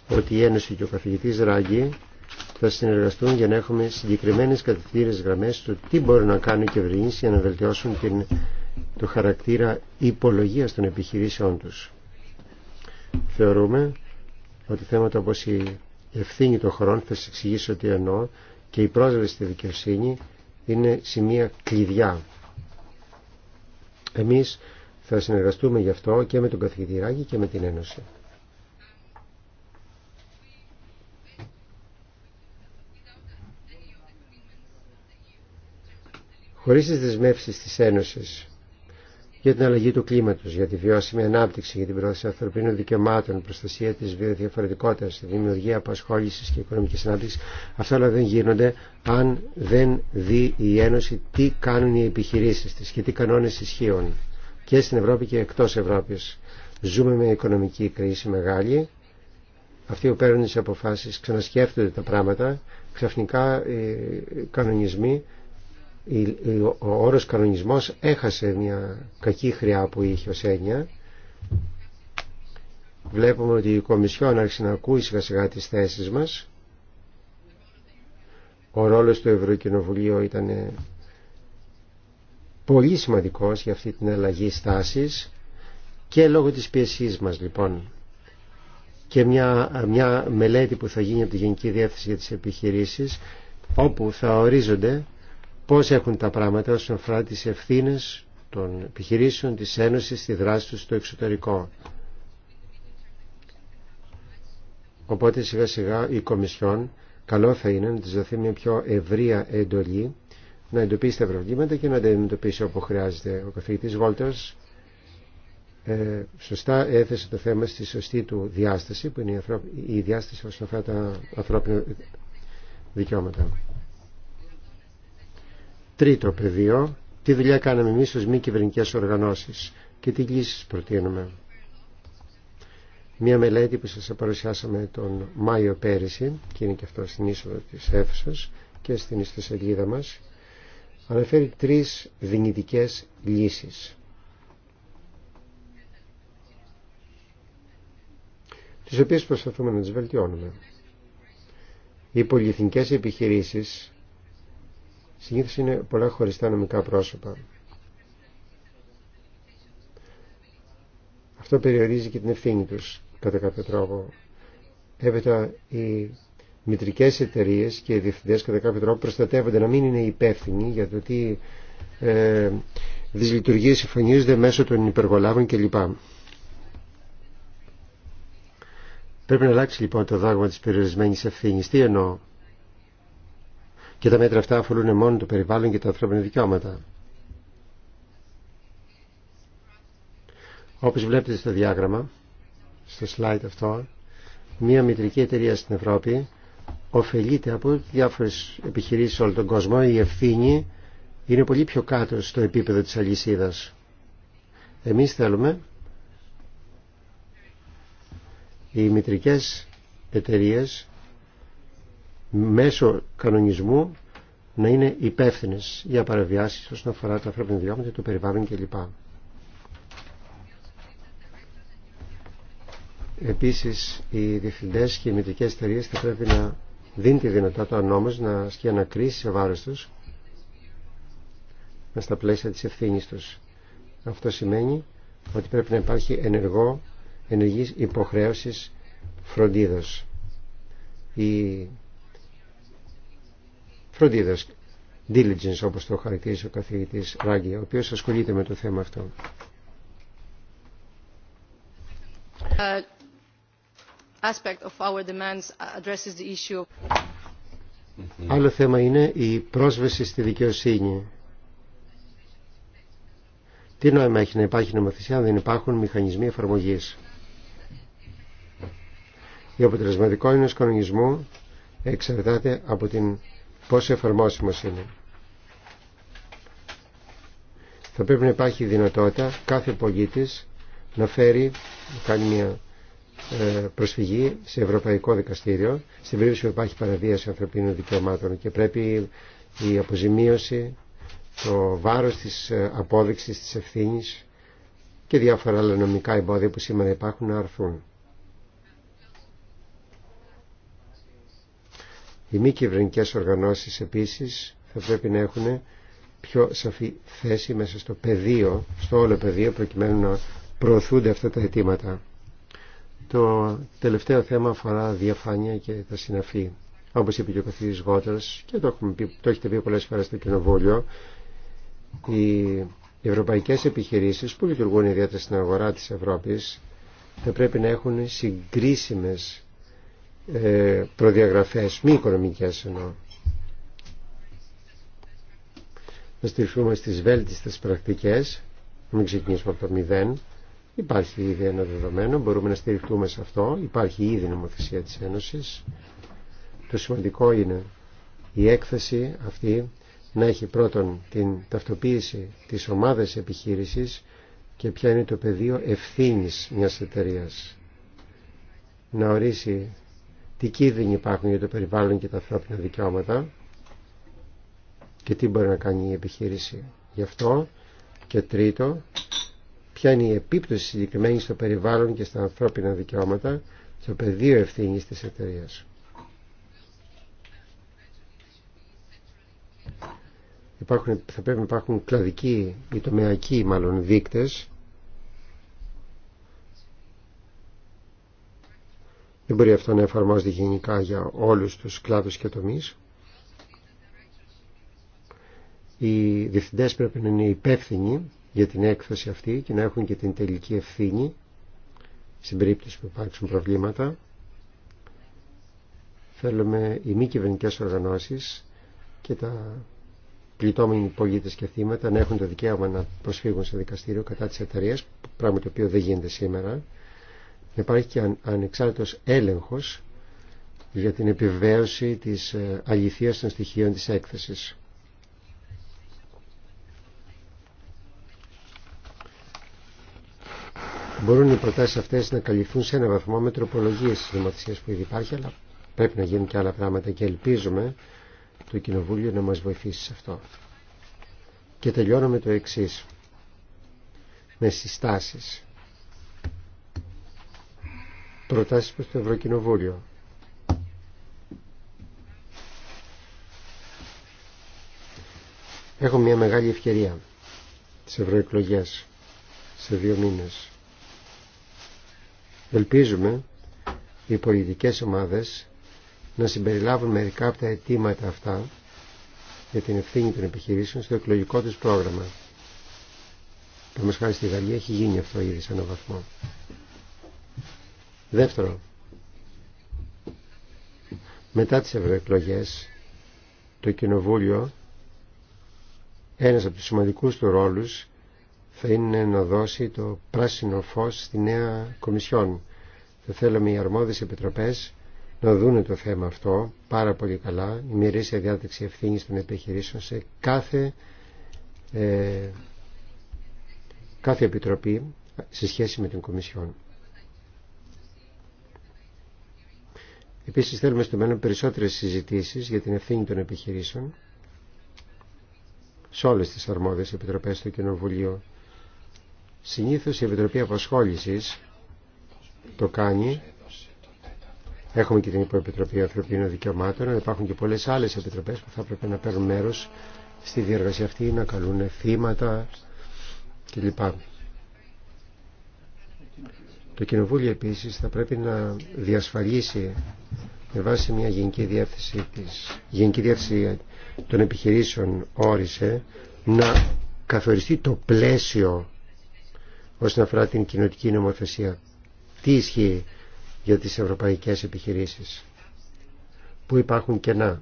ότι η Ένωση και ο καθηγητής Ράγκη θα συνεργαστούν για να έχουμε συγκεκριμένες κατευθύνες γραμμές του τι μπορούν να κάνουν οι κυβερνήσεις για να βελτιώσουν την, το χαρακτήρα υπολογίας των επιχειρήσεών τους. Θεωρούμε ότι θέματα όπως η ευθύνη των χωρών, θα σας εξηγήσω τι εννοώ, και η πρόσβαση στη δικαιοσύνη είναι σημεία κλειδιά. Εμείς θα συνεργαστούμε γι' αυτό και με τον καθηγητή και με την Ένωση. Χωρίς τις δεσμεύσεις της Ένωσης για την αλλαγή του κλίματος, για τη βιώσιμη ανάπτυξη, για την πρόθεση ανθρωπίνων δικαιωμάτων, προστασία της βιοδιαφορετικότητας, τη δημιουργία απασχόλησης και οικονομικής ανάπτυξης, αυτά όλα δεν γίνονται αν δεν δει η Ένωση τι κάνουν οι επιχειρήσεις της και τι κανόνες ισχύουν και στην Ευρώπη και εκτός Ευρώπης. Ζούμε με οικονομική κρίση μεγάλη. Αυτοί που παίρνουν τις αποφάσεις ξανασκέφτονται τα πράγματα. Ξαφνικά οι ε, κανονισμοί ο όρος κανονισμός έχασε μια κακή χρειά που είχε ως έννοια. Βλέπουμε ότι η Κομισιόν άρχισε να ακούει σιγά σιγά τις θέσεις μας. Ο ρόλος του Ευρωκοινοβουλίου ήταν πολύ σημαντικός για αυτή την αλλαγή στάσης και λόγω της πίεσής μας λοιπόν και μια, μια μελέτη που θα γίνει από τη Γενική Διεύθυνση για τις Επιχειρήσεις όπου θα ορίζονται πώς έχουν τα πράγματα όσον αφορά τις ευθύνες των επιχειρήσεων της Ένωσης στη δράση του στο εξωτερικό. Οπότε σιγά σιγά η Κομισιόν καλό θα είναι να τη δοθεί μια πιο ευρία εντολή να εντοπίσει τα προβλήματα και να τα εντοπίσει όπου χρειάζεται. Ο καθηγητής Βόλτερς ε, σωστά έθεσε το θέμα στη σωστή του διάσταση που είναι η, διάσταση όσον αφορά τα ανθρώπινα δικαιώματα. Τρίτο πεδίο, τι δουλειά κάναμε εμείς ως μη κυβερνικές οργανώσεις και τι λύσεις προτείνουμε. Μία μελέτη που σας παρουσιάσαμε τον Μάιο πέρυσι και είναι και αυτό στην είσοδο της αίθουσας και στην ιστοσελίδα μας αναφέρει τρεις δυνητικές λύσεις. τις οποίες προσπαθούμε να τις βελτιώνουμε. Οι πολυεθνικές επιχειρήσεις Συνήθως είναι πολλά χωριστά νομικά πρόσωπα. Αυτό περιορίζει και την ευθύνη τους κατά κάποιο τρόπο. Έπειτα οι μητρικές εταιρείε και οι διευθυντές κατά κάποιο τρόπο προστατεύονται να μην είναι υπεύθυνοι γιατί το τι ε, δυσλειτουργίες συμφωνίζονται μέσω των υπεργολάβων κλπ. Πρέπει να αλλάξει λοιπόν το δάγμα της περιορισμένης ευθύνης. Τι εννοώ και τα μέτρα αυτά αφορούν μόνο το περιβάλλον και τα ανθρώπινα δικαιώματα. Όπως βλέπετε στο διάγραμμα, στο slide αυτό, μία μητρική εταιρεία στην Ευρώπη ωφελείται από διάφορες επιχειρήσεις σε όλο τον κόσμο. Η ευθύνη είναι πολύ πιο κάτω στο επίπεδο της αλυσίδας. Εμείς θέλουμε οι μητρικές εταιρείες μέσω κανονισμού να είναι υπεύθυνε για παραβιάσεις όσον αφορά τα ανθρώπινα δικαιώματα, το περιβάλλον κλπ. Επίσης, οι διευθυντές και οι μητρικές εταιρείε θα πρέπει να δίνουν τη δυνατότητα ο νόμος να ασκεί ανακρίσει σε βάρος τους στα πλαίσια της ευθύνης τους. Αυτό σημαίνει ότι πρέπει να υπάρχει ενεργό, ενεργής υποχρέωσης φροντίδος φροντίδας, diligence όπως το χαρακτηρίζει ο καθηγητής Ράγκη, ο οποίος ασχολείται με το θέμα αυτό. Uh, Άλλο θέμα είναι η πρόσβαση στη δικαιοσύνη. Τι νόημα έχει να υπάρχει νομοθεσία αν δεν υπάρχουν μηχανισμοί εφαρμογής. Η αποτελεσματικότητα ενό κανονισμού εξαρτάται από την πόσο εφαρμόσιμος είναι. Θα πρέπει να υπάρχει δυνατότητα κάθε πολίτης να φέρει, να κάνει μια ε, προσφυγή σε Ευρωπαϊκό Δικαστήριο στην περίπτωση που υπάρχει παραβίαση ανθρωπίνων δικαιωμάτων και πρέπει η αποζημίωση, το βάρος της ε, απόδειξης της ευθύνης και διάφορα άλλα νομικά εμπόδια που σήμερα υπάρχουν να αρθούν. Οι μη κυβερνικέ οργανώσεις επίσης θα πρέπει να έχουν πιο σαφή θέση μέσα στο πεδίο, στο όλο πεδίο προκειμένου να προωθούνται αυτά τα αιτήματα. Το τελευταίο θέμα αφορά διαφάνεια και τα συναφή. Όπως είπε και ο καθηγητής Γότερς και το, το έχετε πει πολλές φορές στο κοινοβούλιο, οι ευρωπαϊκές επιχειρήσεις που λειτουργούν ιδιαίτερα στην αγορά της Ευρώπης θα πρέπει να έχουν συγκρίσιμες ε, προδιαγραφές, μη οικονομικές εννοώ. Να στηριχθούμε στις βέλτιστες πρακτικές, να μην ξεκινήσουμε από το μηδέν. Υπάρχει ήδη ένα δεδομένο, μπορούμε να στηριχτούμε σε αυτό. Υπάρχει ήδη νομοθεσία της Ένωσης. Το σημαντικό είναι η έκθεση αυτή να έχει πρώτον την ταυτοποίηση της ομάδας επιχείρησης και ποια είναι το πεδίο ευθύνης μιας εταιρείας. Να ορίσει τι κίνδυνοι υπάρχουν για το περιβάλλον και τα ανθρώπινα δικαιώματα και τι μπορεί να κάνει η επιχείρηση γι' αυτό και τρίτο ποια είναι η επίπτωση συγκεκριμένη στο περιβάλλον και στα ανθρώπινα δικαιώματα στο πεδίο ευθύνης της εταιρείας. θα πρέπει να υπάρχουν κλαδικοί ή τομεακοί μάλλον δείκτες Δεν μπορεί αυτό να εφαρμόζεται γενικά για όλους τους κλάδους και τομείς. Οι διευθυντές πρέπει να είναι υπεύθυνοι για την έκθεση αυτή και να έχουν και την τελική ευθύνη στην περίπτωση που υπάρξουν προβλήματα. Θέλουμε οι μη κυβερνικές οργανώσεις και τα πληττόμενοι πολίτες και θύματα να έχουν το δικαίωμα να προσφύγουν σε δικαστήριο κατά τις εταιρεία, πράγμα το οποίο δεν γίνεται σήμερα υπάρχει και ανεξάρτητος έλεγχος για την επιβεβαίωση της ε, αληθείας των στοιχείων της έκθεσης. Μπορούν οι προτάσει αυτέ να καλυφθούν σε ένα βαθμό με τροπολογίε τη νομοθεσία που ήδη υπάρχει, αλλά πρέπει να γίνουν και άλλα πράγματα και ελπίζουμε το Κοινοβούλιο να μα βοηθήσει σε αυτό. Και τελειώνω με το εξή. Με συστάσει προτάσεις προς το Ευρωκοινοβούλιο. Έχω μια μεγάλη ευκαιρία τις ευρωεκλογές σε δύο μήνες. Ελπίζουμε οι πολιτικές ομάδες να συμπεριλάβουν μερικά από τα αιτήματα αυτά για την ευθύνη των επιχειρήσεων στο εκλογικό τους πρόγραμμα. μας χάρη στη Γαλλία έχει γίνει αυτό ήδη σε έναν βαθμό. Δεύτερο, μετά τις ευρωεκλογέ το Κοινοβούλιο, ένας από τους σημαντικούς του ρόλους, θα είναι να δώσει το πράσινο φως στη νέα Κομισιόν. Θα θέλαμε οι αρμόδιες επιτροπές να δούνε το θέμα αυτό πάρα πολύ καλά, η μυρίσια διάταξη ευθύνης των επιχειρήσεων σε κάθε, ε, κάθε επιτροπή σε σχέση με την Κομισιόν. Επίσης θέλουμε στο μέλλον περισσότερες συζητήσεις για την ευθύνη των επιχειρήσεων σε όλες τις αρμόδιες επιτροπές του Κοινοβουλίου. Συνήθως η Επιτροπή Αποσχόλησης το κάνει. Έχουμε και την Υποεπιτροπή Ανθρωπίνων Δικαιωμάτων, αλλά υπάρχουν και πολλές άλλες επιτροπές που θα έπρεπε να παίρνουν μέρος στη διεργασία αυτή, να καλούν θύματα κλπ. Το Κοινοβούλιο επίσης θα πρέπει να διασφαλίσει με βάση μια γενική διεύθυνση της Γενική Διεύθυνση των Επιχειρήσεων όρισε να καθοριστεί το πλαίσιο όσον αφορά την κοινωτική νομοθεσία. Τι ισχύει για τις ευρωπαϊκές επιχειρήσεις. Πού υπάρχουν κενά.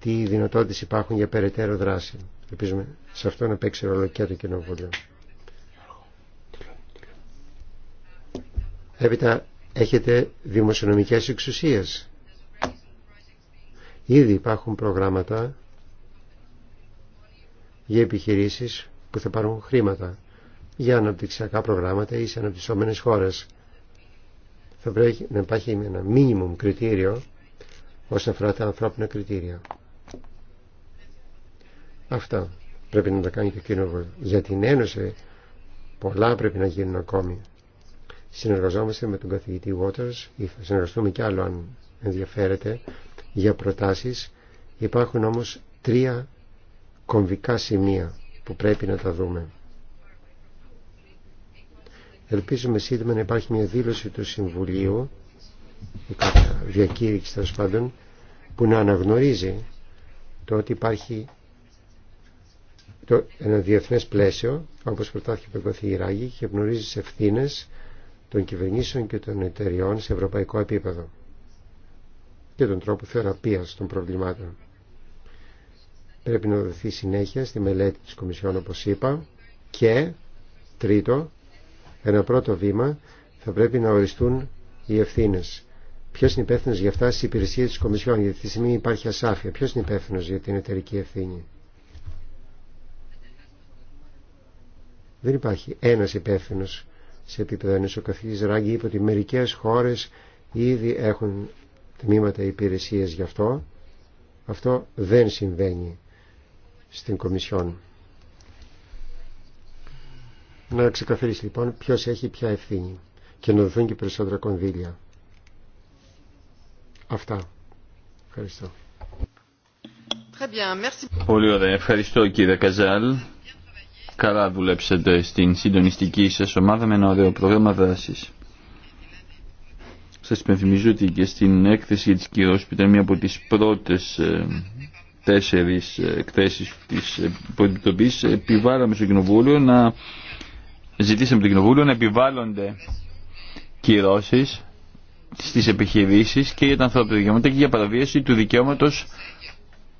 Τι δυνατότητες υπάρχουν για περαιτέρω δράση. Ελπίζουμε σε αυτό να παίξει ρόλο και το Κοινοβούλιο. Έπειτα έχετε δημοσιονομικές εξουσίες. Ήδη υπάρχουν προγράμματα για επιχειρήσεις που θα πάρουν χρήματα για αναπτυξιακά προγράμματα ή σε αναπτυσσόμενες χώρες. Θα πρέπει να υπάρχει ένα μίνιμουμ κριτήριο όσον αφορά τα ανθρώπινα κριτήρια. Αυτά πρέπει να τα κάνει το κοινό. Για την Ένωση πολλά πρέπει να γίνουν ακόμη συνεργαζόμαστε με τον καθηγητή Waters ή θα συνεργαστούμε κι άλλο αν ενδιαφέρεται για προτάσεις. Υπάρχουν όμως τρία κομβικά σημεία που πρέπει να τα δούμε. Ελπίζουμε σύντομα να υπάρχει μια δήλωση του Συμβουλίου ή κάποια διακήρυξη τέλο πάντων που να αναγνωρίζει το ότι υπάρχει το, ένα διεθνές πλαίσιο όπως προτάθηκε από τον και γνωρίζει τις ευθύνες των κυβερνήσεων και των εταιριών σε ευρωπαϊκό επίπεδο και τον τρόπο θεραπείας των προβλημάτων. Πρέπει να δοθεί συνέχεια στη μελέτη της Κομισιόν όπως είπα και τρίτο, ένα πρώτο βήμα θα πρέπει να οριστούν οι ευθύνε. Ποιο είναι υπεύθυνο για αυτά στι υπηρεσίε τη Κομισιόν, γιατί τη στιγμή υπάρχει ασάφεια. Ποιο είναι υπεύθυνο για την εταιρική ευθύνη. Δεν υπάρχει ένα υπεύθυνο σε επίπεδο ενό Ο καθηγητής Ράγκη είπε ότι μερικές χώρες ήδη έχουν τμήματα υπηρεσίες γι' αυτό. Αυτό δεν συμβαίνει στην Κομισιόν. Να ξεκαθαρίσει λοιπόν ποιος έχει ποια ευθύνη και να δοθούν και περισσότερα κονδύλια. Αυτά. Ευχαριστώ. Πολύ ωραία. Ευχαριστώ κύριε Καζάλ καλά δουλέψατε στην συντονιστική σας ομάδα με ένα ωραίο πρόγραμμα δράσης. Σας υπενθυμίζω ότι και στην έκθεση της κυρώσης που ήταν μία από τις πρώτες ε, τέσσερις ε, εκθέσεις της Επιτροπής επιβάλαμε στο Κοινοβούλιο να ζητήσαμε το Κοινοβούλιο να επιβάλλονται κυρώσεις στις επιχειρήσεις και για τα ανθρώπινα δικαιώματα και για παραβίαση του δικαιώματος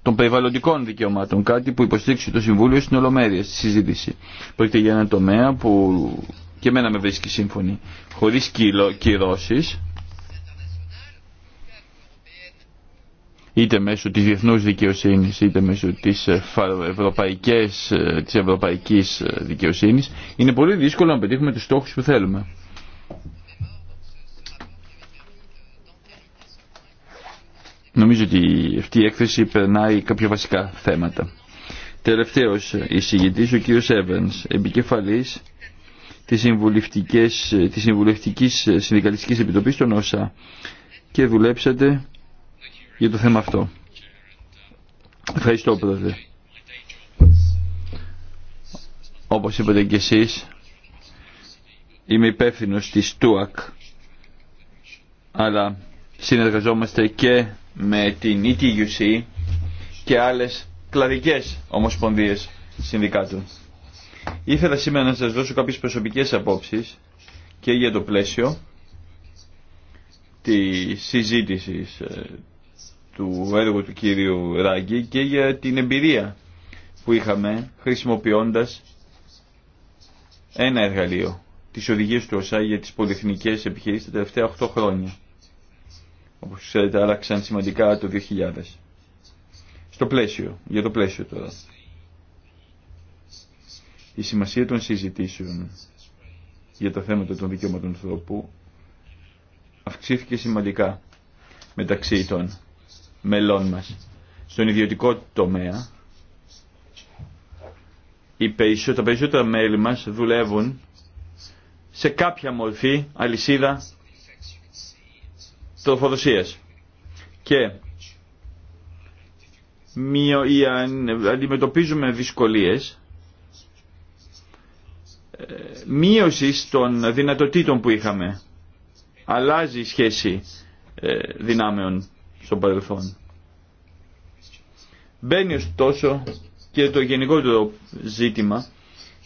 των περιβαλλοντικών δικαιωμάτων, κάτι που υποστήριξε το Συμβούλιο στην Ολομέρεια στη συζήτηση. Πρόκειται για ένα τομέα που και εμένα με βρίσκει σύμφωνη, χωρί κυρώσει. είτε μέσω της διεθνούς δικαιοσύνης είτε μέσω της ε, ευρωπαϊκή ε, της ευρωπαϊκής ε, δικαιοσύνης είναι πολύ δύσκολο να πετύχουμε τους στόχους που θέλουμε. Νομίζω ότι αυτή η έκθεση περνάει κάποια βασικά θέματα. Τελευταίο εισηγητής ο κύριο Εύανς, επικεφαλή, της, συμβουλευτική της επιτροπή των ΩΣΑ και δουλέψατε για το θέμα αυτό. Ευχαριστώ πρόεδρε. Όπως είπατε και εσείς, είμαι υπεύθυνο τη ΤΟΑΚ αλλά συνεργαζόμαστε και με την ETUC και άλλες κλαδικές ομοσπονδίες συνδικάτων. Ήθελα σήμερα να σας δώσω κάποιες προσωπικές απόψεις και για το πλαίσιο τη συζήτηση ε, του έργου του κύριου Ράγκη και για την εμπειρία που είχαμε χρησιμοποιώντας ένα εργαλείο, τις οδηγίες του ΩΣΑ για τις πολυεθνικές επιχειρήσεις τα τελευταία 8 χρόνια όπως ξέρετε άλλαξαν σημαντικά το 2000. Στο πλαίσιο, για το πλαίσιο τώρα. Η σημασία των συζητήσεων για τα θέματα των δικαιωμάτων του ανθρώπου αυξήθηκε σημαντικά μεταξύ των μελών μας. Στον ιδιωτικό τομέα τα περισσότερα μέλη μας δουλεύουν σε κάποια μορφή αλυσίδα και αντιμετωπίζουμε δυσκολίες ε, μείωση των δυνατοτήτων που είχαμε. Αλλάζει η σχέση ε, δυνάμεων στο παρελθόν. Μπαίνει ωστόσο και το γενικότερο ζήτημα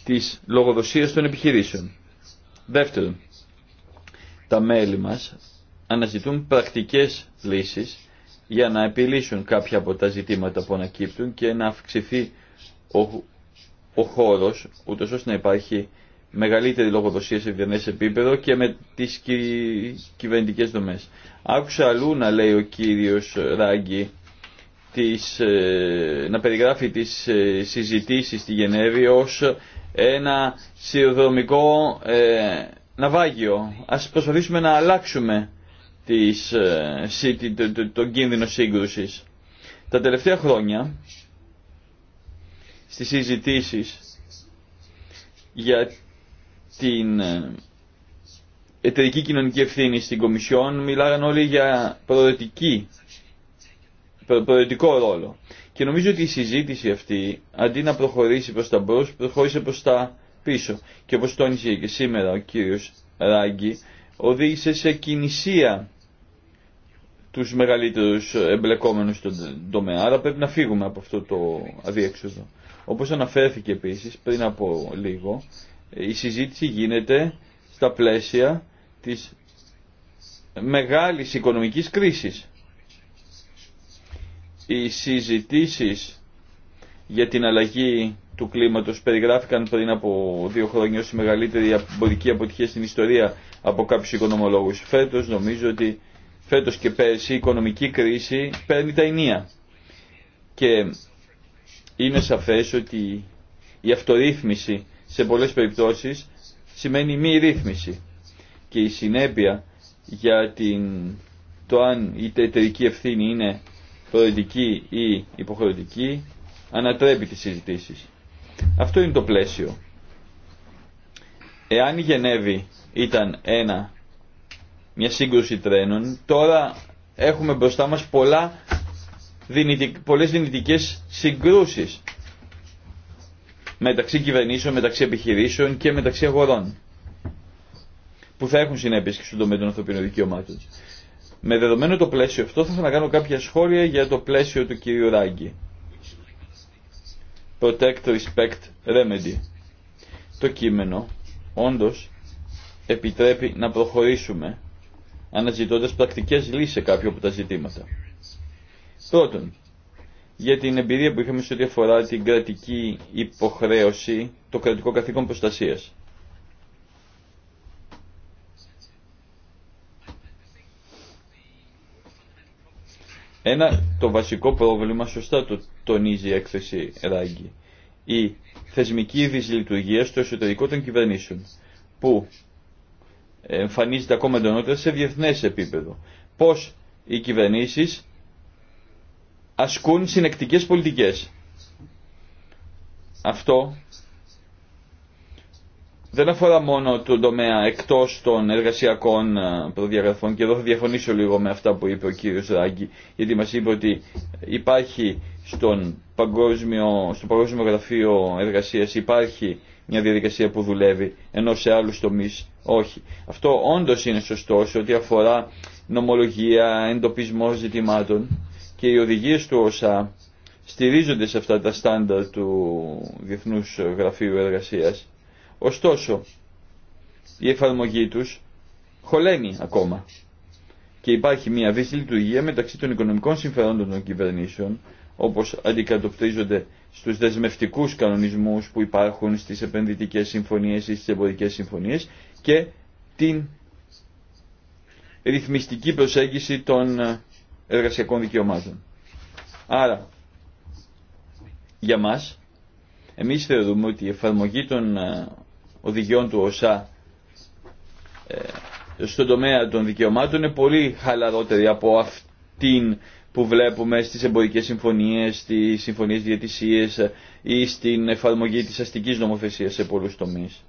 της λογοδοσίας των επιχειρήσεων. Δεύτερον, τα μέλη μας αναζητούν πρακτικές λύσεις για να επιλύσουν κάποια από τα ζητήματα που ανακύπτουν και να αυξηθεί ο, ο χώρος, ούτως ώστε να υπάρχει μεγαλύτερη λογοδοσία σε διεθνές επίπεδο και με τις κυ... κυβερνητικές δομές. Άκουσα αλλού να λέει ο κύριος Ράγκη ε, να περιγράφει τις ε, συζητήσεις στη Γενέβη ως ένα σειροδρομικό ε, ναυάγιο. Ας προσπαθήσουμε να αλλάξουμε της, ε, το κίνδυνο σύγκρουσης. Τα τελευταία χρόνια στις συζητήσει για την ε, εταιρική κοινωνική ευθύνη στην Κομισιόν μιλάγαν όλοι για προ, προαιρετικό ρόλο. Και νομίζω ότι η συζήτηση αυτή αντί να προχωρήσει προς τα μπρος προχώρησε προς τα πίσω. Και όπως τόνισε και σήμερα ο κύριος Ράγκη οδήγησε σε κινησία τους μεγαλύτερους εμπλεκόμενους στον τομέα. Άρα πρέπει να φύγουμε από αυτό το αδίέξοδο. Όπως αναφέρθηκε επίσης πριν από λίγο, η συζήτηση γίνεται στα πλαίσια της μεγάλης οικονομικής κρίσης. Οι συζητήσεις για την αλλαγή του κλίματος περιγράφηκαν πριν από δύο χρόνια ως η μεγαλύτερη εμπορική αποτυχία στην ιστορία από κάποιους οικονομολόγους. Φέτος νομίζω ότι φέτος και πέρσι η οικονομική κρίση παίρνει τα ενία. Και είναι σαφές ότι η αυτορύθμιση σε πολλές περιπτώσεις σημαίνει μη ρύθμιση. Και η συνέπεια για την, το αν η εταιρική ευθύνη είναι προαιρετική ή υποχρεωτική ανατρέπει τις συζητήσεις. Αυτό είναι το πλαίσιο. Εάν η Γενέβη ήταν ένα μια σύγκρουση τρένων. Τώρα έχουμε μπροστά μας πολλά, πολλές δυνητικές συγκρούσεις μεταξύ κυβερνήσεων, μεταξύ επιχειρήσεων και μεταξύ αγορών που θα έχουν συνέπειες και στον τομέα των ανθρωπίνων δικαιωμάτων. Με δεδομένο το πλαίσιο αυτό θα ήθελα να κάνω κάποια σχόλια για το πλαίσιο του κυρίου Ράγκη. Protect, Respect, Remedy. Το κείμενο όντως επιτρέπει να προχωρήσουμε αναζητώντας πρακτικές λύσεις σε κάποιο από τα ζητήματα. Πρώτον, για την εμπειρία που είχαμε σε ό,τι αφορά την κρατική υποχρέωση, το κρατικό καθήκον προστασίας. Ένα, το βασικό πρόβλημα, σωστά το τονίζει η έκθεση Ράγκη, η θεσμική δυσλειτουργία στο εσωτερικό των κυβερνήσεων, που εμφανίζεται ακόμα εντονότερα σε διεθνές επίπεδο. Πώς οι κυβερνήσεις ασκούν συνεκτικές πολιτικές. Αυτό δεν αφορά μόνο τον τομέα εκτός των εργασιακών ε, προδιαγραφών και εδώ θα διαφωνήσω λίγο με αυτά που είπε ο κύριος Ράγκη γιατί μας είπε ότι υπάρχει στον παγκόσμιο, στο Παγκόσμιο Γραφείο Εργασίας υπάρχει μια διαδικασία που δουλεύει, ενώ σε άλλους τομεί όχι. Αυτό όντω είναι σωστό σε ό,τι αφορά νομολογία, εντοπισμό ζητημάτων και οι οδηγίε του ΩΣΑ στηρίζονται σε αυτά τα στάνταρ του διεθνού Γραφείου Εργασίας. Ωστόσο, η εφαρμογή του χωλαίνει ακόμα και υπάρχει μια δυσλειτουργία μεταξύ των οικονομικών συμφερόντων των κυβερνήσεων όπω αντικατοπτρίζονται στους δεσμευτικούς κανονισμούς που υπάρχουν στις επενδυτικές συμφωνίες ή στις εμπορικές συμφωνίες και την ρυθμιστική προσέγγιση των ε, εργασιακών δικαιωμάτων. Άρα, για μας, εμείς θεωρούμε ότι η εφαρμογή των ε, οδηγιών του ΟΣΑ ε, στον τομέα των δικαιωμάτων είναι πολύ χαλαρότερη από αυτήν που βλέπουμε στις εμπορικές συμφωνίες, στις συμφωνίες διαιτησίες ή στην εφαρμογή της αστικής νομοθεσίας σε πολλούς τομείς.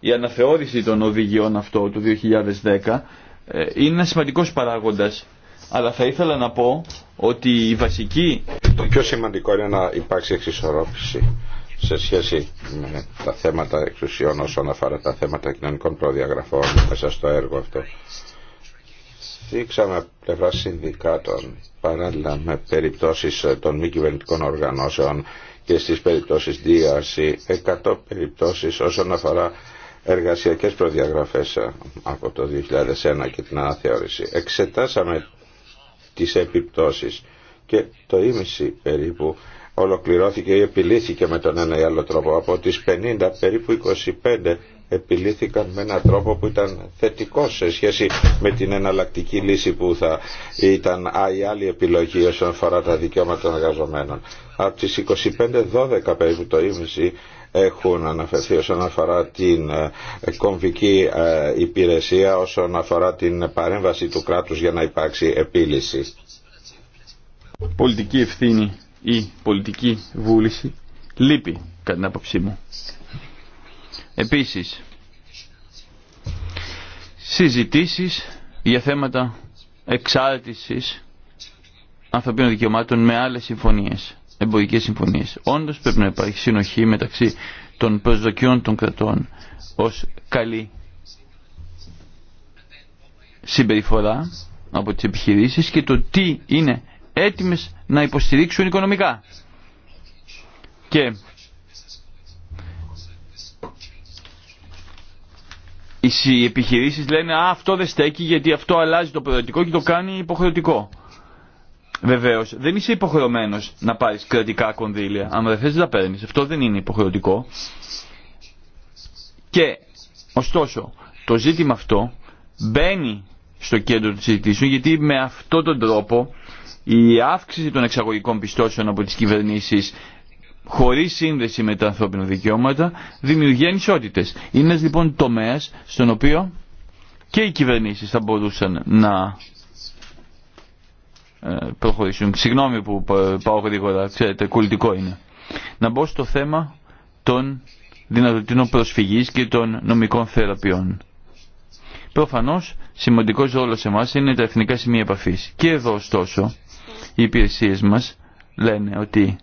Η αναθεώρηση των οδηγιών αυτό του 2010 ε, είναι ένα σημαντικός παράγοντας, αλλά θα ήθελα να πω ότι η βασική... Το πιο σημαντικό είναι να υπάρξει εξισορρόπηση σε σχέση με τα θέματα εξουσιών όσον αφορά τα θέματα κοινωνικών προδιαγραφών μέσα στο έργο αυτό δείξαμε πλευρά συνδικάτων παράλληλα με περιπτώσεις ε, των μη κυβερνητικών οργανώσεων και στις περιπτώσεις DRC 100 περιπτώσεις όσον αφορά εργασιακές προδιαγραφές ε, από το 2001 και την αναθεώρηση. Εξετάσαμε τις επιπτώσεις και το ίμιση περίπου ολοκληρώθηκε ή επιλύθηκε με τον ένα ή άλλο τρόπο από τις 50 περίπου 25 επιλήθηκαν με έναν τρόπο που ήταν θετικό σε σχέση με την εναλλακτική λύση που θα ήταν α, η άλλη επιλογή όσον αφορά τα δικαιώματα των εργαζομένων. Από τις 25-12 περίπου το ίμιση έχουν αναφερθεί όσον αφορά την ε, κομβική ε, υπηρεσία, όσον αφορά την παρέμβαση του κράτους για να υπάρξει επίλυση. Πολιτική ευθύνη ή πολιτική βούληση λείπει κατά την άποψή μου. Επίσης, συζητήσεις για θέματα εξάρτησης ανθρωπίνων δικαιωμάτων με άλλες συμφωνίες, εμπορικές συμφωνίες. Όντως πρέπει να υπάρχει συνοχή μεταξύ των προσδοκιών των κρατών ως καλή συμπεριφορά από τις επιχειρήσεις και το τι είναι έτοιμες να υποστηρίξουν οικονομικά. Και οι επιχειρήσεις λένε «Α, αυτό δεν στέκει γιατί αυτό αλλάζει το προαιρετικό και το κάνει υποχρεωτικό». Βεβαίω, δεν είσαι υποχρεωμένο να πάρει κρατικά κονδύλια. Αν δεν θε, τα παίρνει. Αυτό δεν είναι υποχρεωτικό. Και, ωστόσο, το ζήτημα αυτό μπαίνει στο κέντρο τη συζητήσεων γιατί με αυτόν τον τρόπο η αύξηση των εξαγωγικών πιστώσεων από τι κυβερνήσει χωρίς σύνδεση με τα ανθρώπινα δικαιώματα δημιουργεί ανισότητες. Είναι λοιπόν τομέα στον οποίο και οι κυβερνήσει θα μπορούσαν να ε, προχωρήσουν. Συγγνώμη που πάω γρήγορα, ξέρετε, κουλτικό είναι. Να μπω στο θέμα των δυνατοτήτων προσφυγής και των νομικών θεραπείων. Προφανώς σημαντικός ρόλος σε εμάς είναι τα εθνικά σημεία επαφής. Και εδώ ωστόσο οι υπηρεσίες μας λένε ότι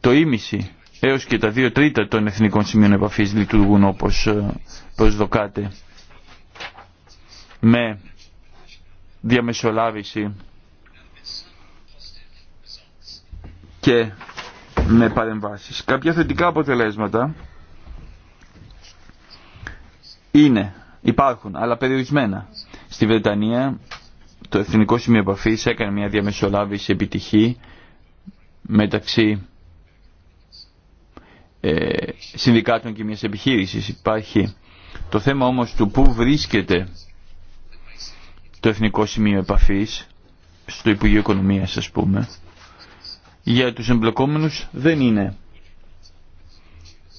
το ίμιση έως και τα δύο τρίτα των εθνικών σημείων επαφής λειτουργούν όπως ε, προσδοκάται με διαμεσολάβηση και με παρεμβάσεις. Κάποια θετικά αποτελέσματα είναι, υπάρχουν, αλλά περιορισμένα. Στη Βρετανία το Εθνικό Σημείο Επαφής έκανε μια διαμεσολάβηση επιτυχή μεταξύ ε, συνδικάτων και μιας επιχείρησης. Υπάρχει το θέμα όμως του πού βρίσκεται το Εθνικό Σημείο Επαφής στο Υπουργείο Οικονομίας ας πούμε για τους εμπλεκόμενους δεν είναι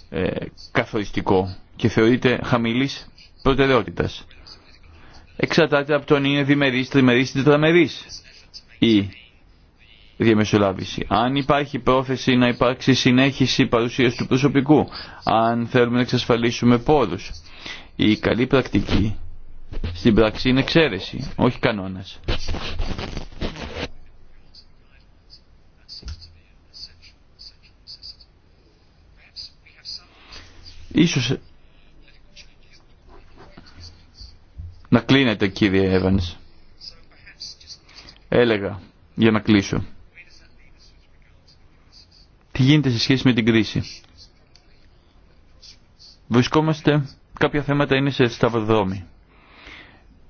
ε, καθοριστικό και θεωρείται χαμηλής προτεραιότητας. Εξαρτάται από το αν είναι διμερής, τριμερής ή τετραμερής η η διαμεσολάβηση. Αν υπάρχει πρόθεση να υπάρξει συνέχιση παρουσίας του προσωπικού, αν θέλουμε να εξασφαλίσουμε πόδους. Η καλή πρακτική στην πράξη είναι εξαίρεση, όχι κανόνας. Ίσως να κλείνετε κύριε Evans. Έλεγα για να κλείσω τι γίνεται σε σχέση με την κρίση. Βρισκόμαστε, κάποια θέματα είναι σε σταυροδρόμι.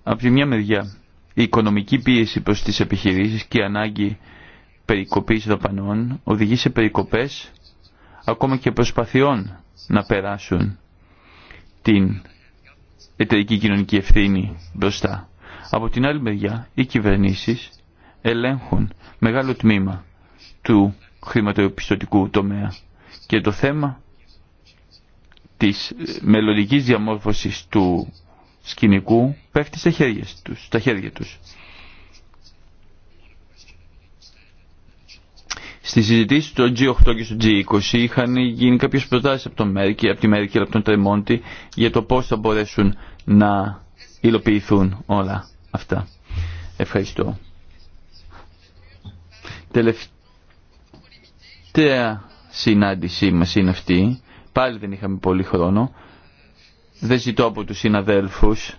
Από τη μια μεριά, η οικονομική πίεση προς τις επιχειρήσεις και η ανάγκη περικοπής δαπανών οδηγεί σε περικοπές ακόμα και προσπαθειών να περάσουν την εταιρική κοινωνική ευθύνη μπροστά. Από την άλλη μεριά, οι κυβερνήσεις ελέγχουν μεγάλο τμήμα του χρηματοπιστωτικού τομέα. Και το θέμα της μελλοντικής διαμόρφωσης του σκηνικού πέφτει στα χέρια τους. Στα χέρια τους. Στις συζητήσεις του G8 και του G20 είχαν γίνει κάποιες προτάσεις από, τον Μέρκη, από τη Μέρκη και από τον Τρεμόντι για το πώς θα μπορέσουν να υλοποιηθούν όλα αυτά. Ευχαριστώ. Τελευταία τελευταία συνάντησή μας είναι αυτή. Πάλι δεν είχαμε πολύ χρόνο. Δεν ζητώ από τους συναδέλφους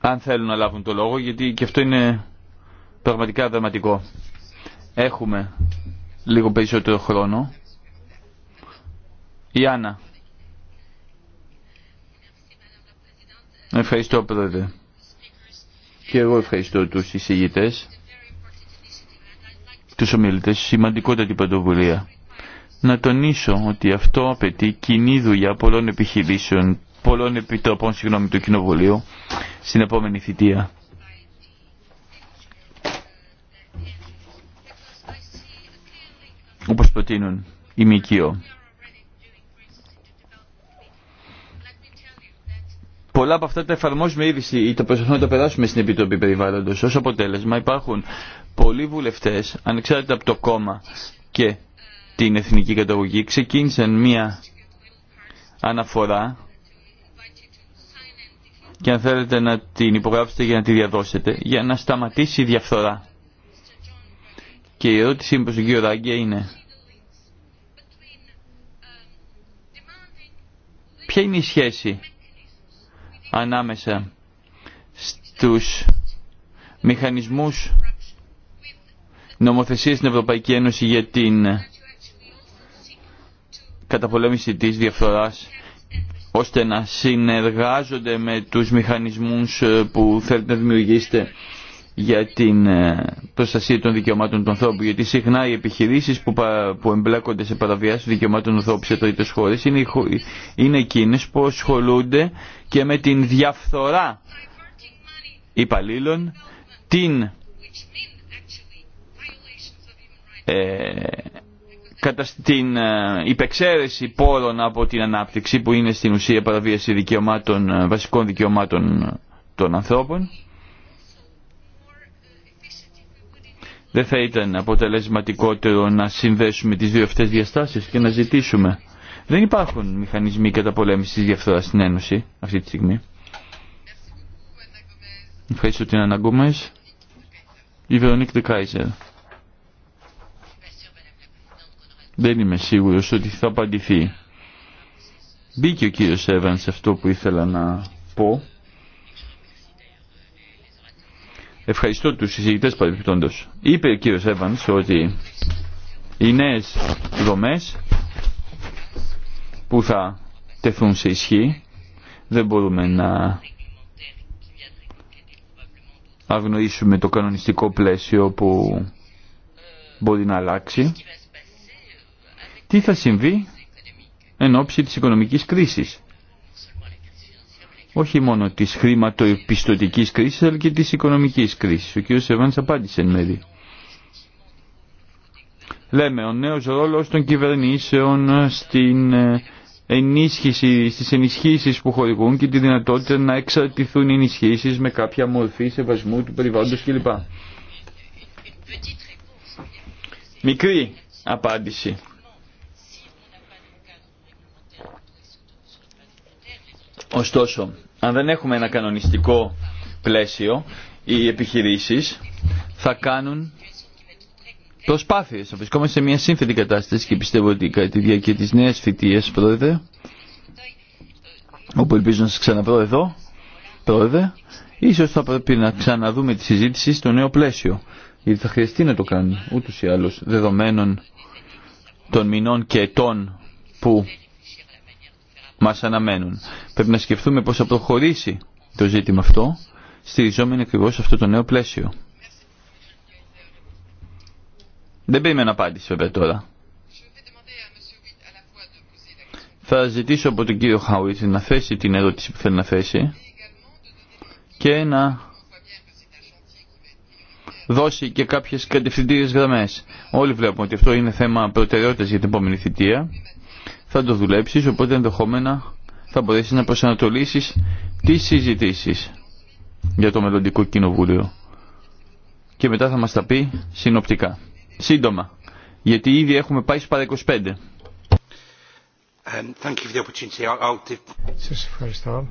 αν θέλουν να λάβουν το λόγο γιατί και αυτό είναι πραγματικά δραματικό. Έχουμε λίγο περισσότερο χρόνο. Η Άννα. Ευχαριστώ πρόεδρε. Και εγώ ευχαριστώ τους εισηγητές τους ομιλητές σημαντικότατη πρωτοβουλία. Να τονίσω ότι αυτό απαιτεί κοινή δουλειά πολλών επιχειρήσεων, πολλών επιτροπών συγγνώμη, του Κοινοβουλίου στην επόμενη θητεία. Όπως προτείνουν η ΜΚΙΟ. πολλά από αυτά τα εφαρμόζουμε ήδη ή τα προσπαθούμε να τα περάσουμε στην Επιτροπή Περιβάλλοντο. Ω αποτέλεσμα, υπάρχουν πολλοί βουλευτές, ανεξάρτητα από το κόμμα και την εθνική καταγωγή, ξεκίνησαν μία αναφορά και αν θέλετε να την υπογράψετε για να τη διαδώσετε, για να σταματήσει η διαφθορά. Και η ερώτησή μου προς τον κύριο Ράγκια είναι ποια είναι η σχέση ανάμεσα στους μηχανισμούς νομοθεσία στην Ευρωπαϊκή Ένωση για την καταπολέμηση της διαφθοράς ώστε να συνεργάζονται με τους μηχανισμούς ε, που θέλετε να δημιουργήσετε για την ε, προστασία των δικαιωμάτων των ανθρώπου. Γιατί συχνά οι επιχειρήσει που, που εμπλέκονται σε παραβιάσεις των δικαιωμάτων του ανθρώπου σε τρίτε χώρε είναι, είναι εκείνε που ασχολούνται και με την διαφθορά υπαλλήλων, την Ε, κατά την ε, υπεξαίρεση πόρων από την ανάπτυξη που είναι στην ουσία παραβίαση δικαιωμάτων, ε, βασικών δικαιωμάτων των ανθρώπων. Δεν θα ήταν αποτελεσματικότερο να συνδέσουμε τις δύο αυτές διαστάσεις και να ζητήσουμε. Δεν υπάρχουν μηχανισμοί καταπολέμησης της διαφθοράς στην Ένωση αυτή τη στιγμή. Ευχαριστώ την Αναγκούμες. Η Βερονίκ Δεκάιζερ. Δεν είμαι σίγουρος ότι θα απαντηθεί. Μπήκε ο κύριος Εύαν σε αυτό που ήθελα να πω. Ευχαριστώ τους συζητητές παρεμπιπτόντως. Είπε ο κύριος Εύανς ότι οι νέες δομές που θα τεθούν σε ισχύ δεν μπορούμε να αγνοήσουμε το κανονιστικό πλαίσιο που μπορεί να αλλάξει τι θα συμβεί εν ώψη της οικονομικής κρίσης. Όχι μόνο της χρηματοεπιστοτικής κρίσης, αλλά και της οικονομικής κρίσης. Ο κ. Σεβάνς απάντησε εν μέρη. Λέμε, ο νέος ρόλος των κυβερνήσεων στην ε, ενίσχυση, στις ενισχύσεις που χορηγούν και τη δυνατότητα να εξαρτηθούν οι ενισχύσεις με κάποια μορφή σεβασμού του περιβάλλοντος κλπ. Μικρή απάντηση Ωστόσο, αν δεν έχουμε ένα κανονιστικό πλαίσιο, οι επιχειρήσεις θα κάνουν προσπάθειες. Βρισκόμαστε σε μια σύνθετη κατάσταση και πιστεύω ότι κατά τη διάρκεια της νέας φοιτίας, πρόεδρε, όπου ελπίζω να σας ξαναβρω εδώ, πρόεδρε, ίσως θα πρέπει να ξαναδούμε τη συζήτηση στο νέο πλαίσιο. Γιατί θα χρειαστεί να το κάνουν ούτως ή άλλως δεδομένων των μηνών και ετών που μας αναμένουν. Πρέπει να σκεφτούμε πώς θα προχωρήσει το ζήτημα αυτό, στηριζόμενοι ακριβώς σε αυτό το νέο πλαίσιο. Δεν περίμενα απάντηση βέβαια τώρα. Θα ζητήσω από τον κύριο Χάουιτ να θέσει την ερώτηση που θέλει να θέσει και να δώσει και κάποιες κατευθυντήριες γραμμές. Όλοι βλέπουμε ότι αυτό είναι θέμα προτεραιότητας για την επόμενη θητεία θα το δουλέψεις, οπότε ενδεχόμενα θα μπορέσεις να προσανατολίσεις τις συζητήσεις για το μελλοντικό κοινοβούλιο. Και μετά θα μας τα πει συνοπτικά. Σύντομα, γιατί ήδη έχουμε πάει στους παρα 25. Um, σας ευχαριστώ.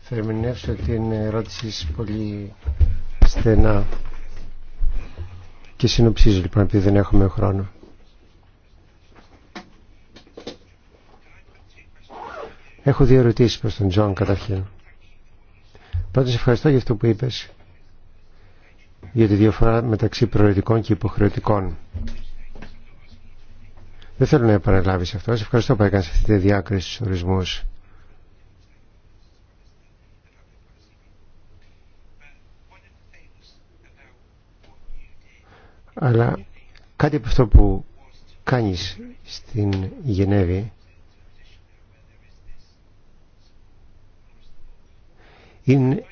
Θα ερμηνεύσω την ερώτηση πολύ στενά και συνοψίζω λοιπόν επειδή δεν έχουμε χρόνο. Έχω δύο ερωτήσει προ τον Τζον καταρχήν. Πρώτα σε ευχαριστώ για αυτό που είπες. Για τη διαφορά μεταξύ προαιρετικών και υποχρεωτικών. Δεν θέλω να επαναλάβει αυτό. Σε ευχαριστώ που έκανε αυτή τη διάκριση στους ορισμού. Αλλά κάτι από αυτό που κάνεις στην Γενέβη είναι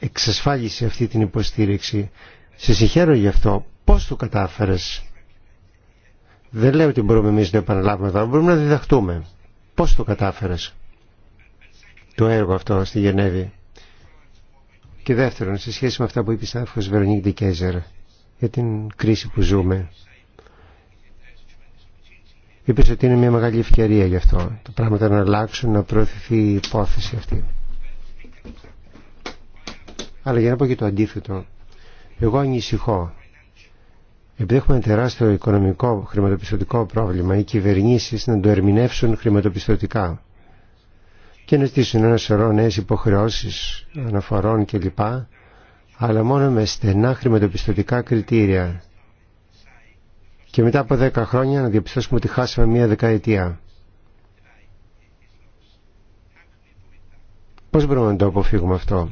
εξασφάλισε αυτή την υποστήριξη. Σε συγχαίρω γι' αυτό. Πώς το κατάφερες. Δεν λέω ότι μπορούμε εμείς να επαναλάβουμε εδώ, μπορούμε να διδαχτούμε. Πώς το κατάφερες το έργο αυτό στη Γενέβη. Και δεύτερον, σε σχέση με αυτά που είπε η Στάφος Βερονίκ Ντικέζερ για την κρίση που ζούμε. Είπε ότι είναι μια μεγάλη ευκαιρία γι' αυτό. Τα πράγματα να αλλάξουν, να προωθηθεί η υπόθεση αυτή. Αλλά για να πω και το αντίθετο, εγώ ανησυχώ. Επειδή έχουμε ένα τεράστιο οικονομικό χρηματοπιστωτικό πρόβλημα, οι κυβερνήσει να το ερμηνεύσουν χρηματοπιστωτικά και να στήσουν ένα σωρό νέε υποχρεώσεις αναφορών κλπ. Αλλά μόνο με στενά χρηματοπιστωτικά κριτήρια. Και μετά από 10 χρόνια να διαπιστώσουμε ότι χάσαμε μία δεκαετία. Πώς μπορούμε να το αποφύγουμε αυτό.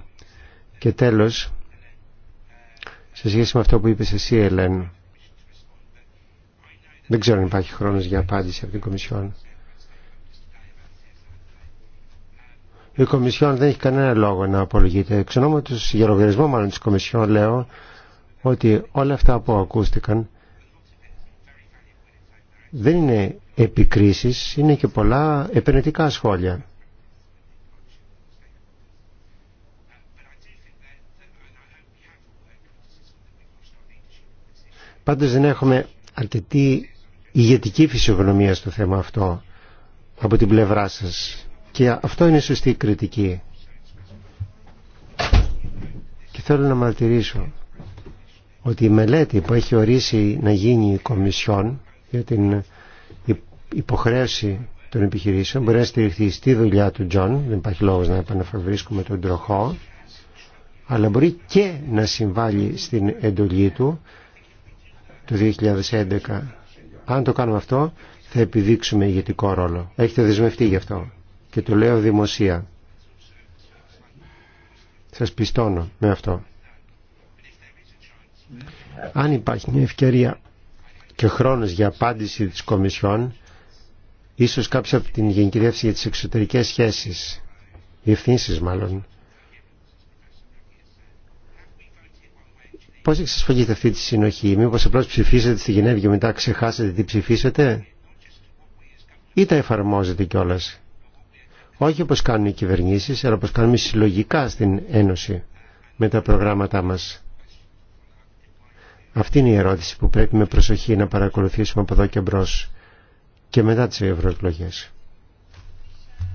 Και τέλος, σε σχέση με αυτό που είπες εσύ, Ελέν, δεν ξέρω αν υπάρχει χρόνος για απάντηση από την Κομισιόν. Η Κομισιόν δεν έχει κανένα λόγο να απολογείται. Εξ ονόματος, για μάλλον της Κομισιόν, λέω ότι όλα αυτά που ακούστηκαν δεν είναι επικρίσεις, είναι και πολλά επενετικά σχόλια. Πάντως δεν έχουμε αρκετή ηγετική φυσιογνωμία στο θέμα αυτό από την πλευρά σας. Και αυτό είναι σωστή κριτική. Και θέλω να μαρτυρήσω ότι η μελέτη που έχει ορίσει να γίνει η Κομισιόν για την υποχρέωση των επιχειρήσεων μπορεί να στηριχθεί στη δουλειά του Τζον, δεν υπάρχει λόγος να επαναφευρίσκουμε τον τροχό, αλλά μπορεί και να συμβάλλει στην εντολή του το 2011. Αν το κάνουμε αυτό, θα επιδείξουμε ηγετικό ρόλο. Έχετε δεσμευτεί γι' αυτό. Και το λέω δημοσία. Σας πιστώνω με αυτό. Αν υπάρχει μια ευκαιρία και χρόνος για απάντηση της Κομισιόν, ίσως κάποια από την Γενική Διεύθυνση για τις Εξωτερικές Σχέσεις, διευθύνσεις μάλλον, Πώς εξασφαλίζετε αυτή τη συνοχή, μήπω απλώ ψηφίσατε στη Γενέβη και μετά ξεχάσετε τι ψηφίσετε ή τα εφαρμόζετε κιόλα. Όχι όπω κάνουν οι κυβερνήσεις, αλλά όπω κάνουμε συλλογικά στην Ένωση με τα προγράμματά μας. Αυτή είναι η ερώτηση που πρέπει με προσοχή να παρακολουθήσουμε από εδώ και μπρο και μετά τι ευρωεκλογέ.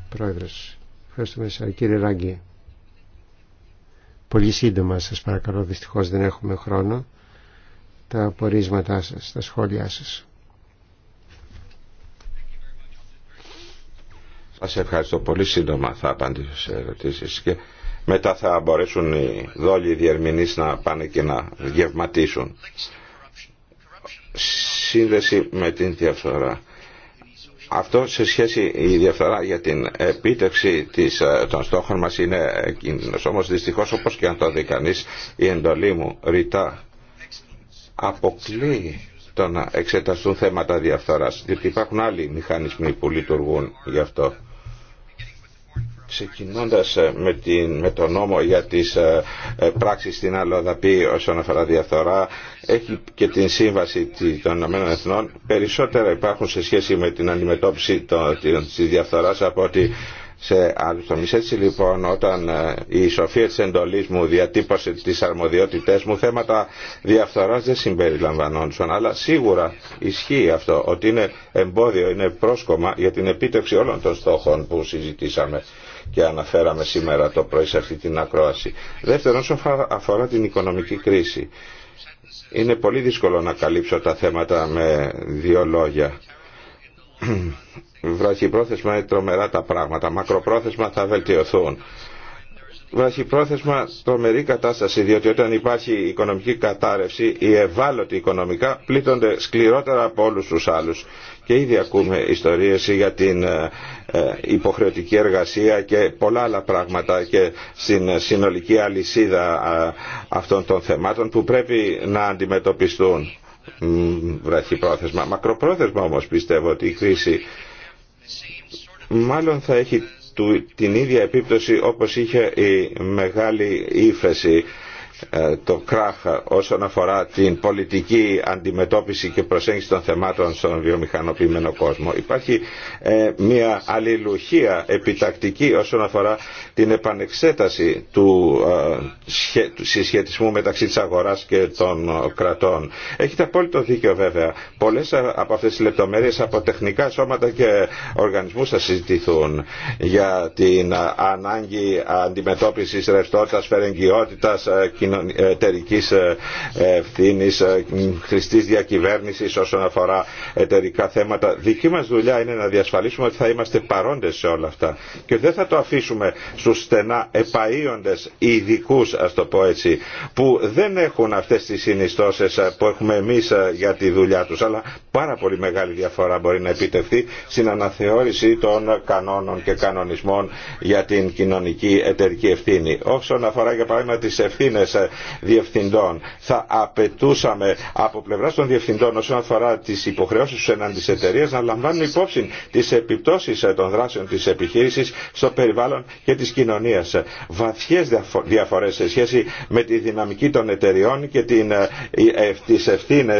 Πρόεδρος, ευχαριστούμε σα, Κύριε Ράγκη πολύ σύντομα σας παρακαλώ δυστυχώς δεν έχουμε χρόνο τα πορίσματά σας, τα σχόλιά σας. Σας ευχαριστώ πολύ σύντομα θα απαντήσω σε ερωτήσεις και μετά θα μπορέσουν οι δόλοι διερμηνείς να πάνε και να γευματίσουν. Σύνδεση με την διαφθορά. Αυτό σε σχέση η διαφθορά για την επίτευξη της, ε, των στόχων μας είναι κίνδυνος. Όμως δυστυχώς όπως και αν το δει κανείς, η εντολή μου ρητά αποκλείει το να εξεταστούν θέματα διαφθοράς, διότι υπάρχουν άλλοι μηχανισμοί που λειτουργούν γι' αυτό ξεκινώντας ε, με, την, με τον νόμο για τις ε, ε, πράξεις στην αλλοδαπή όσον αφορά διαφθορά έχει και την σύμβαση των Ηνωμένων περισσότερα υπάρχουν σε σχέση με την αντιμετώπιση της διαφθοράς από ότι σε άλλους τομείς. Έτσι λοιπόν όταν η σοφία της εντολής μου διατύπωσε τις αρμοδιότητές μου θέματα διαφθοράς δεν συμπεριλαμβανόντουσαν αλλά σίγουρα ισχύει αυτό ότι είναι εμπόδιο, είναι πρόσκομα για την επίτευξη όλων των στόχων που συζητήσαμε και αναφέραμε σήμερα το πρωί σε αυτή την ακρόαση. Δεύτερον, όσον αφορά την οικονομική κρίση, είναι πολύ δύσκολο να καλύψω τα θέματα με δύο λόγια. (clears throat) Βραχυπρόθεσμα είναι τρομερά τα πράγματα, μακροπρόθεσμα θα βελτιωθούν βραχυπρόθεσμα τρομερή κατάσταση, διότι όταν υπάρχει οικονομική κατάρρευση, οι ευάλωτοι οικονομικά πλήττονται σκληρότερα από όλους τους άλλους και ήδη ακούμε ιστορίες για την ε, ε, υποχρεωτική εργασία και πολλά άλλα πράγματα και στην συνολική αλυσίδα αυτών των θεμάτων που πρέπει να αντιμετωπιστούν πρόθεσμα. Μακροπρόθεσμα όμως πιστεύω ότι η κρίση μάλλον θα έχει την ίδια επίπτωση όπως είχε η μεγάλη ύφεση ε, το κράχ ε, όσον αφορά την πολιτική αντιμετώπιση και προσέγγιση των θεμάτων στον βιομηχανοποιημένο κόσμο. Υπάρχει ε, μια αλληλουχία επιτακτική όσον αφορά την επανεξέταση του ε, συσχετισμού μεταξύ της αγοράς και των κρατών. Έχετε απόλυτο δίκιο βέβαια. Πολλές από αυτές τις λεπτομέρειες από τεχνικά σώματα και οργανισμούς θα συζητηθούν για την ανάγκη αντιμετώπισης ρευστότητας, φερεγγιότητας, ε, εταιρική ε, ευθύνη ε, χρηστή διακυβέρνηση όσον αφορά εταιρικά θέματα. Δική μα δουλειά είναι να διασφαλίσουμε ότι θα είμαστε παρόντε σε όλα αυτά και δεν θα το αφήσουμε στου στενά επαείοντε ειδικού, α το πω έτσι, που δεν έχουν αυτέ τι συνιστώσει που έχουμε εμεί για τη δουλειά του. αλλά πάρα πολύ μεγάλη διαφορά μπορεί να επιτευχθεί στην αναθεώρηση των κανόνων και κανονισμών για την κοινωνική εταιρική ευθύνη. Όσον αφορά για παράδειγμα τι ευθύνε διευθυντών. Θα απαιτούσαμε από πλευρά των διευθυντών όσον αφορά τι υποχρεώσει του εναντί εταιρεία να λαμβάνουν υπόψη τι επιπτώσει ε, των δράσεων τη επιχείρηση στο περιβάλλον και τη κοινωνία. Βαθιέ διαφορέ σε σχέση με τη δυναμική των εταιριών και ε, ε, τι ευθύνε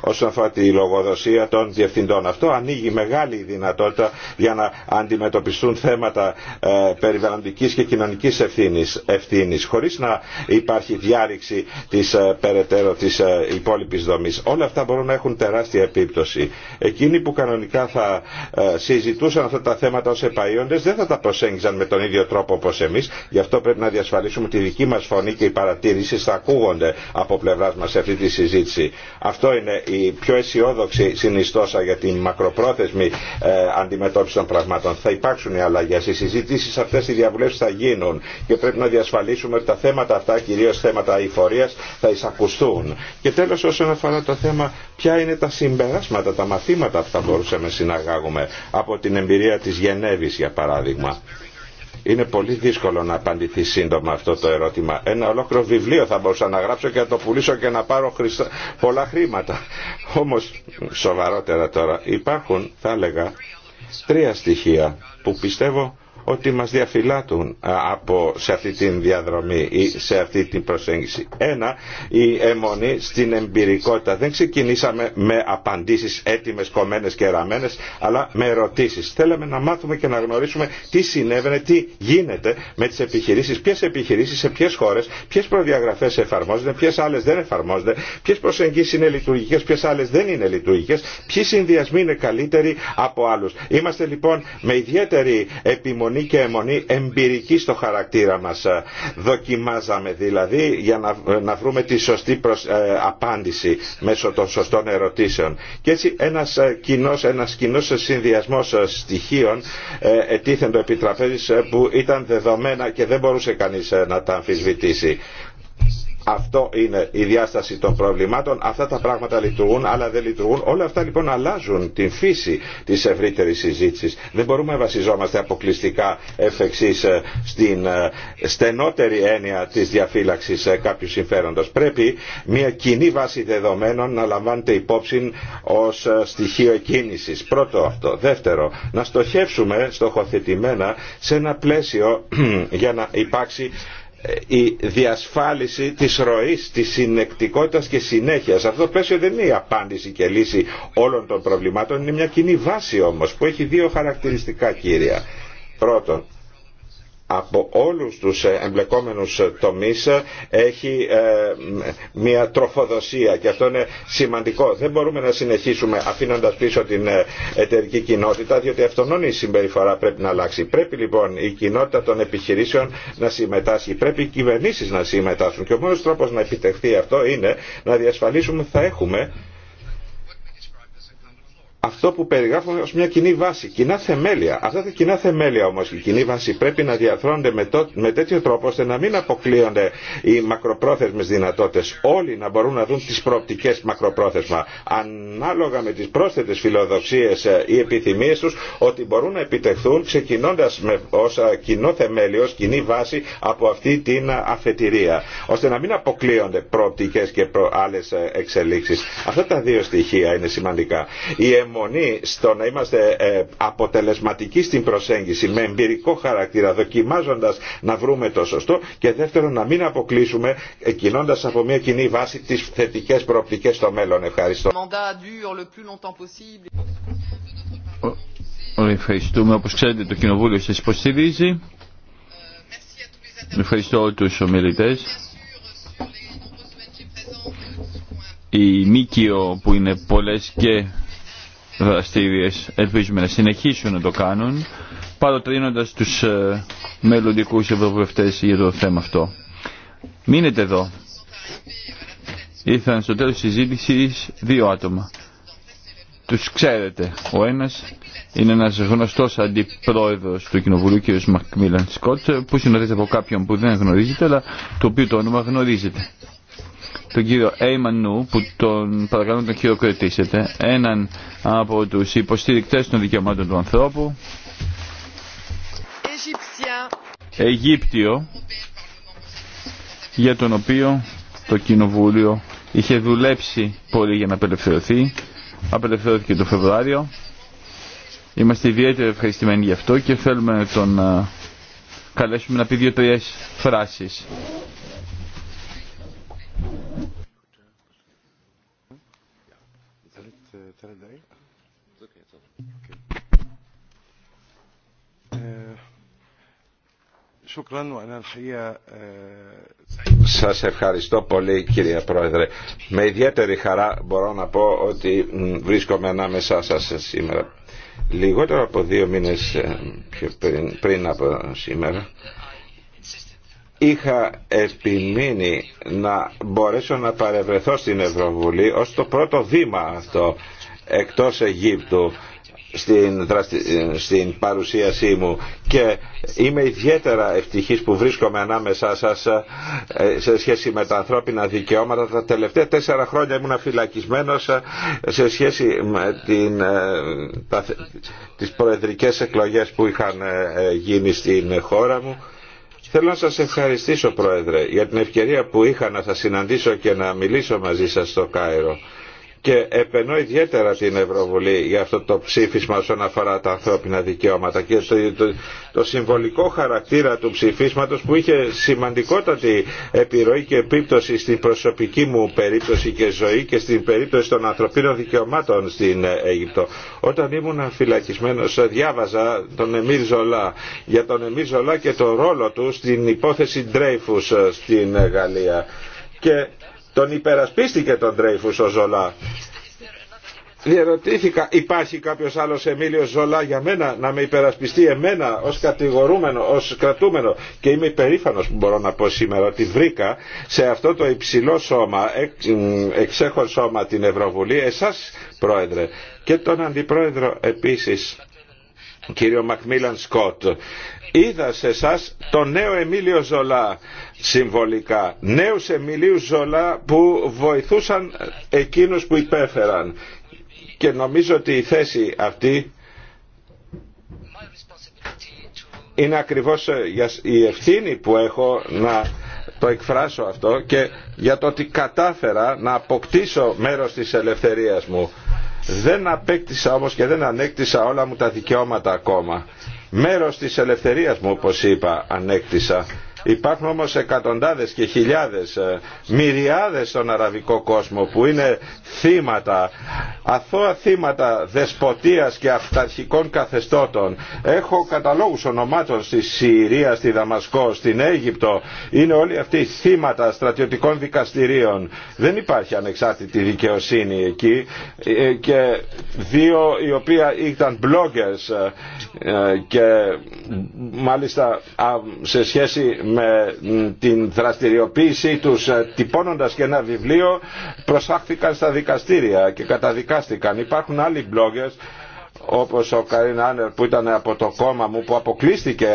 όσον αφορά τη λογοδοσία των διευθυντών. Αυτό ανοίγει μεγάλη δυνατότητα για να αντιμετωπιστούν θέματα περιβαλλοντικής και κοινωνικής ευθύνης, ευθύνης να υπάρχει διάρρηξη της ε, περαιτέρω της ε, υπόλοιπης δομής. Όλα αυτά μπορούν να έχουν τεράστια επίπτωση. Εκείνοι που κανονικά θα ε, συζητούσαν αυτά τα θέματα ως επαΐοντες δεν θα τα προσέγγιζαν με τον ίδιο τρόπο όπως εμείς. Γι' αυτό πρέπει να διασφαλίσουμε ότι η δική μας φωνή και οι παρατήρησεις θα ακούγονται από πλευράς μας σε αυτή τη συζήτηση. Αυτό είναι η πιο αισιόδοξη συνιστόσα για την μακροπρόθεσμη αντιμετώπιση των πραγμάτων. Θα υπάρξουν οι αλλαγές. Οι συζητήσεις αυτές, οι διαβουλεύσεις θα γίνουν και πρέπει να διασφαλίσουμε ότι τα θέματα αυτά κυρίως θέματα αηφορίας θα εισακουστούν. Και τέλος όσον αφορά το θέμα ποια είναι τα συμπεράσματα, τα μαθήματα που θα μπορούσαμε να συναγάγουμε από την εμπειρία της Γενέβης για παράδειγμα. Είναι πολύ δύσκολο να απαντηθεί σύντομα αυτό το ερώτημα. Ένα ολόκληρο βιβλίο θα μπορούσα να γράψω και να το πουλήσω και να πάρω χρυσα... πολλά χρήματα. Όμως, σοβαρότερα τώρα, υπάρχουν, θα έλεγα, τρία στοιχεία που πιστεύω ότι μας διαφυλάτουν από, σε αυτή την διαδρομή ή σε αυτή την προσέγγιση. Ένα, η αιμονή στην εμπειρικότητα. Δεν ξεκινήσαμε με απαντήσεις έτοιμες, κομμένες και ραμμένες, αλλά με ερωτήσεις. Θέλαμε να μάθουμε και να γνωρίσουμε τι συνέβαινε, τι γίνεται με τις επιχειρήσεις, ποιες επιχειρήσεις, σε ποιες χώρες, ποιες προδιαγραφές εφαρμόζονται, ποιες άλλες δεν εφαρμόζονται, ποιες προσεγγίσεις είναι λειτουργικές, ποιες άλλες δεν είναι λειτουργικέ, ποιοι συνδυασμοί είναι καλύτεροι από άλλους. Είμαστε λοιπόν με ιδιαίτερη επιμονή και αιμονή εμπειρική στο χαρακτήρα μας. Ε, δοκιμάζαμε δηλαδή για να, να βρούμε τη σωστή προς, ε, απάντηση μέσω των σωστών ερωτήσεων. Και έτσι ένας ε, κοινός, ένας κοινός συνδυασμός στοιχείων ε, ετίθεντο επιτραπέζης που ήταν δεδομένα και δεν μπορούσε κανείς να τα αμφισβητήσει. Αυτό είναι η διάσταση των προβλημάτων. Αυτά τα πράγματα λειτουργούν, αλλά δεν λειτουργούν. Όλα αυτά λοιπόν αλλάζουν την φύση τη ευρύτερη συζήτηση. Δεν μπορούμε να βασιζόμαστε αποκλειστικά εφ' εξή ε, στην ε, στενότερη έννοια τη διαφύλαξη ε, κάποιου συμφέροντο. Πρέπει μια κοινή βάση δεδομένων να λαμβάνεται υπόψη ω στοιχείο κίνηση. Πρώτο αυτό. Δεύτερο, να στοχεύσουμε στοχοθετημένα σε ένα πλαίσιο (clears throat) για να υπάρξει ε, η διασφάλιση της ροής, της συνεκτικότητας και συνέχειας. Αυτό το πλαίσιο δεν είναι η απάντηση και λύση όλων των προβλημάτων, είναι μια κοινή βάση όμως που έχει δύο χαρακτηριστικά κύρια. Πρώτον, από όλους τους ε, εμπλεκόμενους τομείς ε, έχει ε, μια τροφοδοσία και αυτό είναι σημαντικό. Δεν μπορούμε να συνεχίσουμε αφήνοντας πίσω την εταιρική κοινότητα διότι αυτονών η συμπεριφορά πρέπει να αλλάξει. Πρέπει λοιπόν η κοινότητα των επιχειρήσεων να συμμετάσχει. Πρέπει οι κυβερνήσεις να συμμετάσχουν και ο μόνος τρόπος να επιτευχθεί αυτό είναι να διασφαλίσουμε ότι θα έχουμε αυτό που περιγράφουμε ως μια κοινή βάση, κοινά θεμέλια. Αυτά τα κοινά θεμέλια όμως και η κοινή βάση πρέπει να διαθρώνονται με, το, με τέτοιο τρόπο ώστε να μην αποκλείονται οι μακροπρόθεσμες δυνατότητες. Όλοι να μπορούν να δουν τις προοπτικές μακροπρόθεσμα ανάλογα με τις πρόσθετες φιλοδοξίες ή ε, επιθυμίες τους ότι μπορούν να επιτευχθούν ξεκινώντας με, ως ε, κοινό θεμέλιο, ως κοινή βάση από αυτή την ε, αφετηρία ώστε να μην αποκλείονται προοπτικές και προ, άλλες εξελίξεις. Αυτά τα δύο στοιχεία είναι σημαντικά. Η αιμονή στο να είμαστε ε, αποτελεσματικοί στην προσέγγιση με εμπειρικό χαρακτήρα δοκιμάζοντας να βρούμε το σωστό και δεύτερον να μην αποκλείσουμε ε, κινώντας από μια κοινή βάση τις θετικές προοπτικές στο μέλλον. Ευχαριστώ. Ευχαριστούμε. Όπως ξέρετε το Κοινοβούλιο σας υποστηρίζει. Ευχαριστώ τους ομιλητές. Η Μίκιο που είναι πολλές και δραστήριε Ελπίζουμε να συνεχίσουν να το κάνουν, παροτρύνοντας τους ε, μελλοντικού ευρωβουλευτέ για το θέμα αυτό. Μείνετε εδώ. Ήρθαν στο τέλο της συζήτηση δύο άτομα. Τους ξέρετε. Ο ένας είναι ένας γνωστός αντιπρόεδρος του Κοινοβουλίου, κ. Μακμίλαν Σκότ, που συνοδεύεται από κάποιον που δεν γνωρίζετε, αλλά το οποίο το όνομα γνωρίζετε τον κύριο Έιμαν που τον παρακαλώ τον χειροκροτήσετε, έναν από τους υποστηρικτές των δικαιωμάτων του ανθρώπου, Αιγύπτιο, για τον οποίο το Κοινοβούλιο είχε δουλέψει πολύ για να απελευθερωθεί, απελευθερώθηκε το Φεβρουάριο. Είμαστε ιδιαίτερα ευχαριστημένοι γι' αυτό και θέλουμε να τον καλέσουμε να πει δύο-τρεις φράσεις. Σα ευχαριστώ πολύ κύριε Πρόεδρε. Με ιδιαίτερη χαρά μπορώ να πω ότι βρίσκομαι ανάμεσά σας σήμερα. Λιγότερο από δύο μήνες ε, πριν από σήμερα είχα επιμείνει να μπορέσω να παρευρεθώ στην Ευρωβουλή ως το πρώτο βήμα αυτό εκτός Αιγύπτου στην, στην παρουσίασή μου και είμαι ιδιαίτερα ευτυχής που βρίσκομαι ανάμεσά σας ε, σε σχέση με τα ανθρώπινα δικαιώματα. Τα τελευταία τέσσερα χρόνια ήμουν φυλακισμένος ε, σε σχέση με την, ε, τα, τις προεδρικές εκλογές που είχαν γίνει στην χώρα μου Θέλω να σας ευχαριστήσω Πρόεδρε για την ευκαιρία που είχα να σας συναντήσω και να μιλήσω μαζί σας στο Κάιρο και επενώ ιδιαίτερα την Ευρωβουλή για αυτό το ψήφισμα όσον αφορά τα ανθρώπινα δικαιώματα και το, συμβολικό χαρακτήρα του ψηφίσματος που είχε σημαντικότατη επιρροή και επίπτωση στην προσωπική μου περίπτωση και ζωή και στην περίπτωση των ανθρωπίνων δικαιωμάτων στην Αίγυπτο. Όταν ήμουν φυλακισμένος διάβαζα τον Εμίρ Ζολά για τον Εμίρ Ζολά και τον ρόλο του στην υπόθεση Ντρέιφου ε, στην Γαλλία. Και τον υπερασπίστηκε τον Τρέιφους ο Ζολά. Διερωτήθηκα, υπάρχει κάποιος άλλος Εμίλιος Ζολά για μένα να με υπερασπιστεί εμένα ως κατηγορούμενο, ως κρατούμενο και είμαι υπερήφανος που μπορώ να πω σήμερα ότι βρήκα σε αυτό το υψηλό σώμα, εξέχον σώμα την Ευρωβουλή, εσάς πρόεδρε και τον αντιπρόεδρο επίσης κύριο Μακμίλαν Σκότ είδα σε εσά τον νέο Εμίλιο Ζολά συμβολικά. Νέους Εμιλίου Ζολά που βοηθούσαν εκείνους που υπέφεραν. Και νομίζω ότι η θέση αυτή είναι ακριβώς ε, η ευθύνη που έχω να το εκφράσω αυτό και για το ότι κατάφερα να αποκτήσω μέρος της ελευθερίας μου. Δεν απέκτησα όμως και δεν ανέκτησα όλα μου τα δικαιώματα ακόμα. Μέρος της ελευθερίας μου όπως είπα ανέκτησα Υπάρχουν όμως εκατοντάδες και χιλιάδες, ε, μυριάδες στον αραβικό κόσμο που είναι θύματα, αθώα θύματα δεσποτείας και αυταρχικών καθεστώτων. Έχω καταλόγους ονομάτων στη Συρία, στη Δαμασκό, στην Αίγυπτο. Είναι όλοι αυτοί θύματα στρατιωτικών δικαστηρίων. Δεν υπάρχει ανεξάρτητη δικαιοσύνη εκεί ε, και δύο οι οποία ήταν bloggers ε, και μάλιστα σε σχέση με την δραστηριοποίησή τους ε, τυπώνοντας και ένα βιβλίο προσάχθηκαν στα δικαστήρια και καταδικάστηκαν. Υπάρχουν άλλοι bloggers όπως ο Καρίν Άνερ που ήταν από το κόμμα μου που αποκλείστηκε,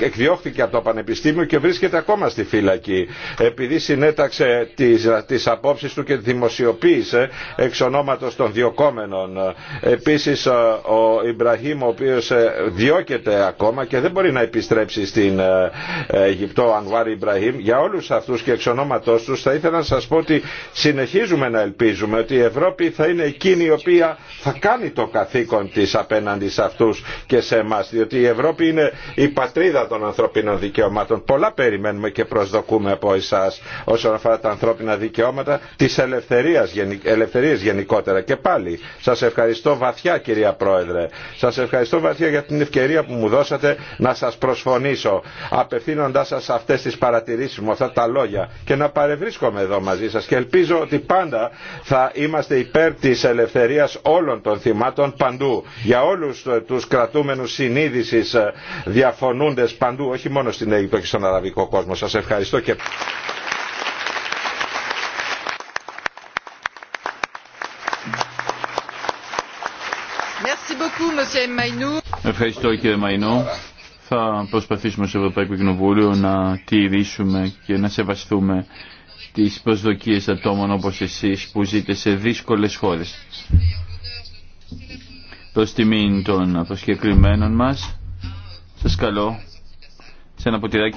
εκδιώχθηκε από το Πανεπιστήμιο και βρίσκεται ακόμα στη φυλακή επειδή συνέταξε τις, τις απόψεις του και δημοσιοποίησε εξ ονόματος των διοκόμενων. Επίσης ο Ιμπραχήμ ο οποίος ε, διώκεται ακόμα και δεν μπορεί να επιστρέψει στην ε, ε, Αιγυπτό Ανβάρ Ιμπραχήμ για όλους αυτούς και εξ ονόματος τους θα ήθελα να σας πω ότι συνεχίζουμε να ελπίζουμε ότι η Ευρώπη θα είναι εκείνη η οποία θα κάνει το καθήκον τη απέναντι σε αυτούς και σε εμάς διότι η Ευρώπη είναι η πατρίδα των ανθρωπίνων δικαιωμάτων. Πολλά περιμένουμε και προσδοκούμε από εσάς όσον αφορά τα ανθρώπινα δικαιώματα της ελευθερίας, γενικότερα. Και πάλι σας ευχαριστώ βαθιά κυρία Πρόεδρε. Σας ευχαριστώ βαθιά για την ευκαιρία που μου δώσατε να σας προσφωνήσω απευθύνοντάς σας αυτές τις παρατηρήσεις μου, αυτά τα λόγια και να παρευρίσκομαι εδώ μαζί σας και ελπίζω ότι πάντα θα είμαστε υπέρ τη ελευθερία όλων των θυμάτων παντού για όλους τους κρατούμενους συνείδησης ε, διαφωνούντες παντού, όχι μόνο στην Αίγυπτο και στον Αραβικό κόσμο. Σας ευχαριστώ και... Ευχαριστώ κύριε Μαϊνού. Θα προσπαθήσουμε στο Ευρωπαϊκό Κοινοβούλιο να τηρήσουμε και να σεβαστούμε τις προσδοκίες ατόμων όπως εσείς που ζείτε σε δύσκολες χώρες προς τιμήν των προσκεκριμένων μας. Σας καλώ σε ένα ποτηράκι